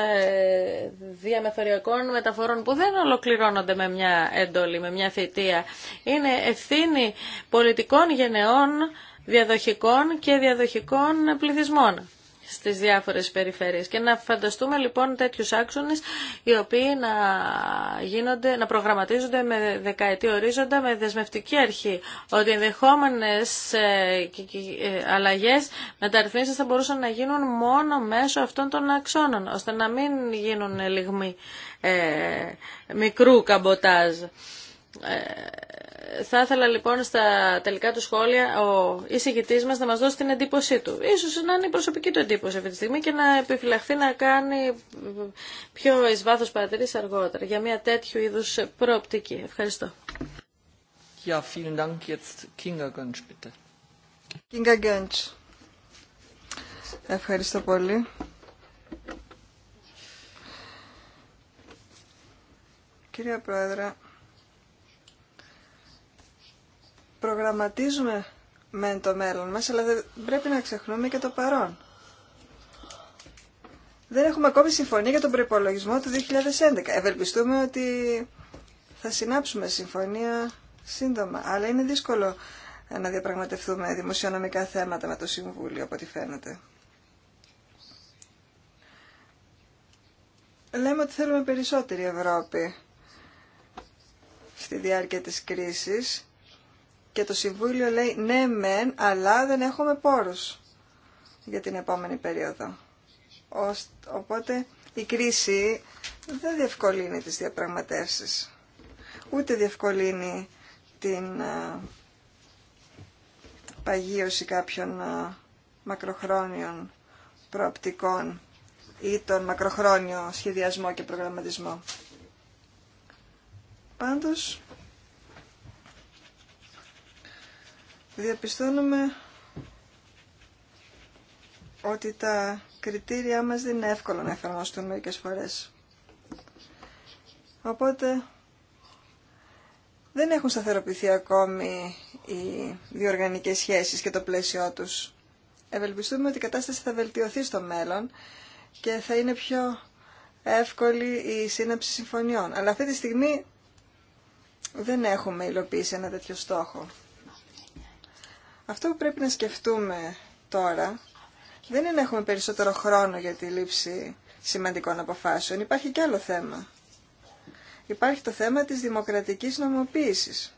διαμεθοριακών μεταφορών που δεν ολοκληρώνονται με μια έντολη, με μια θητεία. Είναι ευθύνη πολιτικών γενεών διαδοχικών και διαδοχικών πληθυσμών στις διάφορες περιφέρειες. Και να φανταστούμε λοιπόν τέτοιους άξονες οι οποίοι να, γίνονται, να προγραμματίζονται με δεκαετή ορίζοντα με δεσμευτική αρχή ότι ενδεχόμενες ε, ε, αλλαγές μεταρρυθμίσεις θα μπορούσαν να γίνουν μόνο μέσω αυτών των αξώνων ώστε να μην γίνουν λιγμοί ε, μικρού καμποτάζ. Ε, θα ήθελα λοιπόν στα τελικά του σχόλια ο εισηγητή μα να μα δώσει την εντύπωσή του. σω να είναι η προσωπική του εντύπωση αυτή τη στιγμή και να επιφυλαχθεί να κάνει πιο ει βάθο παρατηρήσει αργότερα για μια τέτοιου είδου προοπτική. Ευχαριστώ. Ja, vielen Dank. Jetzt Kinga bitte. Kinga Ευχαριστώ πολύ. Κυρία Πρόεδρε, προγραμματίζουμε με το μέλλον μας, αλλά δεν πρέπει να ξεχνούμε και το παρόν. Δεν έχουμε ακόμη συμφωνία για τον προπολογισμό του 2011. Ευελπιστούμε ότι θα συνάψουμε συμφωνία σύντομα, αλλά είναι δύσκολο να διαπραγματευτούμε δημοσιονομικά θέματα με το Συμβούλιο, από ό,τι φαίνεται. Λέμε ότι θέλουμε περισσότερη Ευρώπη στη διάρκεια της κρίσης και το Συμβούλιο λέει ναι μεν, αλλά δεν έχουμε πόρους για την επόμενη περίοδο. Οπότε η κρίση δεν διευκολύνει τις διαπραγματεύσεις, ούτε διευκολύνει την ε, παγίωση κάποιων ε, μακροχρόνιων προοπτικών ή τον μακροχρόνιο σχεδιασμό και προγραμματισμό. Πάντως, διαπιστώνουμε ότι τα κριτήριά μας δεν είναι εύκολο να εφαρμοστούν μερικές φορές. Οπότε δεν έχουν σταθεροποιηθεί ακόμη οι διοργανικές σχέσεις και το πλαίσιό τους. Ευελπιστούμε ότι η κατάσταση θα βελτιωθεί στο μέλλον και θα είναι πιο εύκολη η σύναψη συμφωνιών. Αλλά αυτή τη στιγμή δεν έχουμε υλοποιήσει ένα τέτοιο στόχο. Αυτό που πρέπει να σκεφτούμε τώρα δεν είναι να έχουμε περισσότερο χρόνο για τη λήψη σημαντικών αποφάσεων. Υπάρχει και άλλο θέμα. Υπάρχει το θέμα της δημοκρατικής νομοποίησης.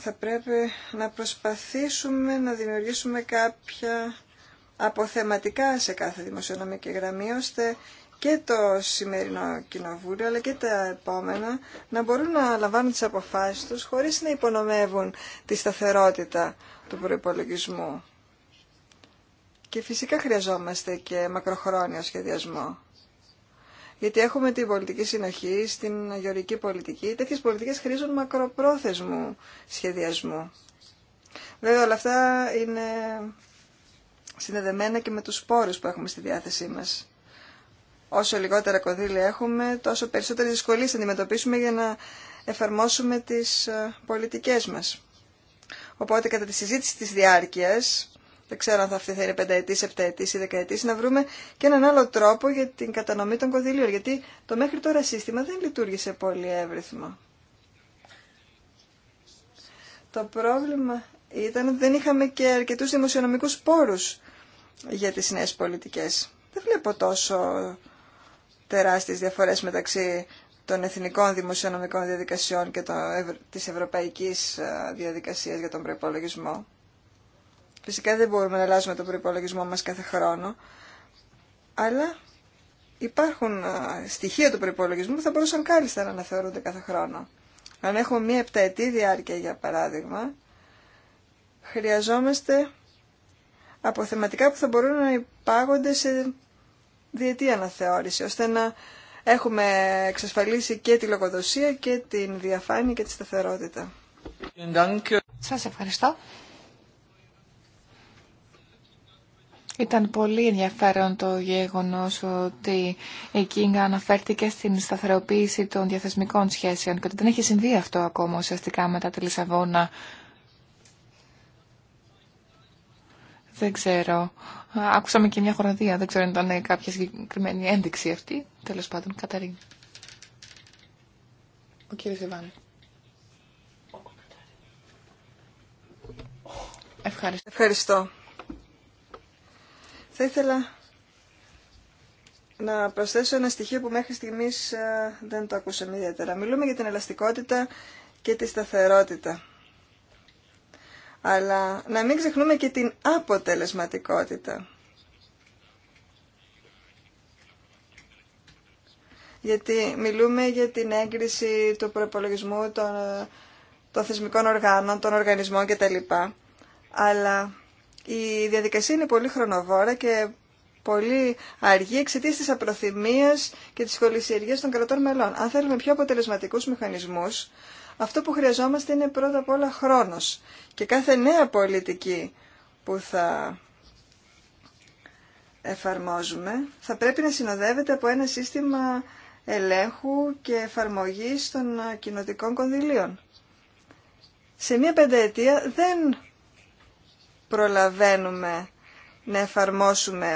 Θα πρέπει να προσπαθήσουμε να δημιουργήσουμε κάποια αποθεματικά σε κάθε δημοσιονομική γραμμή, ώστε και το σημερινό κοινοβούλιο αλλά και τα επόμενα να μπορούν να λαμβάνουν τις αποφάσεις τους χωρίς να υπονομεύουν τη σταθερότητα του προϋπολογισμού. Και φυσικά χρειαζόμαστε και μακροχρόνιο σχεδιασμό. Γιατί έχουμε την πολιτική συνοχή, στην γεωρική πολιτική. Τέτοιες πολιτικές χρήζουν μακροπρόθεσμου σχεδιασμού. Βέβαια όλα αυτά είναι συνδεδεμένα και με τους σπόρους που έχουμε στη διάθεσή μας όσο λιγότερα κονδύλια έχουμε, τόσο περισσότερες δυσκολίες θα αντιμετωπίσουμε για να εφαρμόσουμε τις ε, πολιτικές μας. Οπότε κατά τη συζήτηση της διάρκειας, δεν ξέρω αν θα αυτή θα είναι πενταετής, επταετής ή δεκαετής, να βρούμε και έναν άλλο τρόπο για την κατανομή των κονδυλίων, γιατί το μέχρι τώρα σύστημα δεν λειτουργήσε πολύ εύρυθμα. Το πρόβλημα ήταν ότι δεν είχαμε και αρκετούς δημοσιονομικούς πόρους για τις νέες πολιτικές. Δεν βλέπω τόσο τεράστιες διαφορές μεταξύ των εθνικών δημοσιονομικών διαδικασιών και της ευρωπαϊκής ε, διαδικασίας για τον προϋπολογισμό. Φυσικά δεν μπορούμε να αλλάζουμε τον προϋπολογισμό μας κάθε χρόνο, αλλά υπάρχουν ε, στοιχεία του προϋπολογισμού που θα μπορούσαν κάλλιστα να αναθεωρούνται κάθε χρόνο. Αν έχουμε μία επταετή διάρκεια, για παράδειγμα, χρειαζόμαστε αποθεματικά που θα μπορούν να υπάγονται σε διετή αναθεώρηση, ώστε να έχουμε εξασφαλίσει και τη λογοδοσία και την διαφάνεια και τη σταθερότητα. Σας ευχαριστώ. Ήταν πολύ ενδιαφέρον το γεγονός ότι η Κίνγα αναφέρθηκε στην σταθεροποίηση των διαθεσμικών σχέσεων και ότι δεν έχει συμβεί αυτό ακόμα ουσιαστικά μετά τη Λισαβόνα. Δεν ξέρω. Άκουσαμε και μια χοροδία. Δεν ξέρω αν ήταν κάποια συγκεκριμένη ένδειξη αυτή. Τέλο πάντων, Καταρίν. Ο κύριο Ιβάν. Ευχαριστώ. Ευχαριστώ. Θα ήθελα να προσθέσω ένα στοιχείο που μέχρι στιγμής ε, δεν το ακούσαμε ιδιαίτερα. Μιλούμε για την ελαστικότητα και τη σταθερότητα αλλά να μην ξεχνούμε και την αποτελεσματικότητα. Γιατί μιλούμε για την έγκριση του προπολογισμού των, των θεσμικών οργάνων, των οργανισμών κτλ. Αλλά η διαδικασία είναι πολύ χρονοβόρα και πολύ αργή εξαιτία τη απροθυμία και τη κολυσιεργία των κρατών μελών. Αν θέλουμε πιο αποτελεσματικού μηχανισμού, αυτό που χρειαζόμαστε είναι πρώτα απ' όλα χρόνος. Και κάθε νέα πολιτική που θα εφαρμόζουμε θα πρέπει να συνοδεύεται από ένα σύστημα ελέγχου και εφαρμογής των κοινοτικών κονδυλίων. Σε μία πενταετία δεν προλαβαίνουμε να εφαρμόσουμε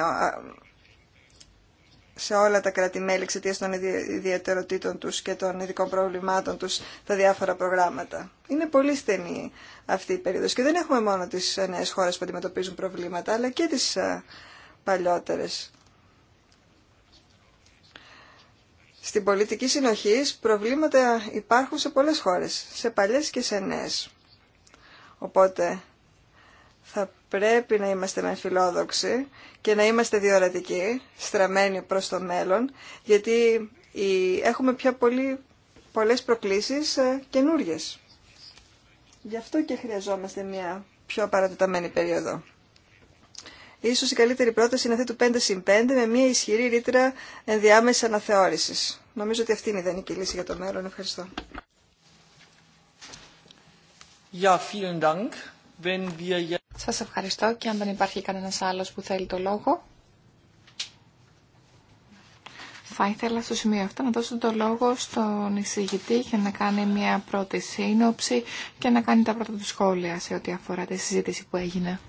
σε όλα τα κράτη-μέλη εξαιτία των ιδιαιτεροτήτων τους και των ειδικών προβλημάτων τους τα διάφορα προγράμματα. Είναι πολύ στενή αυτή η περίοδο. και δεν έχουμε μόνο τις νέε χώρε που αντιμετωπίζουν προβλήματα αλλά και τις ε, παλιότερε. Στην πολιτική συνοχή προβλήματα υπάρχουν σε πολλές χώρες, σε παλιές και σε νέες. Οπότε θα πρέπει να είμαστε με φιλόδοξοι και να είμαστε διορατικοί, στραμμένοι προς το μέλλον, γιατί έχουμε πια πολύ, πολλές προκλήσεις ε, καινούριε. Γι' αυτό και χρειαζόμαστε μια πιο παρατεταμένη περίοδο. Ίσως η καλύτερη πρόταση είναι αυτή του 5 συν 5 με μια ισχυρή ρήτρα ενδιάμεση αναθεώρησης. Νομίζω ότι αυτή είναι η ιδανική λύση για το μέλλον. Ευχαριστώ. Ja, vielen σας ευχαριστώ και αν δεν υπάρχει κανένας άλλος που θέλει το λόγο, θα ήθελα στο σημείο αυτό να δώσω το λόγο στον εισηγητή για να κάνει μια πρώτη σύνοψη και να κάνει τα πρώτα του σχόλια σε ό,τι αφορά τη συζήτηση που έγινε.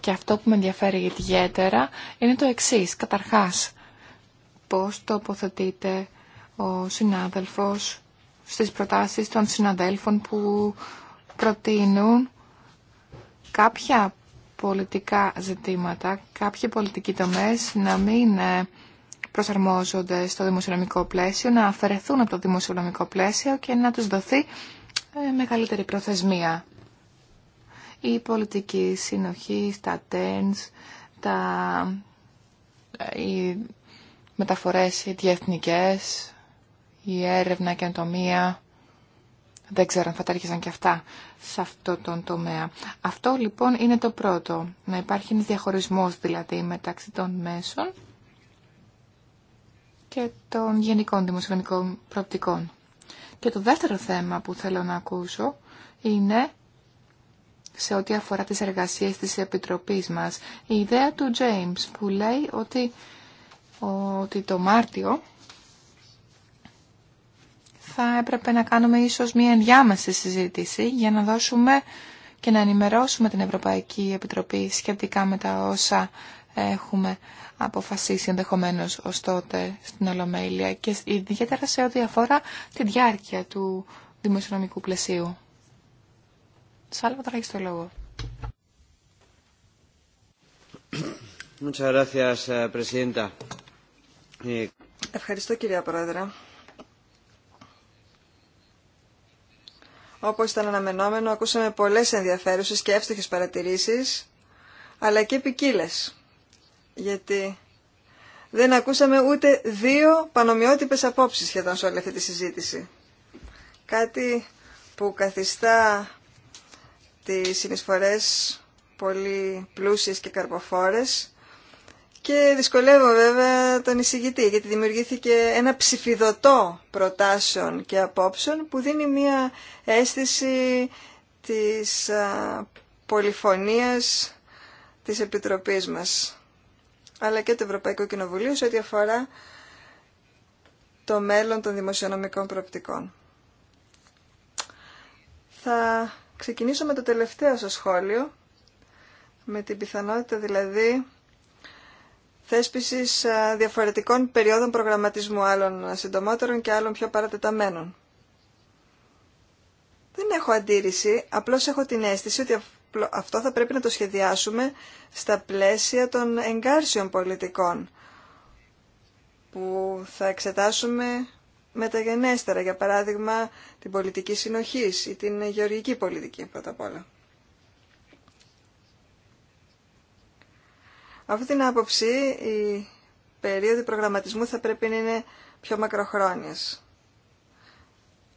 Και αυτό που με ενδιαφέρει ιδιαίτερα είναι το εξής. Καταρχάς, πώς τοποθετείται ο συνάδελφος στις προτάσεις των συναδέλφων που προτείνουν κάποια πολιτικά ζητήματα, κάποιοι πολιτικοί τομές να μην ε, προσαρμόζονται στο δημοσιονομικό πλαίσιο, να αφαιρεθούν από το δημοσιονομικό πλαίσιο και να τους δοθεί ε, μεγαλύτερη προθεσμία. Η πολιτική συνοχή, τα τένς, τα... Ε, οι μεταφορές διεθνικές, η έρευνα και αντομία, δεν ξέρω αν θα έρχεσαν και αυτά σε αυτό τον τομέα. Αυτό λοιπόν είναι το πρώτο. Να υπάρχει ένα διαχωρισμός δηλαδή μεταξύ των μέσων και των γενικών δημοσιονομικών προοπτικών. Και το δεύτερο θέμα που θέλω να ακούσω είναι σε ό,τι αφορά τις εργασίες της Επιτροπής μας. Η ιδέα του James που λέει ότι, ότι το Μάρτιο θα έπρεπε να κάνουμε ίσως μία ενδιάμεση συζήτηση για να δώσουμε και να ενημερώσουμε την Ευρωπαϊκή Επιτροπή σχετικά με τα όσα έχουμε αποφασίσει ενδεχομένω ω τότε στην Ολομέλεια και ιδιαίτερα σε ό,τι αφορά τη διάρκεια του δημοσιονομικού πλαισίου. Σάλβα, τώρα έχεις το λόγο. Eh, Ευχαριστώ κυρία Πρόεδρε. Όπως ήταν αναμενόμενο, ακούσαμε πολλές ενδιαφέρουσες και εύστοχες παρατηρήσεις, αλλά και ποικίλε. Γιατί δεν ακούσαμε ούτε δύο πανομοιότυπες απόψεις σχεδόν σε όλη αυτή τη συζήτηση. Κάτι που καθιστά τις συνεισφορές πολύ πλούσιες και καρποφόρες και δυσκολεύω βέβαια τον εισηγητή, γιατί δημιουργήθηκε ένα ψηφιδωτό προτάσεων και απόψεων που δίνει μία αίσθηση της πολυφωνίας της Επιτροπής μας, αλλά και του Ευρωπαϊκού Κοινοβουλίου σε ό,τι αφορά το μέλλον των δημοσιονομικών προοπτικών. Θα ξεκινήσω με το τελευταίο σας σχόλιο, με την πιθανότητα δηλαδή θέσπισης διαφορετικών περιόδων προγραμματισμού άλλων συντομότερων και άλλων πιο παρατεταμένων. Δεν έχω αντίρρηση, απλώς έχω την αίσθηση ότι αυτό θα πρέπει να το σχεδιάσουμε στα πλαίσια των εγκάρσιων πολιτικών που θα εξετάσουμε μεταγενέστερα, για παράδειγμα την πολιτική συνοχής ή την γεωργική πολιτική πρώτα απ' όλα. αυτή την άποψη η περίοδο προγραμματισμού θα πρέπει να είναι πιο μακροχρόνιες.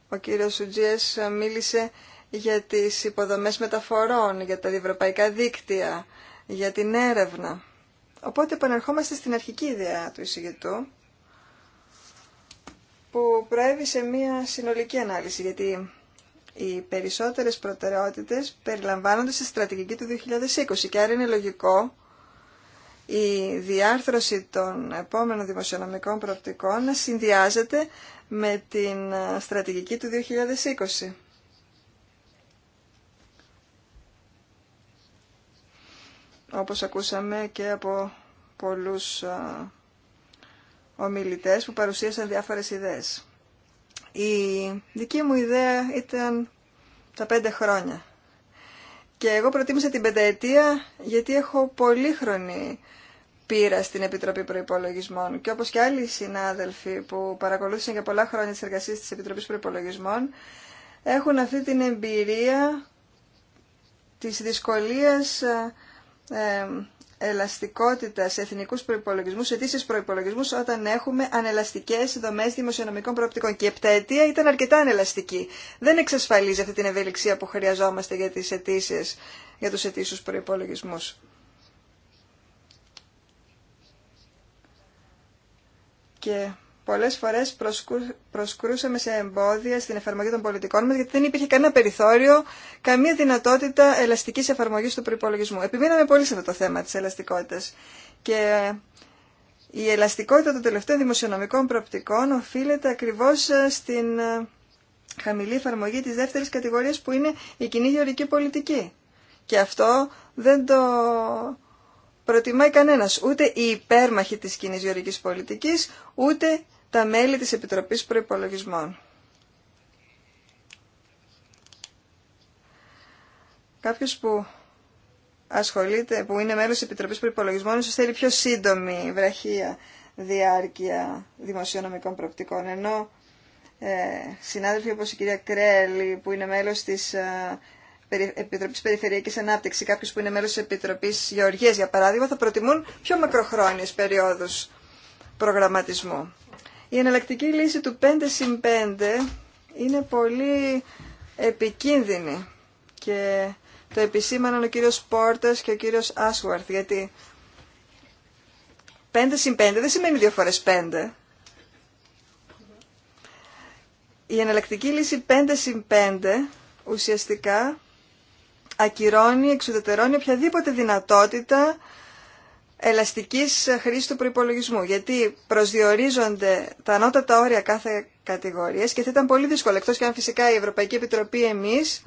Ο κύριος Σουτζίες μίλησε για τις υποδομές μεταφορών, για τα ευρωπαϊκά δίκτυα, για την έρευνα. Οπότε επανερχόμαστε στην αρχική ιδέα του εισηγητού, που προέβη σε μία συνολική ανάλυση, γιατί οι περισσότερες προτεραιότητες περιλαμβάνονται στη στρατηγική του 2020 και άρα είναι λογικό η διάρθρωση των επόμενων δημοσιονομικών προοπτικών να συνδυάζεται με την στρατηγική του 2020. Όπως ακούσαμε και από πολλούς ομιλητές που παρουσίασαν διάφορες ιδέες. Η δική μου ιδέα ήταν τα πέντε χρόνια. Και εγώ προτίμησα την πενταετία γιατί έχω πολύ πολύχρονη πείρα στην Επιτροπή Προπολογισμών. Και όπω και άλλοι συνάδελφοι που παρακολούθησαν για πολλά χρόνια τι εργασίε τη Επιτροπή Προπολογισμών, έχουν αυτή την εμπειρία τη δυσκολία. Ε, ε, ελαστικότητα σε εθνικούς προϋπολογισμούς, σε αιτήσεις προϋπολογισμούς, όταν έχουμε ανελαστικές δομές δημοσιονομικών προοπτικών. Και η επταετία ήταν αρκετά ανελαστική. Δεν εξασφαλίζει αυτή την ευελιξία που χρειαζόμαστε για, τις αιτήσεις, για τους αιτήσους προϋπολογισμούς. Και πολλές φορές προσκρούσαμε σε εμπόδια στην εφαρμογή των πολιτικών μας γιατί δεν υπήρχε κανένα περιθώριο, καμία δυνατότητα ελαστικής εφαρμογής του προϋπολογισμού. Επιμείναμε πολύ σε αυτό το θέμα της ελαστικότητας και η ελαστικότητα των τελευταίων δημοσιονομικών προοπτικών οφείλεται ακριβώς στην ε, χαμηλή εφαρμογή της δεύτερης κατηγορίας που είναι η κοινή γεωρική πολιτική. Και αυτό δεν το προτιμάει κανένας, ούτε η υπέρμαχη της κοινή γεωρικής πολιτικής, ούτε τα μέλη της Επιτροπής Προϋπολογισμών. Κάποιος που ασχολείται, που είναι μέλος της Επιτροπής Προϋπολογισμών, ίσως θέλει πιο σύντομη βραχία διάρκεια δημοσιονομικών προοπτικών. ενώ ε, συνάδελφοι όπως η κυρία Κρέλη, που είναι μέλος της ε, Επιτροπής Περιφερειακής ανάπτυξης, κάποιος που είναι μέλος της Επιτροπής Γεωργίας, για παράδειγμα, θα προτιμούν πιο μακροχρόνιες περιόδους προγραμματισμού. Η εναλλακτική λύση του 5 συν 5 είναι πολύ επικίνδυνη και το επισήμαναν ο κύριος Πόρτας και ο κύριος Άσουαρθ γιατί 5 συν 5 δεν σημαίνει δύο φορές 5. Η εναλλακτική λύση 5 συν 5 ουσιαστικά ακυρώνει, εξουδετερώνει οποιαδήποτε δυνατότητα ελαστικής χρήσης του προϋπολογισμού, γιατί προσδιορίζονται τα ανώτατα όρια κάθε κατηγορίας και θα ήταν πολύ δύσκολο, εκτός και αν φυσικά η Ευρωπαϊκή Επιτροπή εμείς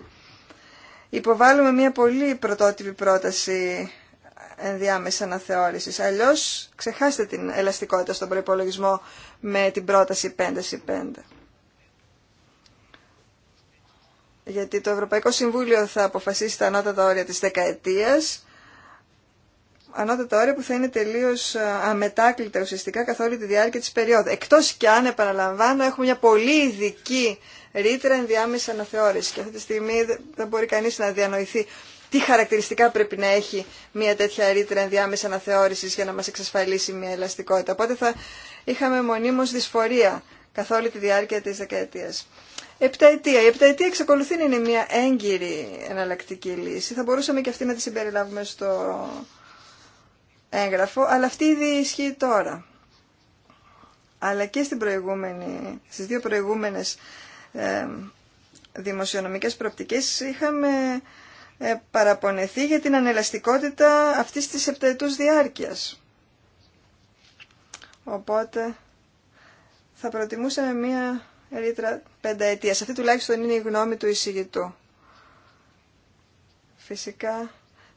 υποβάλλουμε μια πολύ πρωτότυπη πρόταση ενδιάμεσα αναθεώρησης. Αλλιώς ξεχάστε την ελαστικότητα στον προϋπολογισμό με την πρόταση 5-5. Γιατί το Ευρωπαϊκό Συμβούλιο θα αποφασίσει τα ανώτατα όρια της δεκαετίας ανώτατα όρια που θα είναι τελείω ε, αμετάκλητα ουσιαστικά καθ' όλη τη διάρκεια τη περίοδου. Εκτό κι αν, επαναλαμβάνω, έχουμε μια πολύ ειδική ρήτρα ενδιάμεση αναθεώρηση και αυτή τη στιγμή δεν μπορεί κανεί να διανοηθεί τι χαρακτηριστικά πρέπει να έχει μια τέτοια ρήτρα ενδιάμεση αναθεώρηση για να μα εξασφαλίσει μια ελαστικότητα. Οπότε θα είχαμε μονίμω δυσφορία καθ' όλη τη διάρκεια τη δεκαετία. Επταετία. Η επταετία εξακολουθεί να είναι μια έγκυρη εναλλακτική λύση. Θα μπορούσαμε και αυτή να τη συμπεριλάβουμε στο έγγραφο, αλλά αυτή ήδη ισχύει τώρα. Αλλά και στην προηγούμενη, στις δύο προηγούμενες ε, δημοσιονομικές προοπτικές είχαμε ε, παραπονεθεί για την ανελαστικότητα αυτής της επταετούς διάρκειας. Οπότε θα προτιμούσαμε μία ρήτρα πενταετία. Αυτή τουλάχιστον είναι η γνώμη του εισηγητού. Φυσικά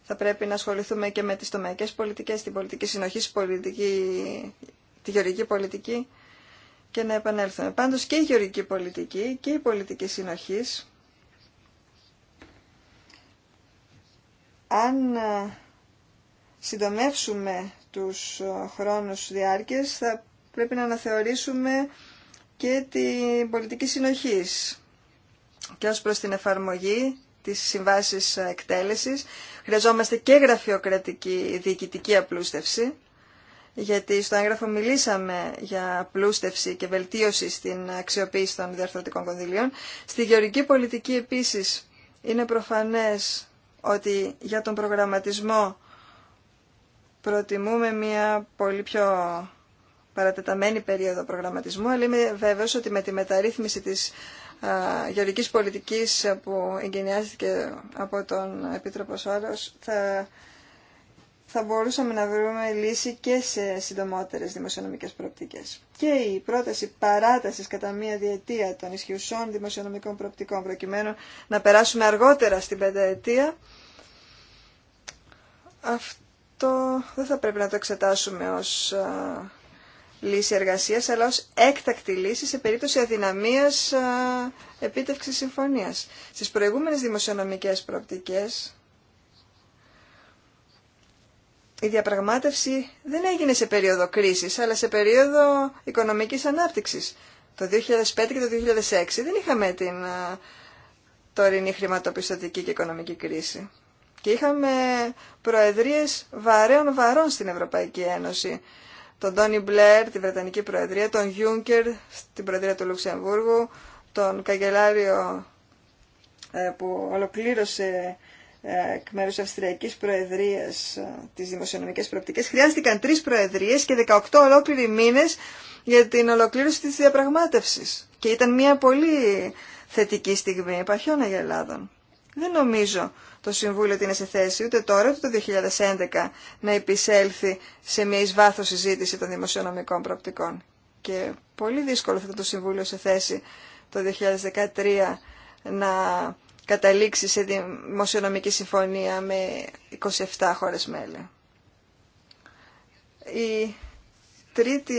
θα πρέπει να ασχοληθούμε και με τις τομεακές πολιτικές, την πολιτική συνοχή, πολιτική, τη γεωργική πολιτική και να επανέλθουμε. Πάντως και η γεωργική πολιτική και η πολιτική συνοχή. αν ε, συντομεύσουμε τους ε, χρόνους διάρκειας θα πρέπει να αναθεωρήσουμε και την πολιτική συνοχής και ως προς την εφαρμογή τις συμβάσεις εκτέλεσης. Χρειαζόμαστε και γραφειοκρατική διοικητική απλούστευση, γιατί στο έγγραφο μιλήσαμε για απλούστευση και βελτίωση στην αξιοποίηση των διαρθρωτικών κονδυλίων. Στη γεωρική πολιτική επίσης είναι προφανές ότι για τον προγραμματισμό προτιμούμε μια πολύ πιο παρατεταμένη περίοδο προγραμματισμού, αλλά είμαι βέβαιος ότι με τη μεταρρύθμιση της γεωργικής πολιτικής που εγκαινιάστηκε από τον Επίτροπο Σόρος θα, θα μπορούσαμε να βρούμε λύση και σε συντομότερες δημοσιονομικές προοπτικές. Και η πρόταση παράτασης κατά μία διετία των ισχυουσών δημοσιονομικών προοπτικών προκειμένου να περάσουμε αργότερα στην πενταετία αυτό δεν θα πρέπει να το εξετάσουμε ως λύση εργασίας, αλλά ως έκτακτη λύση σε περίπτωση αδυναμίας επίτευξης συμφωνίας. Στις προηγούμενες δημοσιονομικές προοπτικές, η διαπραγμάτευση δεν έγινε σε περίοδο κρίσης, αλλά σε περίοδο οικονομικής ανάπτυξης. Το 2005 και το 2006 δεν είχαμε την τωρινή χρηματοπιστωτική και οικονομική κρίση. Και είχαμε προεδρίες βαρέων βαρών στην Ευρωπαϊκή Ένωση τον Τόνι Μπλερ, τη Βρετανική Προεδρία, τον Γιούνκερ στην Προεδρία του Λουξεμβούργου, τον Καγκελάριο ε, που ολοκλήρωσε ε, εκ μέρους Αυστριακής Προεδρίας ε, τις δημοσιονομικές προοπτικές. Χρειάστηκαν τρεις προεδρίες και 18 ολόκληροι μήνες για την ολοκλήρωση της διαπραγμάτευσης. Και ήταν μια πολύ θετική στιγμή επαρχιών Αγελάδων. Δεν νομίζω το Συμβούλιο ότι είναι σε θέση ούτε τώρα ούτε το 2011 να επισέλθει σε μια εις βάθος συζήτηση των δημοσιονομικών προοπτικών. Και πολύ δύσκολο θα ήταν το Συμβούλιο σε θέση το 2013 να καταλήξει σε δημοσιονομική συμφωνία με 27 χώρες μέλη. Η τρίτη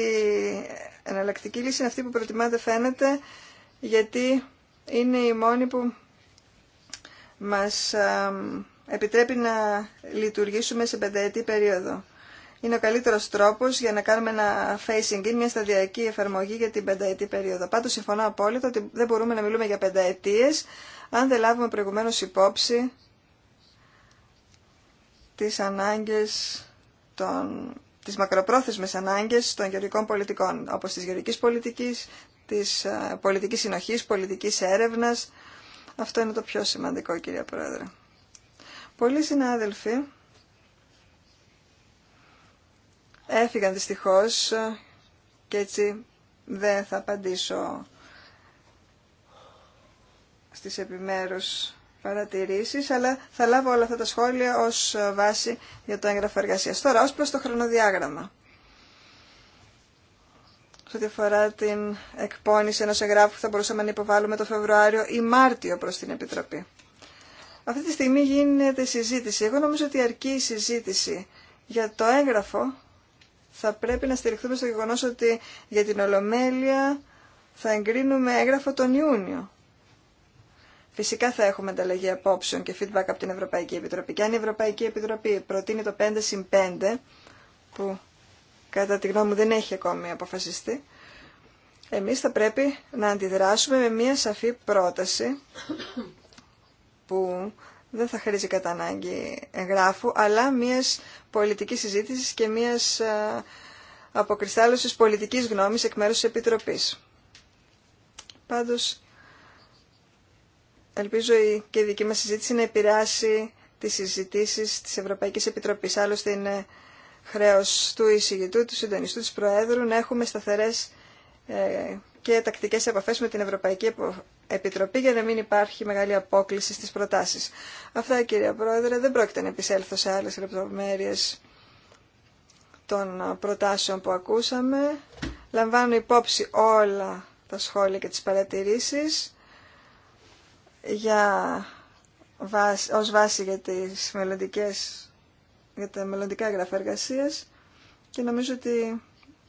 εναλλακτική λύση είναι αυτή που προτιμάτε φαίνεται γιατί είναι η μόνη που μας επιτρέπει να λειτουργήσουμε σε πενταετή περίοδο. Είναι ο καλύτερος τρόπος για να κάνουμε ένα facing in, μια σταδιακή εφαρμογή για την πενταετή περίοδο. Πάντως συμφωνώ απόλυτα ότι δεν μπορούμε να μιλούμε για πενταετίες αν δεν λάβουμε προηγουμένως υπόψη τις ανάγκες των τις μακροπρόθεσμες ανάγκες των γεωργικών πολιτικών, όπως της γεωργικής πολιτικής, της ε, πολιτικής συνοχής, πολιτικής έρευνας, αυτό είναι το πιο σημαντικό, κυρία Πρόεδρε. Πολλοί συνάδελφοι έφυγαν δυστυχώς και έτσι δεν θα απαντήσω στις επιμέρους παρατηρήσεις, αλλά θα λάβω όλα αυτά τα σχόλια ως βάση για το έγγραφο εργασίας. Τώρα, ως προς το χρονοδιάγραμμα σε ό,τι αφορά την εκπόνηση ενός εγγράφου που θα μπορούσαμε να υποβάλουμε το Φεβρουάριο ή Μάρτιο προς την Επιτροπή. Αυτή τη στιγμή γίνεται συζήτηση. Εγώ νομίζω ότι αρκεί η συζήτηση για το έγγραφο. Θα πρέπει να στηριχθούμε στο γεγονός ότι για την Ολομέλεια θα εγκρίνουμε έγγραφο τον Ιούνιο. Φυσικά θα έχουμε ανταλλαγή απόψεων και feedback από την Ευρωπαϊκή Επιτροπή. Και αν η Ευρωπαϊκή Επιτροπή προτείνει το 5 συν 5, που κατά τη γνώμη μου δεν έχει ακόμη αποφασιστεί, εμείς θα πρέπει να αντιδράσουμε με μια σαφή πρόταση που δεν θα χρήζει κατά ανάγκη εγγράφου, αλλά μιας πολιτικής συζήτησης και μιας αποκριστάλλωσης πολιτικής γνώμης εκ μέρους της Επιτροπής. Πάντως, ελπίζω και η δική μας συζήτηση να επηρεάσει τις συζητήσεις της Ευρωπαϊκής Επιτροπής. Άλλωστε είναι χρέος του εισηγητού, του συντονιστού, της Προέδρου να έχουμε σταθερές ε, και τακτικές επαφές με την Ευρωπαϊκή Επιτροπή για να μην υπάρχει μεγάλη απόκληση στις προτάσεις. Αυτά κύριε Πρόεδρε, δεν πρόκειται να επισέλθω σε άλλες λεπτομέρειες των προτάσεων που ακούσαμε. Λαμβάνω υπόψη όλα τα σχόλια και τις παρατηρήσεις για, ως βάση για τις μελλοντικές για τα μελλοντικά έγγραφα εργασία και νομίζω ότι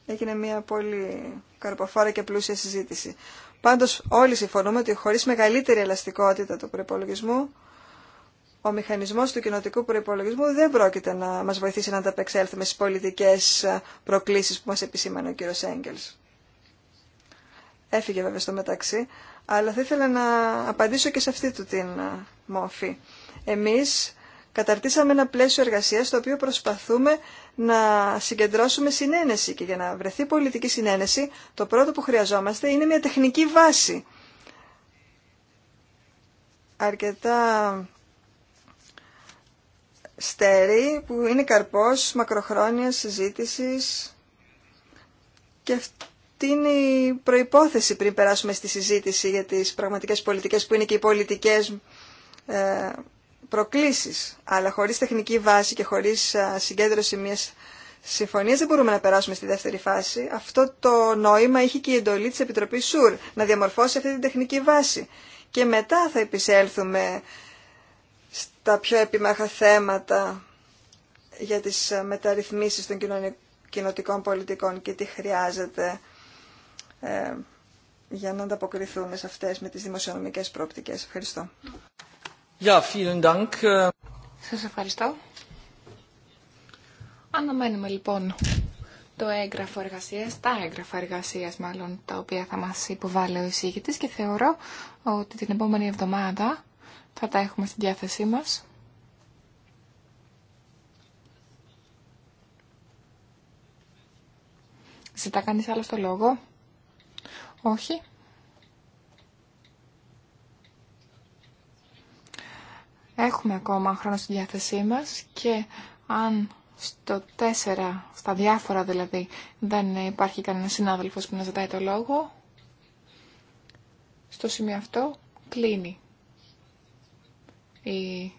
έγινε μια πολύ καρποφόρα και πλούσια συζήτηση. Πάντως όλοι συμφωνούμε ότι χωρίς μεγαλύτερη ελαστικότητα του προπολογισμού, ο μηχανισμός του κοινοτικού προπολογισμού δεν πρόκειται να μας βοηθήσει να ανταπεξέλθουμε στις πολιτικές προκλήσεις που μας επισήμανε ο κύριος Έγγελς. Έφυγε βέβαια στο μεταξύ, αλλά θα ήθελα να απαντήσω και σε αυτή του την μορφή. Εμείς καταρτήσαμε ένα πλαίσιο εργασίας στο οποίο προσπαθούμε να συγκεντρώσουμε συνένεση και για να βρεθεί πολιτική συνένεση το πρώτο που χρειαζόμαστε είναι μια τεχνική βάση. Αρκετά στέρη που είναι καρπός μακροχρόνιας συζήτησης και αυτή είναι η προϋπόθεση πριν περάσουμε στη συζήτηση για τις πραγματικές πολιτικές που είναι και οι πολιτικές ε, προκλήσεις, αλλά χωρίς τεχνική βάση και χωρίς συγκέντρωση μιας συμφωνίας δεν μπορούμε να περάσουμε στη δεύτερη φάση. Αυτό το νόημα είχε και η εντολή της Επιτροπής ΣΟΥΡ να διαμορφώσει αυτή την τεχνική βάση. Και μετά θα επισέλθουμε στα πιο επιμάχα θέματα για τις μεταρρυθμίσεις των κοινωτικών πολιτικών και τι χρειάζεται ε, για να ανταποκριθούμε σε αυτές με τις δημοσιονομικές προοπτικές. Ευχαριστώ. Äh, Σας ευχαριστώ. Αναμένουμε λοιπόν το έγγραφο εργασίας, τα έγγραφα εργασίας μάλλον, τα οποία θα μας υποβάλλει ο εισήγητης και θεωρώ ότι την επόμενη εβδομάδα θα τα έχουμε στη διάθεσή μας. Ζητά κανείς άλλο το λόγο. Όχι. Έχουμε ακόμα χρόνο στη διάθεσή μας και αν στο 4, στα διάφορα δηλαδή, δεν υπάρχει κανένα συνάδελφος που να ζητάει το λόγο, στο σημείο αυτό κλείνει η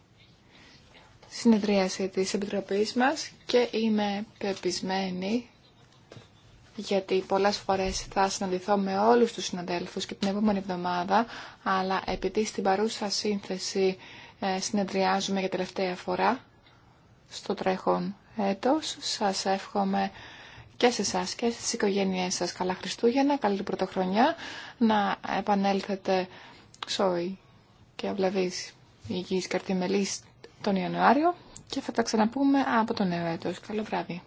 συνεδρίαση της Επιτροπής μας και είμαι πεπισμένη γιατί πολλές φορές θα συναντηθώ με όλους τους συναδέλφους και την επόμενη εβδομάδα, αλλά επειδή στην παρούσα σύνθεση ε, συνεδριάζουμε για τελευταία φορά στο τρέχον έτος. Σας εύχομαι και σε εσά και στις οικογένειές σας καλά Χριστούγεννα, καλή πρωτοχρονιά, να επανέλθετε σόι και αυλαβείς υγιής καρτιμελής τον Ιανουάριο και θα τα ξαναπούμε από το νέο έτος. Καλό βράδυ.